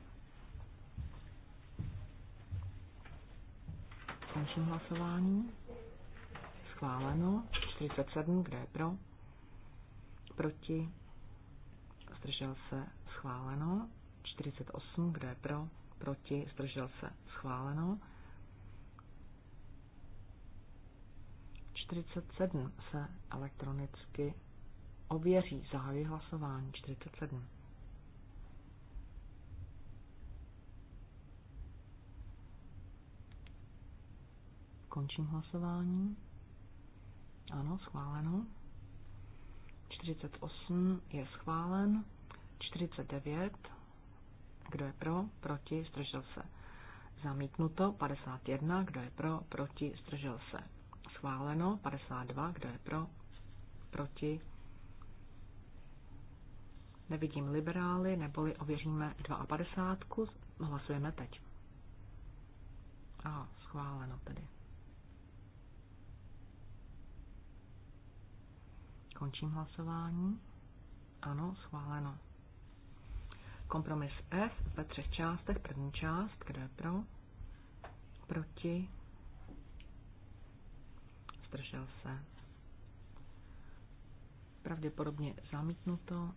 Končím hlasování. Schváleno. 47, kde je pro? Proti? Zdržel se. Schváleno. 48, kde je pro? Proti? Zdržel se. Schváleno. 47 se elektronicky ověří. Zahajuji hlasování 47. Končím hlasování. Ano, schváleno. 48 je schválen. 49. Kdo je pro? Proti? Zdržel se. Zamítnuto. 51. Kdo je pro? Proti? Zdržel se. Schváleno. 52. Kdo je pro? Proti? Nevidím liberály, neboli ověříme 52. Hlasujeme teď. A schváleno tedy. Končím hlasování. Ano, schváleno. Kompromis F ve třech částech. První část, kde je pro, proti, zdržel se. Pravděpodobně zamítnuto.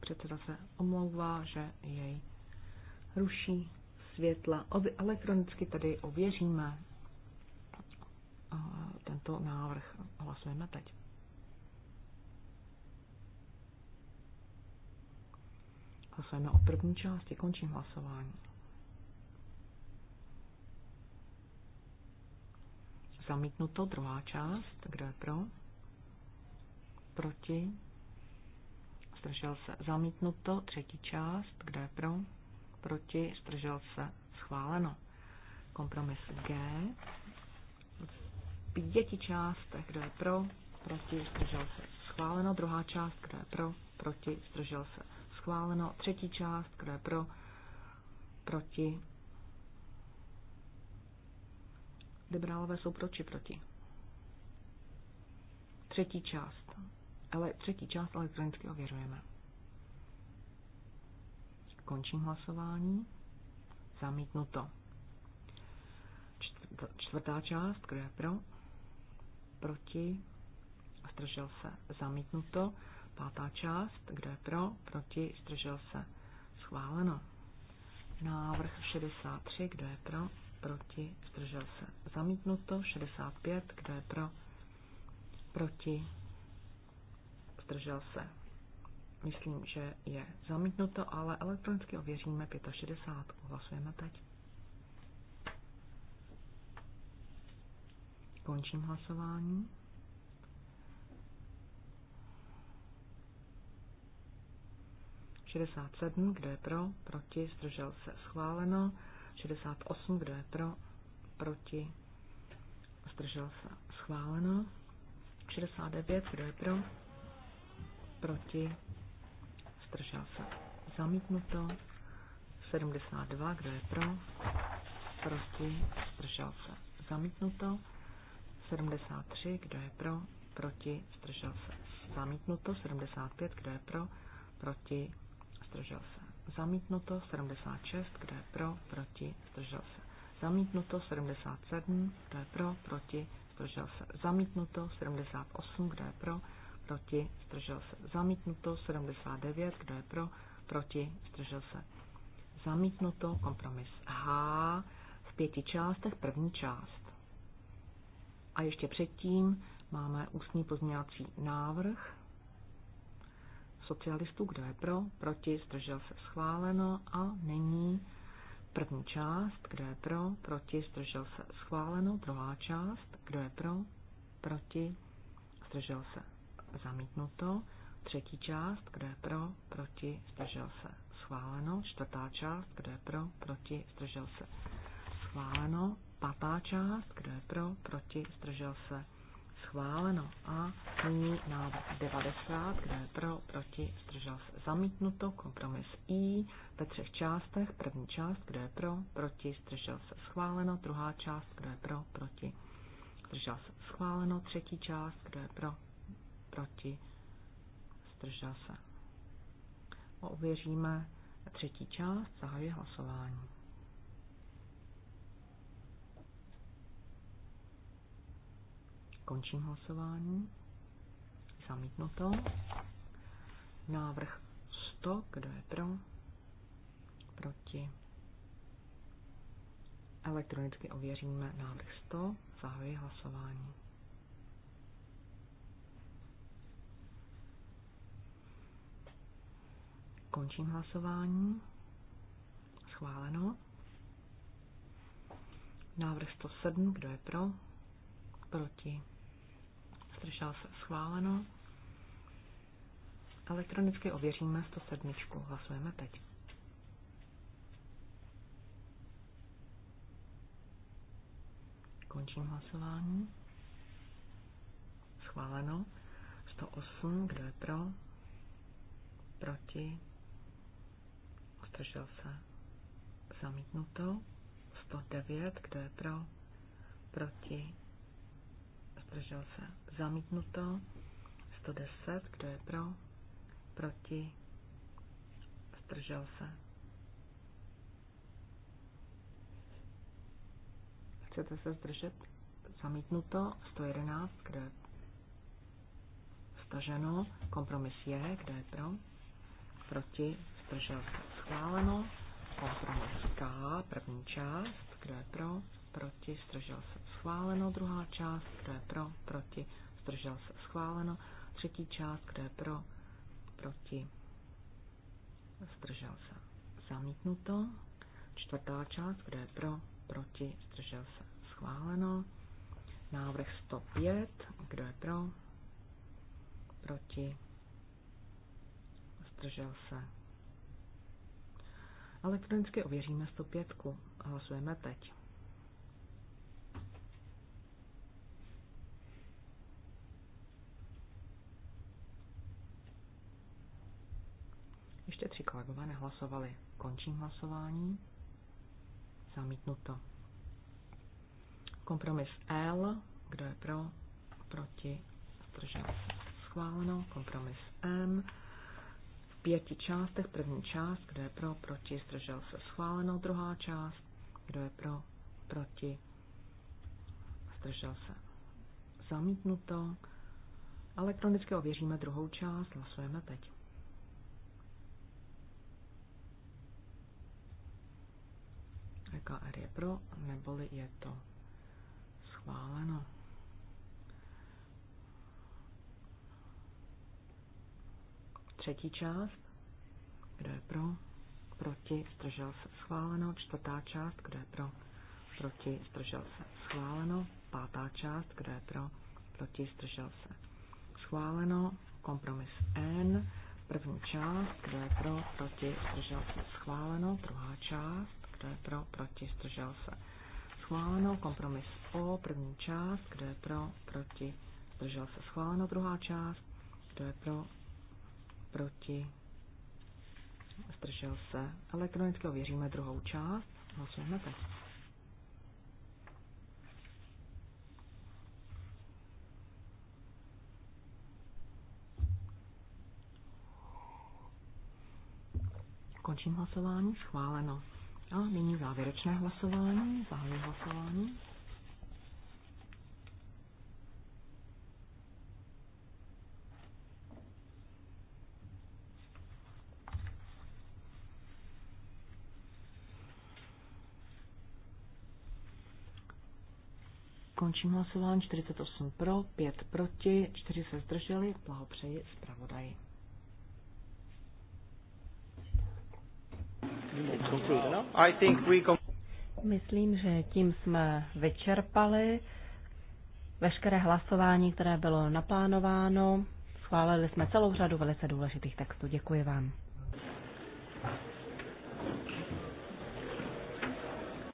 Předseda se omlouvá, že jej ruší světla. Elektronicky tady ověříme tento návrh. Hlasujeme teď. Hlasujeme o první části, končím hlasování. Zamítnuto druhá část, kdo je pro? Proti? Zdržel se. Zamítnuto třetí část, kdo je pro? Proti? Zdržel se. Schváleno. Kompromis G pěti částech. Kdo je pro, proti, zdržel se, schváleno. Druhá část, kdo je pro, proti, zdržel se, schváleno. Třetí část, kdo je pro, proti. Liberálové jsou proči proti. Třetí část. Ale třetí část elektronicky ověřujeme. Končím hlasování. Zamítnuto. Čtvrtá část, kdo je pro? proti, zdržel se, zamítnuto. Pátá část, kdo je pro, proti, zdržel se, schváleno. Návrh 63, kdo je pro, proti, zdržel se, zamítnuto. 65, kdo je pro, proti, zdržel se. Myslím, že je zamítnuto, ale elektronicky ověříme 65. Hlasujeme teď. Končím hlasování. kdo je pro, proti, zdržel se, schváleno. 68, kdo je pro, proti, zdržel se, schváleno. 69, kdo je pro, proti, zdržel se, zamítnuto. 72, kdo je pro, proti, zdržel se, zamítnuto. 73, kdo je pro, proti, zdržel se. Zamítnuto 75, kdo je pro, proti, zdržel se. Zamítnuto 76, kdo je pro, proti, zdržel se. Zamítnuto 77, kdo je pro, proti, zdržel se. Zamítnuto 78, kdo je pro, proti, zdržel se. Zamítnuto 79, kdo je pro, proti, zdržel se. Zamítnuto kompromis H v pěti částech, první část a ještě předtím máme ústní pozměňovací návrh socialistů, kdo je pro, proti, zdržel se schváleno a není první část, kdo je pro, proti, zdržel se schváleno, druhá část, kdo je pro, proti, zdržel se zamítnuto, třetí část, kdo je pro, proti, zdržel se schváleno, čtvrtá část, kdo je pro, proti, zdržel se schváleno, Pátá část, kdo je pro, proti, zdržel se, schváleno. A nyní návrh 90, kdo je pro, proti, zdržel se, zamítnuto. Kompromis I ve třech částech. První část, kdo je pro, proti, zdržel se, schváleno. Druhá část, kdo je pro, proti, zdržel se, schváleno. Třetí část, kdo je pro, proti, zdržel se. Ověříme třetí část, zahajuje hlasování. Končím hlasování. Zamítnuto. Návrh 100. Kdo je pro? Proti. Elektronicky ověříme návrh 100. Zahajuji hlasování. Končím hlasování. Schváleno. Návrh 107. Kdo je pro? Proti zdržel se schváleno. Elektronicky ověříme 107. Hlasujeme teď. Končím hlasování. Schváleno. 108. Kdo je pro? Proti? Zdržel se. Zamítnuto. 109. Kdo je pro? Proti? zdržel se zamítnuto, 110, kdo je pro, proti, zdržel se. Chcete se zdržet? Zamítnuto, 111, kdo je staženo, kompromis je, kdo je pro, proti, zdržel se schváleno, kompromis K, první část, kdo je pro, proti, zdržel se schváleno. Druhá část, kdo je pro, proti, zdržel se schváleno. Třetí část, kdo je pro, proti, zdržel se zamítnuto. Čtvrtá část, kdo je pro, proti, zdržel se schváleno. Návrh 105, kdo je pro, proti, zdržel se. Elektronicky ověříme 105. Hlasujeme teď. ještě tři kolegové nehlasovali. Končím hlasování. Zamítnuto. Kompromis L. Kdo je pro? Proti? Zdržel se. Schváleno. Kompromis M. V pěti částech. První část. Kdo je pro? Proti? Zdržel se. Schváleno. Druhá část. Kdo je pro? Proti? Zdržel se. Zamítnuto. Elektronicky ověříme druhou část. Hlasujeme teď. EKR je pro, neboli je to schváleno. Třetí část, kdo je pro, proti, zdržel se schváleno. Čtvrtá část, kdo je pro, proti, zdržel se schváleno. Pátá část, kdo je pro, proti, zdržel se schváleno. Kompromis N, první část, kdo je pro, proti, zdržel se schváleno. Druhá část, kdo je pro, proti, zdržel se. Schváleno, kompromis O, první část, kdo je pro, proti, zdržel se. Schváleno, druhá část, kdo je pro, proti, zdržel se. Elektronicky ověříme druhou část, hlasujeme teď. Končím hlasování. Schváleno. A nyní závěrečné hlasování. Zahajuji hlasování. Končím hlasování 48 pro, 5 proti, 4 se zdrželi. Blahopřeji zpravodaji. Myslím, že tím jsme vyčerpali veškeré hlasování, které bylo naplánováno. Schválili jsme celou řadu velice důležitých textů. Děkuji vám.